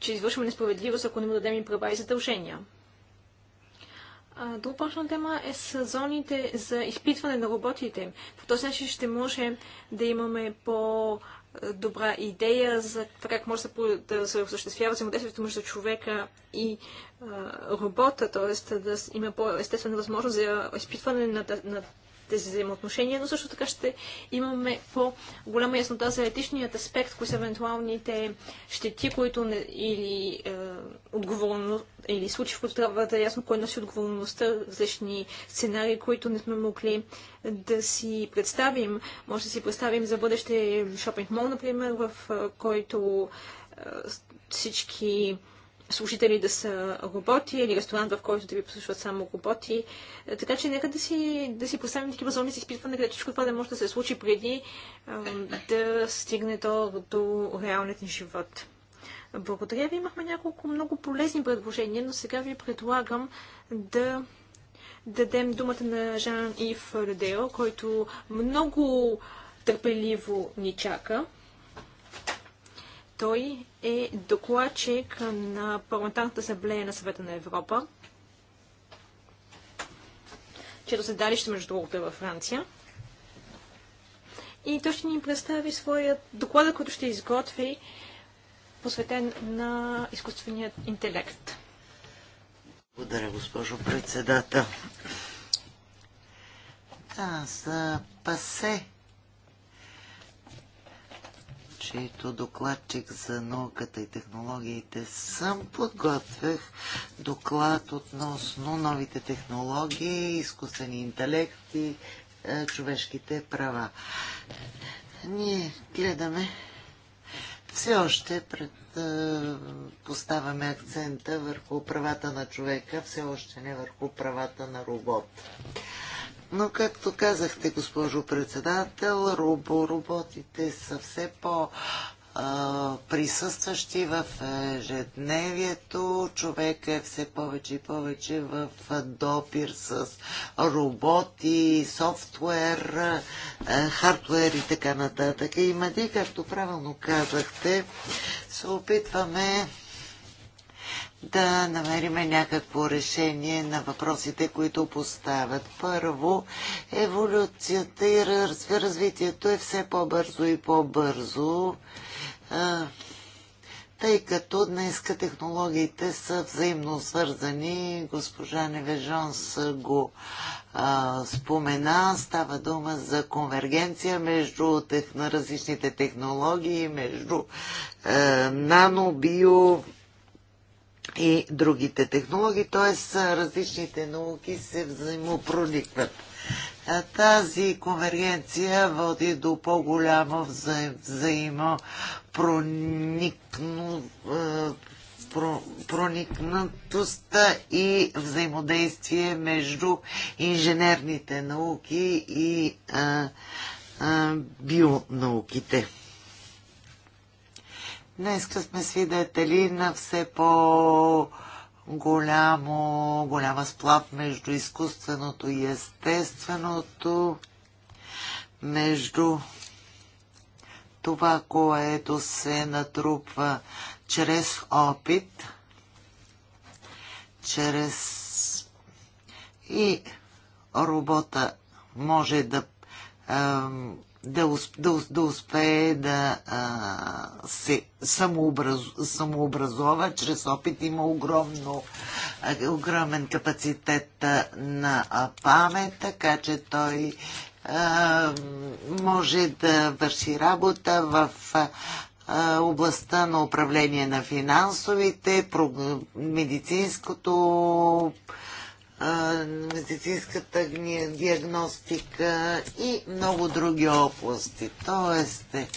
че извършваме несправедливост, ако не му дадем и права и задължения. Друга важна тема е с зоните за изпитване на роботите. По този начин ще може да имаме по- добра идея за това как може да се осъществява взаимодействието между човека и а, робота, т.е. да има по-естествена възможност за изпитване на, на тези взаимоотношения, но също така ще имаме по-голяма яснота за етичният аспект, кои са евентуалните щети, които не, или е, или случаи, в които трябва да е ясно кой носи отговорността, различни сценарии, които не сме могли да си представим. Може да си представим за бъдеще шопинг мол, например, в е, който е, всички служители да са роботи или ресторант, в който да ви послушват само роботи. Е, така че нека да си, да си поставим такива зони за изпитване, където всичко това да може да се случи преди да стигне до, до реалният ни живот. Благодаря ви. Имахме няколко много полезни предложения, но сега ви предлагам да дадем думата на Жан Ив Редео, който много търпеливо ни чака. Той е докладчик на Парламентарната асамблея на Съвета на Европа, чето седалище, между другото, е във Франция. И той ще ни представи своя доклада, който ще изготви, посветен на изкуствения интелект. Благодаря, госпожо председател. Аз пасе чието докладчик за науката и технологиите съм, подготвях доклад относно новите технологии, изкуствени интелект и е, човешките права. Ние гледаме все още пред, е, поставяме акцента върху правата на човека, все още не върху правата на робота. Но, както казахте, госпожо председател, робо, роботите са все по- присъстващи в ежедневието. Човек е все повече и повече в допир с роботи, софтуер, хардуер и така нататък. И Мади, както правилно казахте, се опитваме да намериме някакво решение на въпросите, които поставят. Първо, еволюцията и развитието е все по-бързо и по-бързо, тъй като днес технологиите са взаимно свързани. Госпожа Невежонс го спомена. Става дума за конвергенция между тех, различните технологии, между а, нано, био, и другите технологии, т.е. различните науки се взаимопроникват. Тази конвергенция води до по-голямо вза... взаимопроникно проникнатостта и взаимодействие между инженерните науки и а, а, бионауките. Днес сме свидетели на все по голямо, голяма сплав между изкуственото и естественото, между това, което се натрупва чрез опит, чрез и робота може да да, да, да успее да а, се самообраз, самообразова чрез опит. Има огромно, а, огромен капацитет на памет, така че той а, може да върши работа в а, областта на управление на финансовите, медицинското медицинската диагностика и много други области. Тоест, е,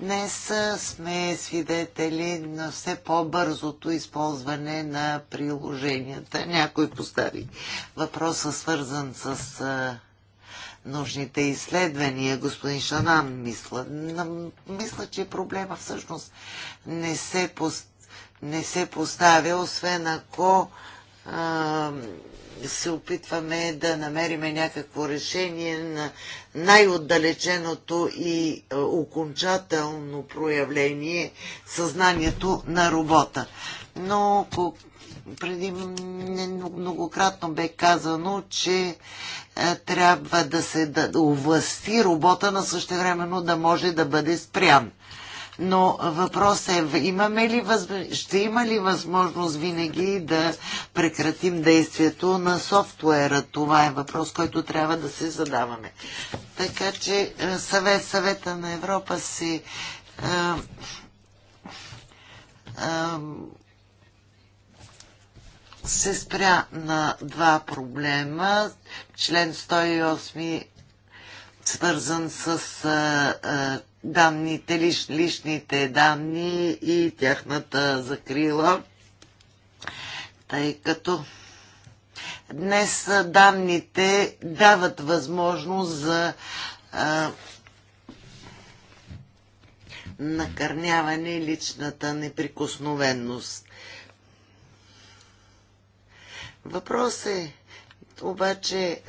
днес сме свидетели на все по-бързото използване на приложенията. Някой постави въпроса свързан с нужните изследвания, господин Шанан, мисля. Мисля, че проблема всъщност не се, не се поставя, освен ако а, се опитваме да намериме някакво решение на най-отдалеченото и е, окончателно проявление съзнанието на робота. Но преди многократно бе казано, че е, трябва да се да, овласти робота, на същевременно да може да бъде спрян но въпросът е, имаме ли възможност, ще има ли възможност винаги да прекратим действието на софтуера? Това е въпрос, който трябва да се задаваме. Така че е, съвет, съвета на Европа си е, е, се спря на два проблема. Член 108 свързан с а, а, данните, лиш, личните данни и тяхната закрила, тъй като днес данните дават възможност за а, накърняване личната неприкосновенност. Въпрос е обаче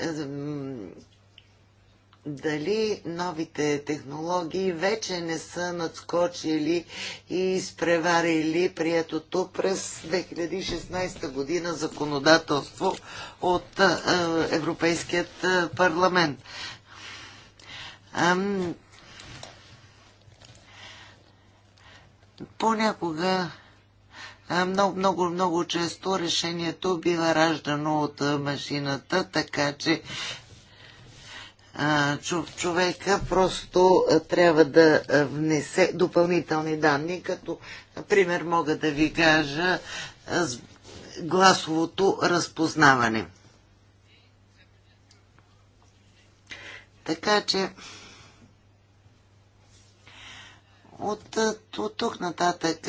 дали новите технологии вече не са надскочили и изпреварили приятото през 2016 година законодателство от Европейският парламент. Понякога много, много, много често решението бива раждано от машината, така че човека просто трябва да внесе допълнителни данни, като, например, мога да ви кажа гласовото разпознаване. Така че от, от тук нататък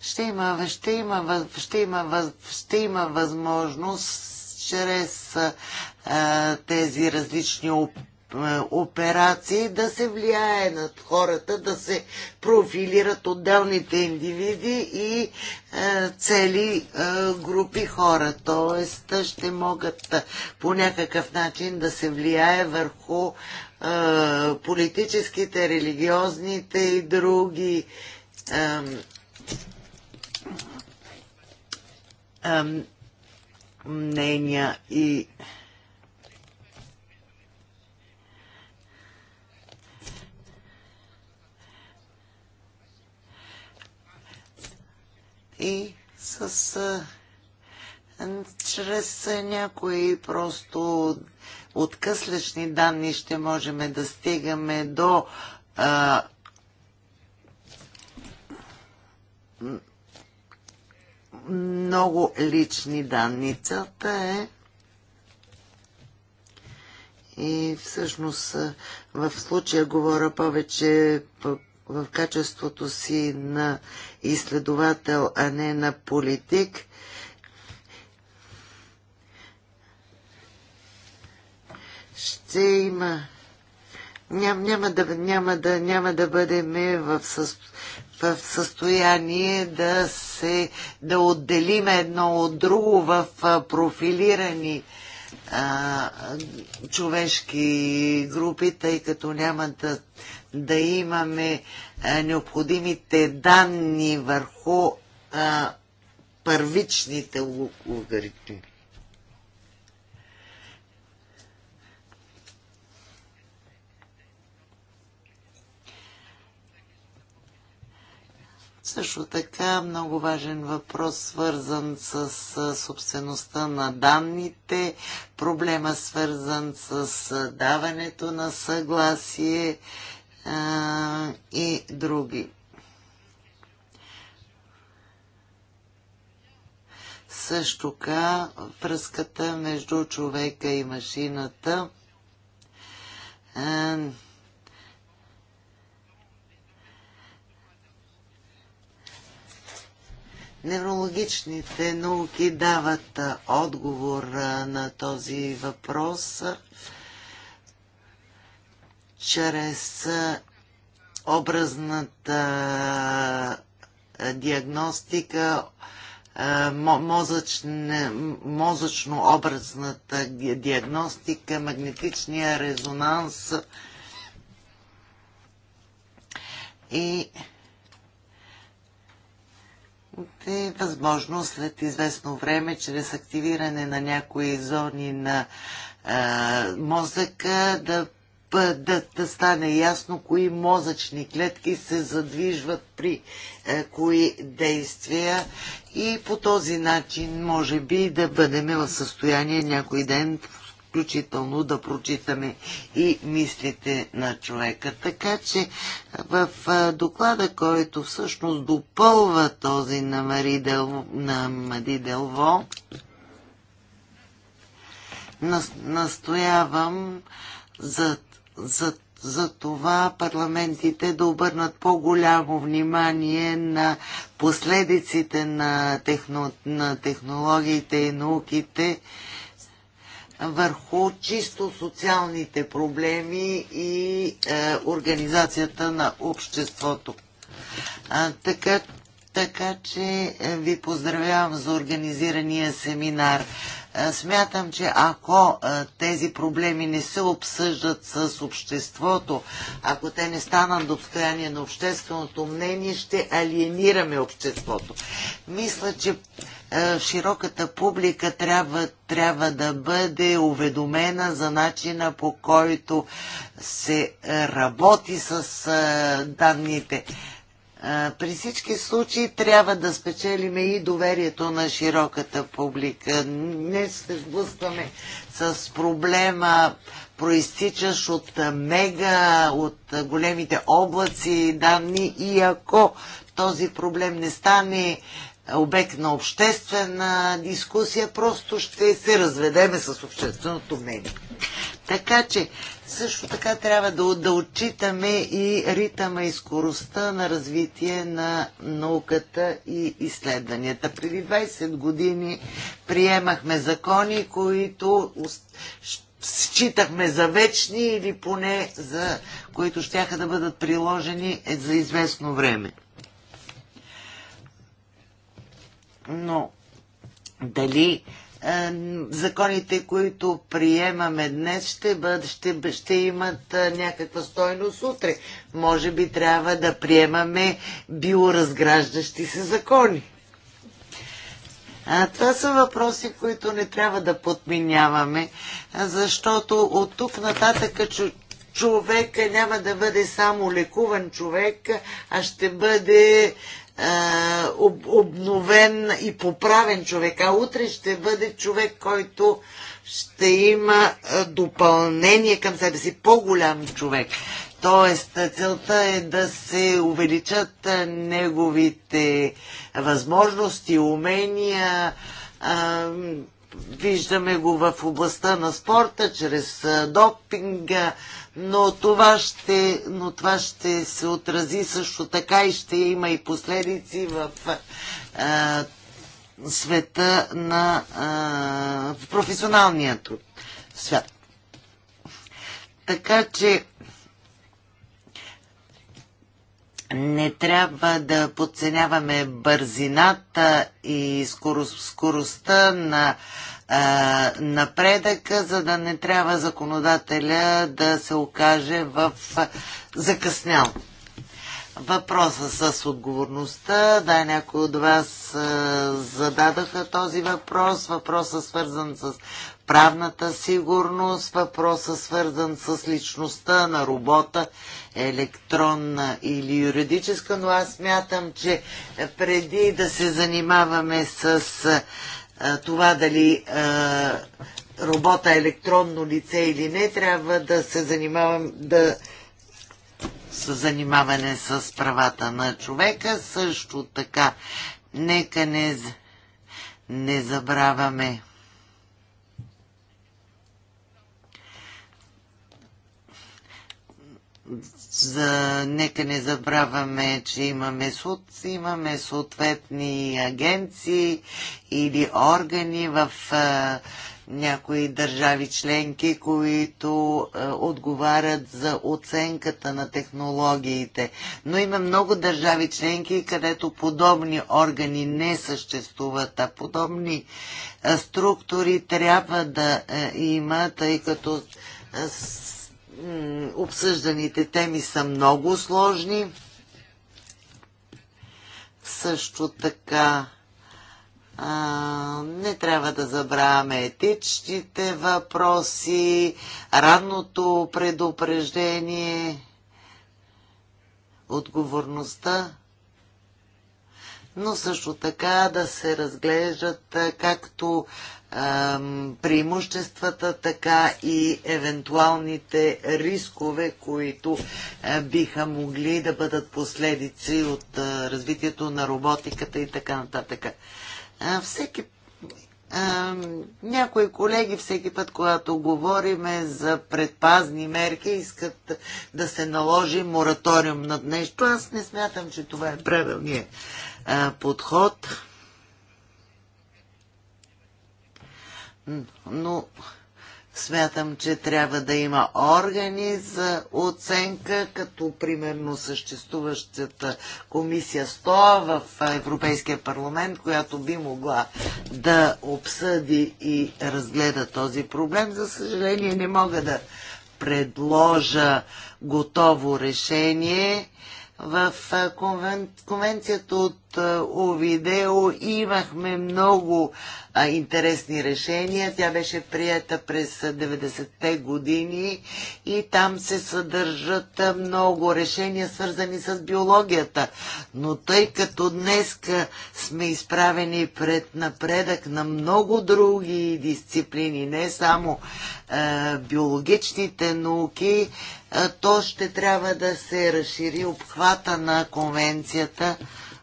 ще има, ще има, ще има, ще има възможност чрез а, тези различни операции да се влияе над хората, да се профилират отделните индивиди и е, цели е, групи хора. Тоест ще могат по някакъв начин да се влияе върху е, политическите, религиозните и други е, мнения и и с чрез някои просто откъслечни данни ще можем да стигаме до а, много лични данни. Целта е и всъщност в случая говоря повече в качеството си на изследовател, а не на политик. Ще има. Ням, няма, да, няма, да, няма да бъдем в, със, в състояние да се да отделим едно от друго в профилирани а, човешки групи, тъй като няма да, да имаме а, необходимите данни върху а, първичните логаритми. Също така много важен въпрос, свързан с собствеността на данните, проблема свързан с даването на съгласие а, и други. Също така връзката между човека и машината. А, Неврологичните науки дават отговор на този въпрос чрез образната диагностика, мозъчно-образната диагностика, магнетичния резонанс и е възможно след известно време, чрез активиране на някои зони на а, мозъка, да, да, да стане ясно кои мозъчни клетки се задвижват при а, кои действия и по този начин може би да бъдем в състояние някой ден включително да прочитаме и мислите на човека. Така че в доклада, който всъщност допълва този на, Мари Дел... на Мади Делво, настоявам за, за за това парламентите да обърнат по-голямо внимание на последиците на, техно, на технологиите и науките върху чисто социалните проблеми и е, организацията на обществото. А, така, така че е, ви поздравявам за организирания семинар. Е, смятам, че ако е, тези проблеми не се обсъждат с обществото, ако те не станат достояние на общественото мнение, ще алиенираме обществото. Мисля, че широката публика трябва, трябва да бъде уведомена за начина по който се работи с данните. При всички случаи трябва да спечелиме и доверието на широката публика. Не се сблъскваме с проблема, проистичаш от мега, от големите облаци данни и ако този проблем не стане обект на обществена дискусия, просто ще се разведеме с общественото мнение. Така че също така трябва да, да отчитаме и ритъма и скоростта на развитие на науката и изследванията. Преди 20 години приемахме закони, които считахме за вечни или поне за които ще да бъдат приложени за известно време. Но дали е, законите, които приемаме днес, ще, бъд, ще, ще имат е, някаква стойност утре. Може би трябва да приемаме биоразграждащи се закони. А, това са въпроси, които не трябва да подминяваме, защото от тук нататък човека няма да бъде само лекуван човек, а ще бъде е, об, обновен и поправен човек, а утре ще бъде човек, който ще има е, допълнение към себе си, по-голям човек. Тоест, целта е да се увеличат е, неговите възможности, умения. Виждаме го в областта на спорта, чрез допинга, но това ще, но това ще се отрази също така и ще има и последици в а, света на а, професионалния труд свят. Така че не трябва да подценяваме бързината и скорост, скоростта на напредък, за да не трябва законодателя да се окаже в закъснял. Въпроса с отговорността, да, някои от вас а, зададаха този въпрос, въпроса свързан с правната сигурност, въпроса свързан с личността на робота, електронна или юридическа, но аз мятам, че преди да се занимаваме с това дали работа е електронно лице или не, трябва да се занимавам, да с занимаване с правата на човека. Също така, нека не, не забравяме за, нека не забравяме, че имаме суд, имаме съответни агенции или органи в а, някои държави членки, които е, отговарят за оценката на технологиите. Но има много държави членки, където подобни органи не съществуват, а подобни е, структури трябва да е, има, тъй като обсъжданите теми са много сложни. Също така а, не трябва да забравяме етичните въпроси, ранното предупреждение, отговорността, но също така да се разглеждат както преимуществата, така и евентуалните рискове, които е, биха могли да бъдат последици от е, развитието на роботиката и така нататък. Всеки някои колеги всеки път, когато говориме за предпазни мерки, искат да се наложи мораториум над нещо. Аз не смятам, че това е правилният е, подход. но смятам, че трябва да има органи за оценка, като примерно съществуващата комисия 100 в Европейския парламент, която би могла да обсъди и разгледа този проблем. За съжаление не мога да предложа готово решение. В конвенцията от Овидео имахме много а, интересни решения. Тя беше прията през 90-те години и там се съдържат много решения, свързани с биологията. Но тъй като днес сме изправени пред напредък на много други дисциплини, не само а, биологичните науки, а, то ще трябва да се разшири обхвата на конвенцията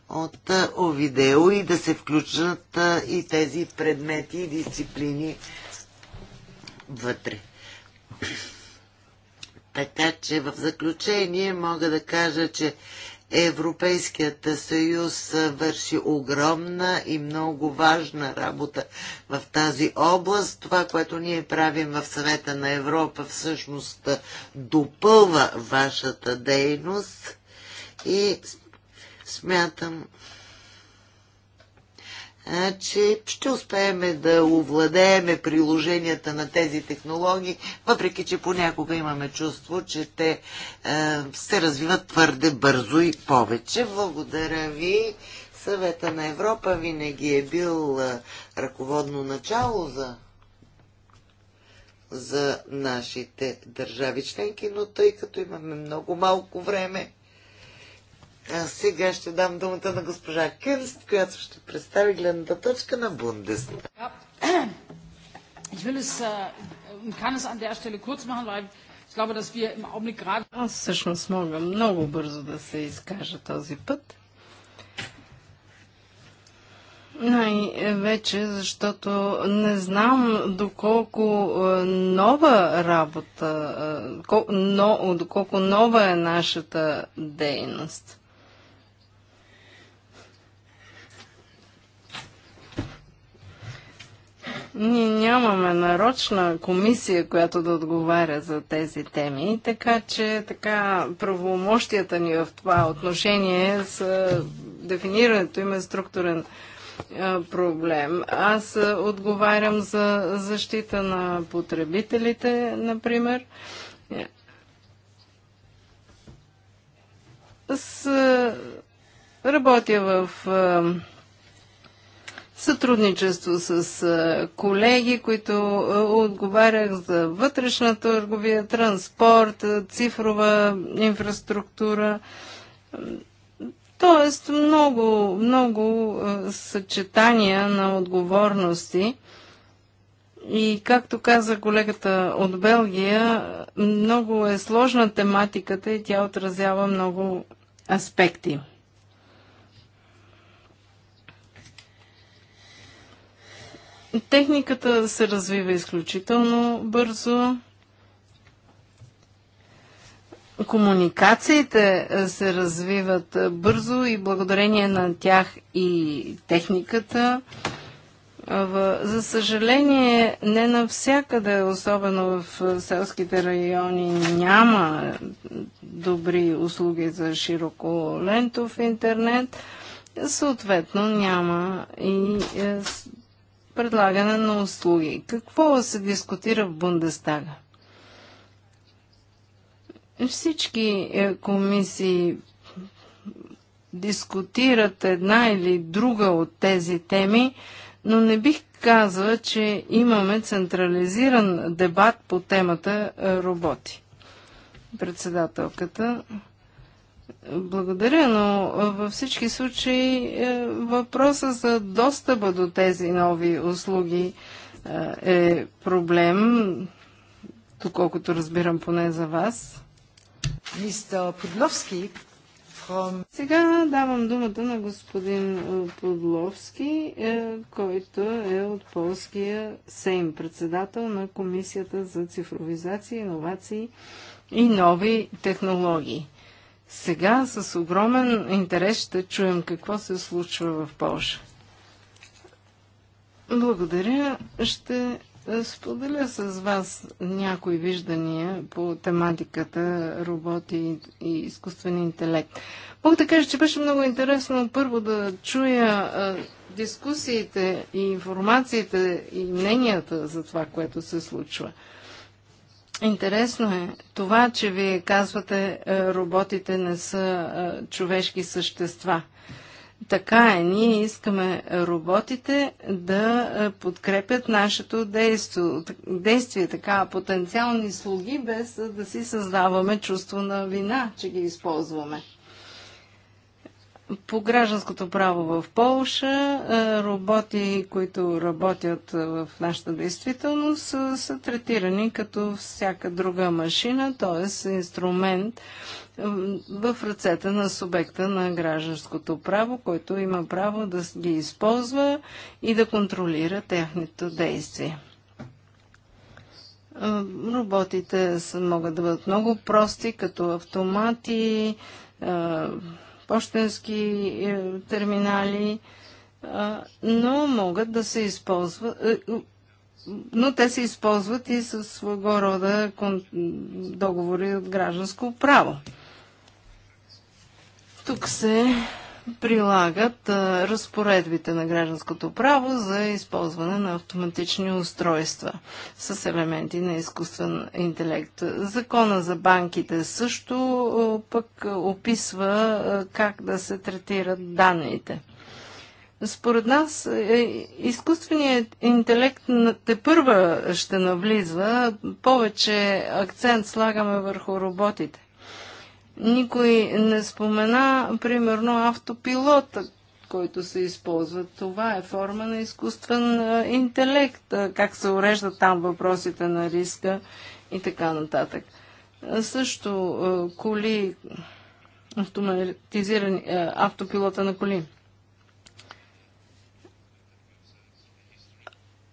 от Овидео и да се включат и тези предмети и дисциплини вътре. Така че в заключение мога да кажа, че Европейският съюз върши огромна и много важна работа в тази област. Това, което ние правим в съвета на Европа, всъщност допълва вашата дейност и Смятам, че ще успеем да овладееме приложенията на тези технологии, въпреки че понякога имаме чувство, че те се развиват твърде бързо и повече. Благодаря ви. Съвета на Европа винаги е бил ръководно начало за за нашите държави членки, но тъй като имаме много малко време, а сега ще дам думата на госпожа Кърст, която ще представи гледната точка на Бундес. Аз всъщност мога много бързо да се изкажа този път. Най-вече, защото не знам доколко нова работа, но, доколко нова е нашата дейност. Ние нямаме нарочна комисия, която да отговаря за тези теми, така че така правомощията ни в това отношение с дефинирането им е структурен проблем. Аз отговарям за защита на потребителите, например. С... Работя в сътрудничество с колеги, които отговарях за вътрешна търговия, транспорт, цифрова инфраструктура. Тоест много, много съчетания на отговорности. И както каза колегата от Белгия, много е сложна тематиката и тя отразява много аспекти. Техниката се развива изключително бързо. Комуникациите е, се развиват е, бързо и благодарение на тях и техниката. За съжаление, не навсякъде, особено в е, селските райони, няма добри услуги за широко лентов интернет. Съответно, няма и предлагане на услуги. Какво се дискутира в Бундестага? Всички е, комисии дискутират една или друга от тези теми, но не бих казала, че имаме централизиран дебат по темата е, роботи. Председателката благодаря, но във всички случаи е, въпроса за достъпа до тези нови услуги е, е проблем, доколкото разбирам поне за вас. Мистер Подловски. Сега давам думата на господин е, Подловски, който е от полския Сейм, председател на Комисията за цифровизация, иновации и нови технологии. Сега с огромен интерес ще чуем какво се случва в Польша. Благодаря. Ще споделя с вас някои виждания по тематиката роботи и изкуствен интелект. Мога да кажа, че беше много интересно първо да чуя дискусиите и информациите и мненията за това, което се случва. Интересно е това, че вие казвате, е, роботите не са е, човешки същества. Така е, ние искаме роботите да е, подкрепят нашето действие, действие така, потенциални слуги, без да си създаваме чувство на вина, че ги използваме по гражданското право в Полша, е, роботи, които работят е, в нашата действителност, са, са третирани като всяка друга машина, т.е. инструмент е, в ръцете на субекта на гражданското право, който има право да ги използва и да контролира техните действия. Роботите са, могат да бъдат много прости, като автомати, почтенски е, терминали, но могат да се използват, е, но те се използват и с своего рода договори от гражданско право. Тук се прилагат а, разпоредбите на гражданското право за използване на автоматични устройства с елементи на изкуствен интелект. Закона за банките също а, пък описва а, как да се третират данните. Според нас е, изкуственият интелект те първа ще навлизва. Повече акцент слагаме върху роботите. Никой не спомена, примерно, автопилота, който се използва. Това е форма на изкуствен интелект, как се уреждат там въпросите на риска и така нататък. Също коли, автоматизирани, автопилота на коли.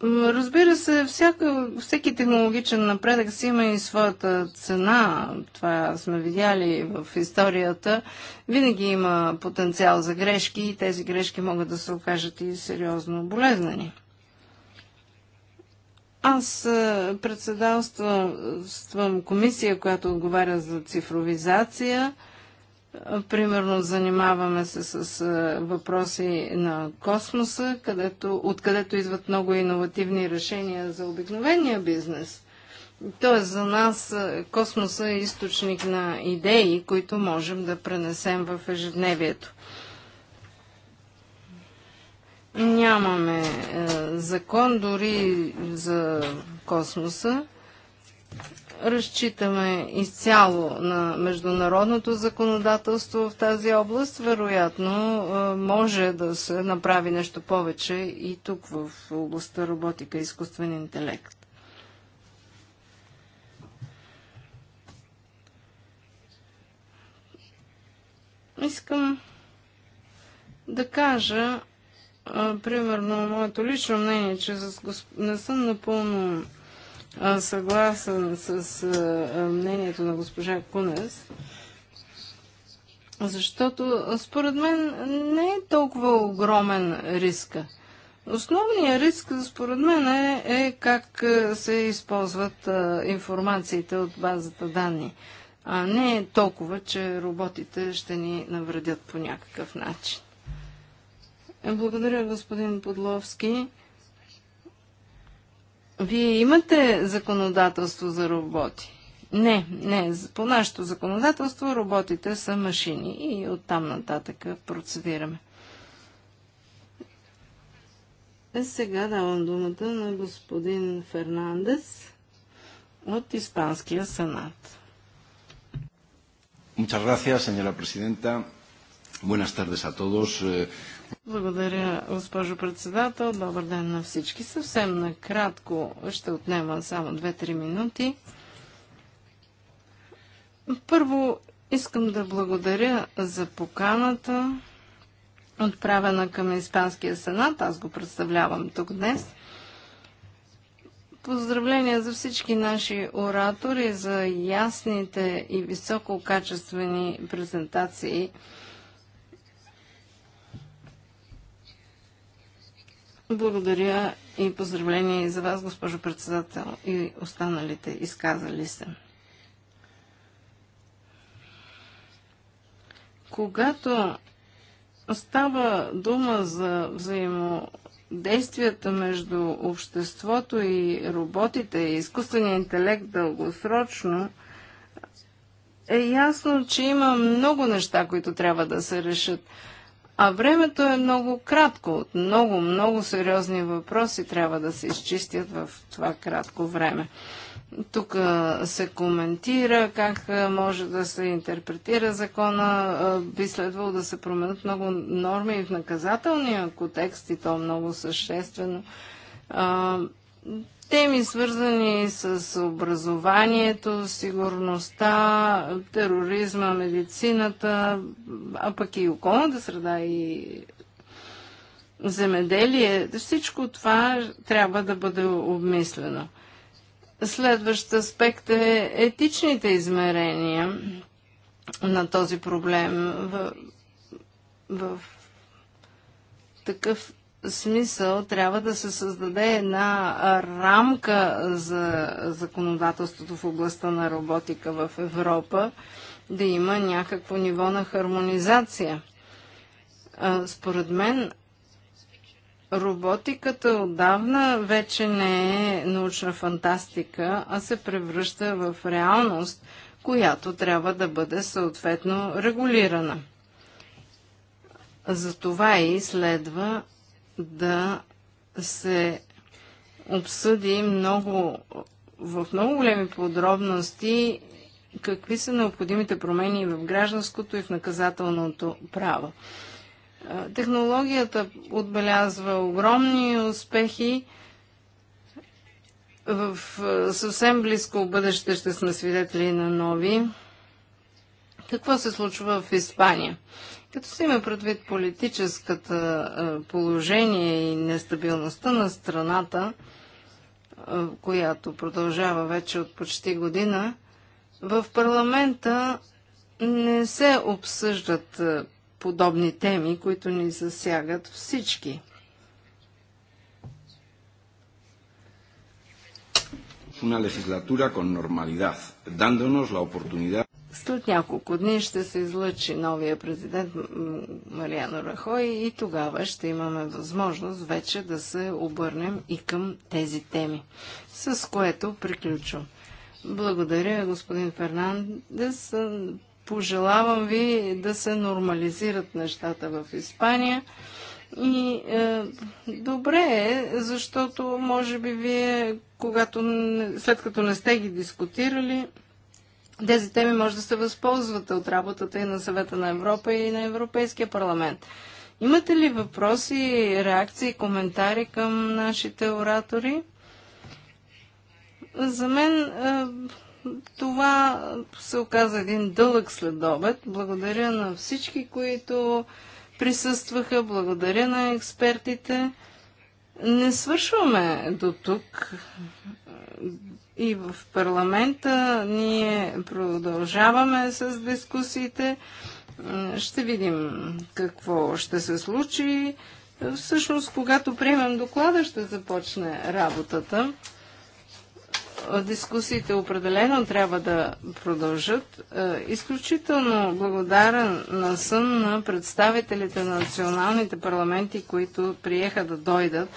Разбира се, всяка, всеки технологичен напредък си има и своята цена. Това сме видяли в историята. Винаги има потенциал за грешки и тези грешки могат да се окажат и сериозно болезнени. Аз е, председателствам комисия, която отговаря за цифровизация – Примерно занимаваме се с въпроси на космоса, където, откъдето идват много иновативни решения за обикновения бизнес. Тоест за нас космоса е източник на идеи, които можем да пренесем в ежедневието. Нямаме закон дори за космоса разчитаме изцяло на международното законодателство в тази област. Вероятно, може да се направи нещо повече и тук в областта роботика и изкуствен интелект. Искам да кажа, примерно, моето лично мнение, че не съм напълно Съгласен с мнението на госпожа Кунес, защото според мен не е толкова огромен риска. Основният риск, според мен, е, е как се използват а, информациите от базата данни, а не е толкова, че роботите ще ни навредят по някакъв начин. Благодаря, господин Подловски. Вие имате законодателство за роботи? Не, не. По нашето законодателство роботите са машини и оттам нататък процедираме. Е, сега давам думата на господин Фернандес от Испанския Сенат. Muchas gracias, señora presidenta. Buenas tardes a todos. Благодаря, госпожо председател. Добър ден на всички. Съвсем накратко ще отнема само 2-3 минути. Първо искам да благодаря за поканата, отправена към Испанския сенат. Аз го представлявам тук днес. Поздравления за всички наши оратори, за ясните и висококачествени презентации. презентации Благодаря и поздравления и за вас, госпожо председател, и останалите изказали се. Когато става дума за взаимодействията между обществото и роботите и изкуствения интелект дългосрочно, е ясно, че има много неща, които трябва да се решат. А времето е много кратко. От много, много сериозни въпроси трябва да се изчистят в това кратко време. Тук се коментира как може да се интерпретира закона. Би следвало да се променят много норми в наказателния контекст и то много съществено. Теми свързани с образованието, сигурността, тероризма, медицината, а пък и околната среда и земеделие, всичко това трябва да бъде обмислено. Следващ аспект е етичните измерения на този проблем. В, в такъв смисъл трябва да се създаде една рамка за законодателството в областта на роботика в Европа, да има някакво ниво на хармонизация. Според мен, роботиката отдавна вече не е научна фантастика, а се превръща в реалност, която трябва да бъде съответно регулирана. За това и следва да се обсъди много, в много големи подробности какви са необходимите промени в гражданското и в наказателното право. Технологията отбелязва огромни успехи. В съвсем близко бъдеще ще сме свидетели на нови. Какво се случва в Испания? Като се има предвид политическата положение и нестабилността на страната, която продължава вече от почти година, в парламента не се обсъждат подобни теми, които ни засягат всички. una legislatura con normalidad, dándonos la oportunidad след няколко дни ще се излъчи новия президент Мариано Рахой и тогава ще имаме възможност вече да се обърнем и към тези теми, с което приключвам. Благодаря, господин Фернандес. Пожелавам ви да се нормализират нещата в Испания. И е, добре е, защото може би вие, когато, след като не сте ги дискутирали, тези теми може да се възползвате от работата и на съвета на Европа и на Европейския парламент. Имате ли въпроси, реакции, коментари към нашите оратори? За мен е, това се оказа един дълъг следобед. Благодаря на всички, които присъстваха. Благодаря на експертите. Не свършваме до тук и в парламента. Ние продължаваме с дискусиите. Ще видим какво ще се случи. Всъщност, когато приемем доклада, ще започне работата. Дискусиите определено трябва да продължат. Е, изключително благодарен на сън на представителите на националните парламенти, които приеха да дойдат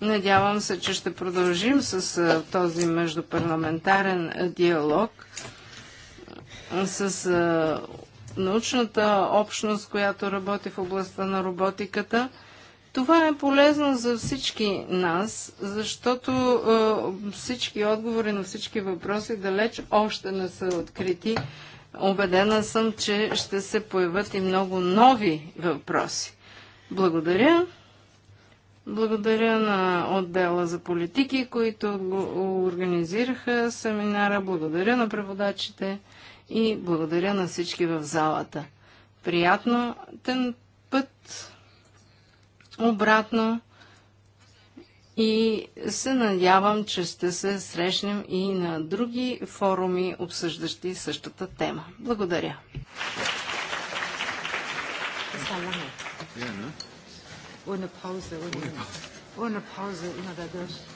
Надявам се, че ще продължим с този междупарламентарен диалог с научната общност, която работи в областта на роботиката. Това е полезно за всички нас, защото всички отговори на всички въпроси далеч още не са открити. Обедена съм, че ще се появят и много нови въпроси. Благодаря. Благодаря на отдела за политики, които организираха семинара. Благодаря на преводачите и благодаря на всички в залата. Приятно тен път обратно и се надявам, че ще се срещнем и на други форуми, обсъждащи същата тема. Благодаря. Yeah, no? ohne Pause, ohne, ohne Pause you know that dadurch.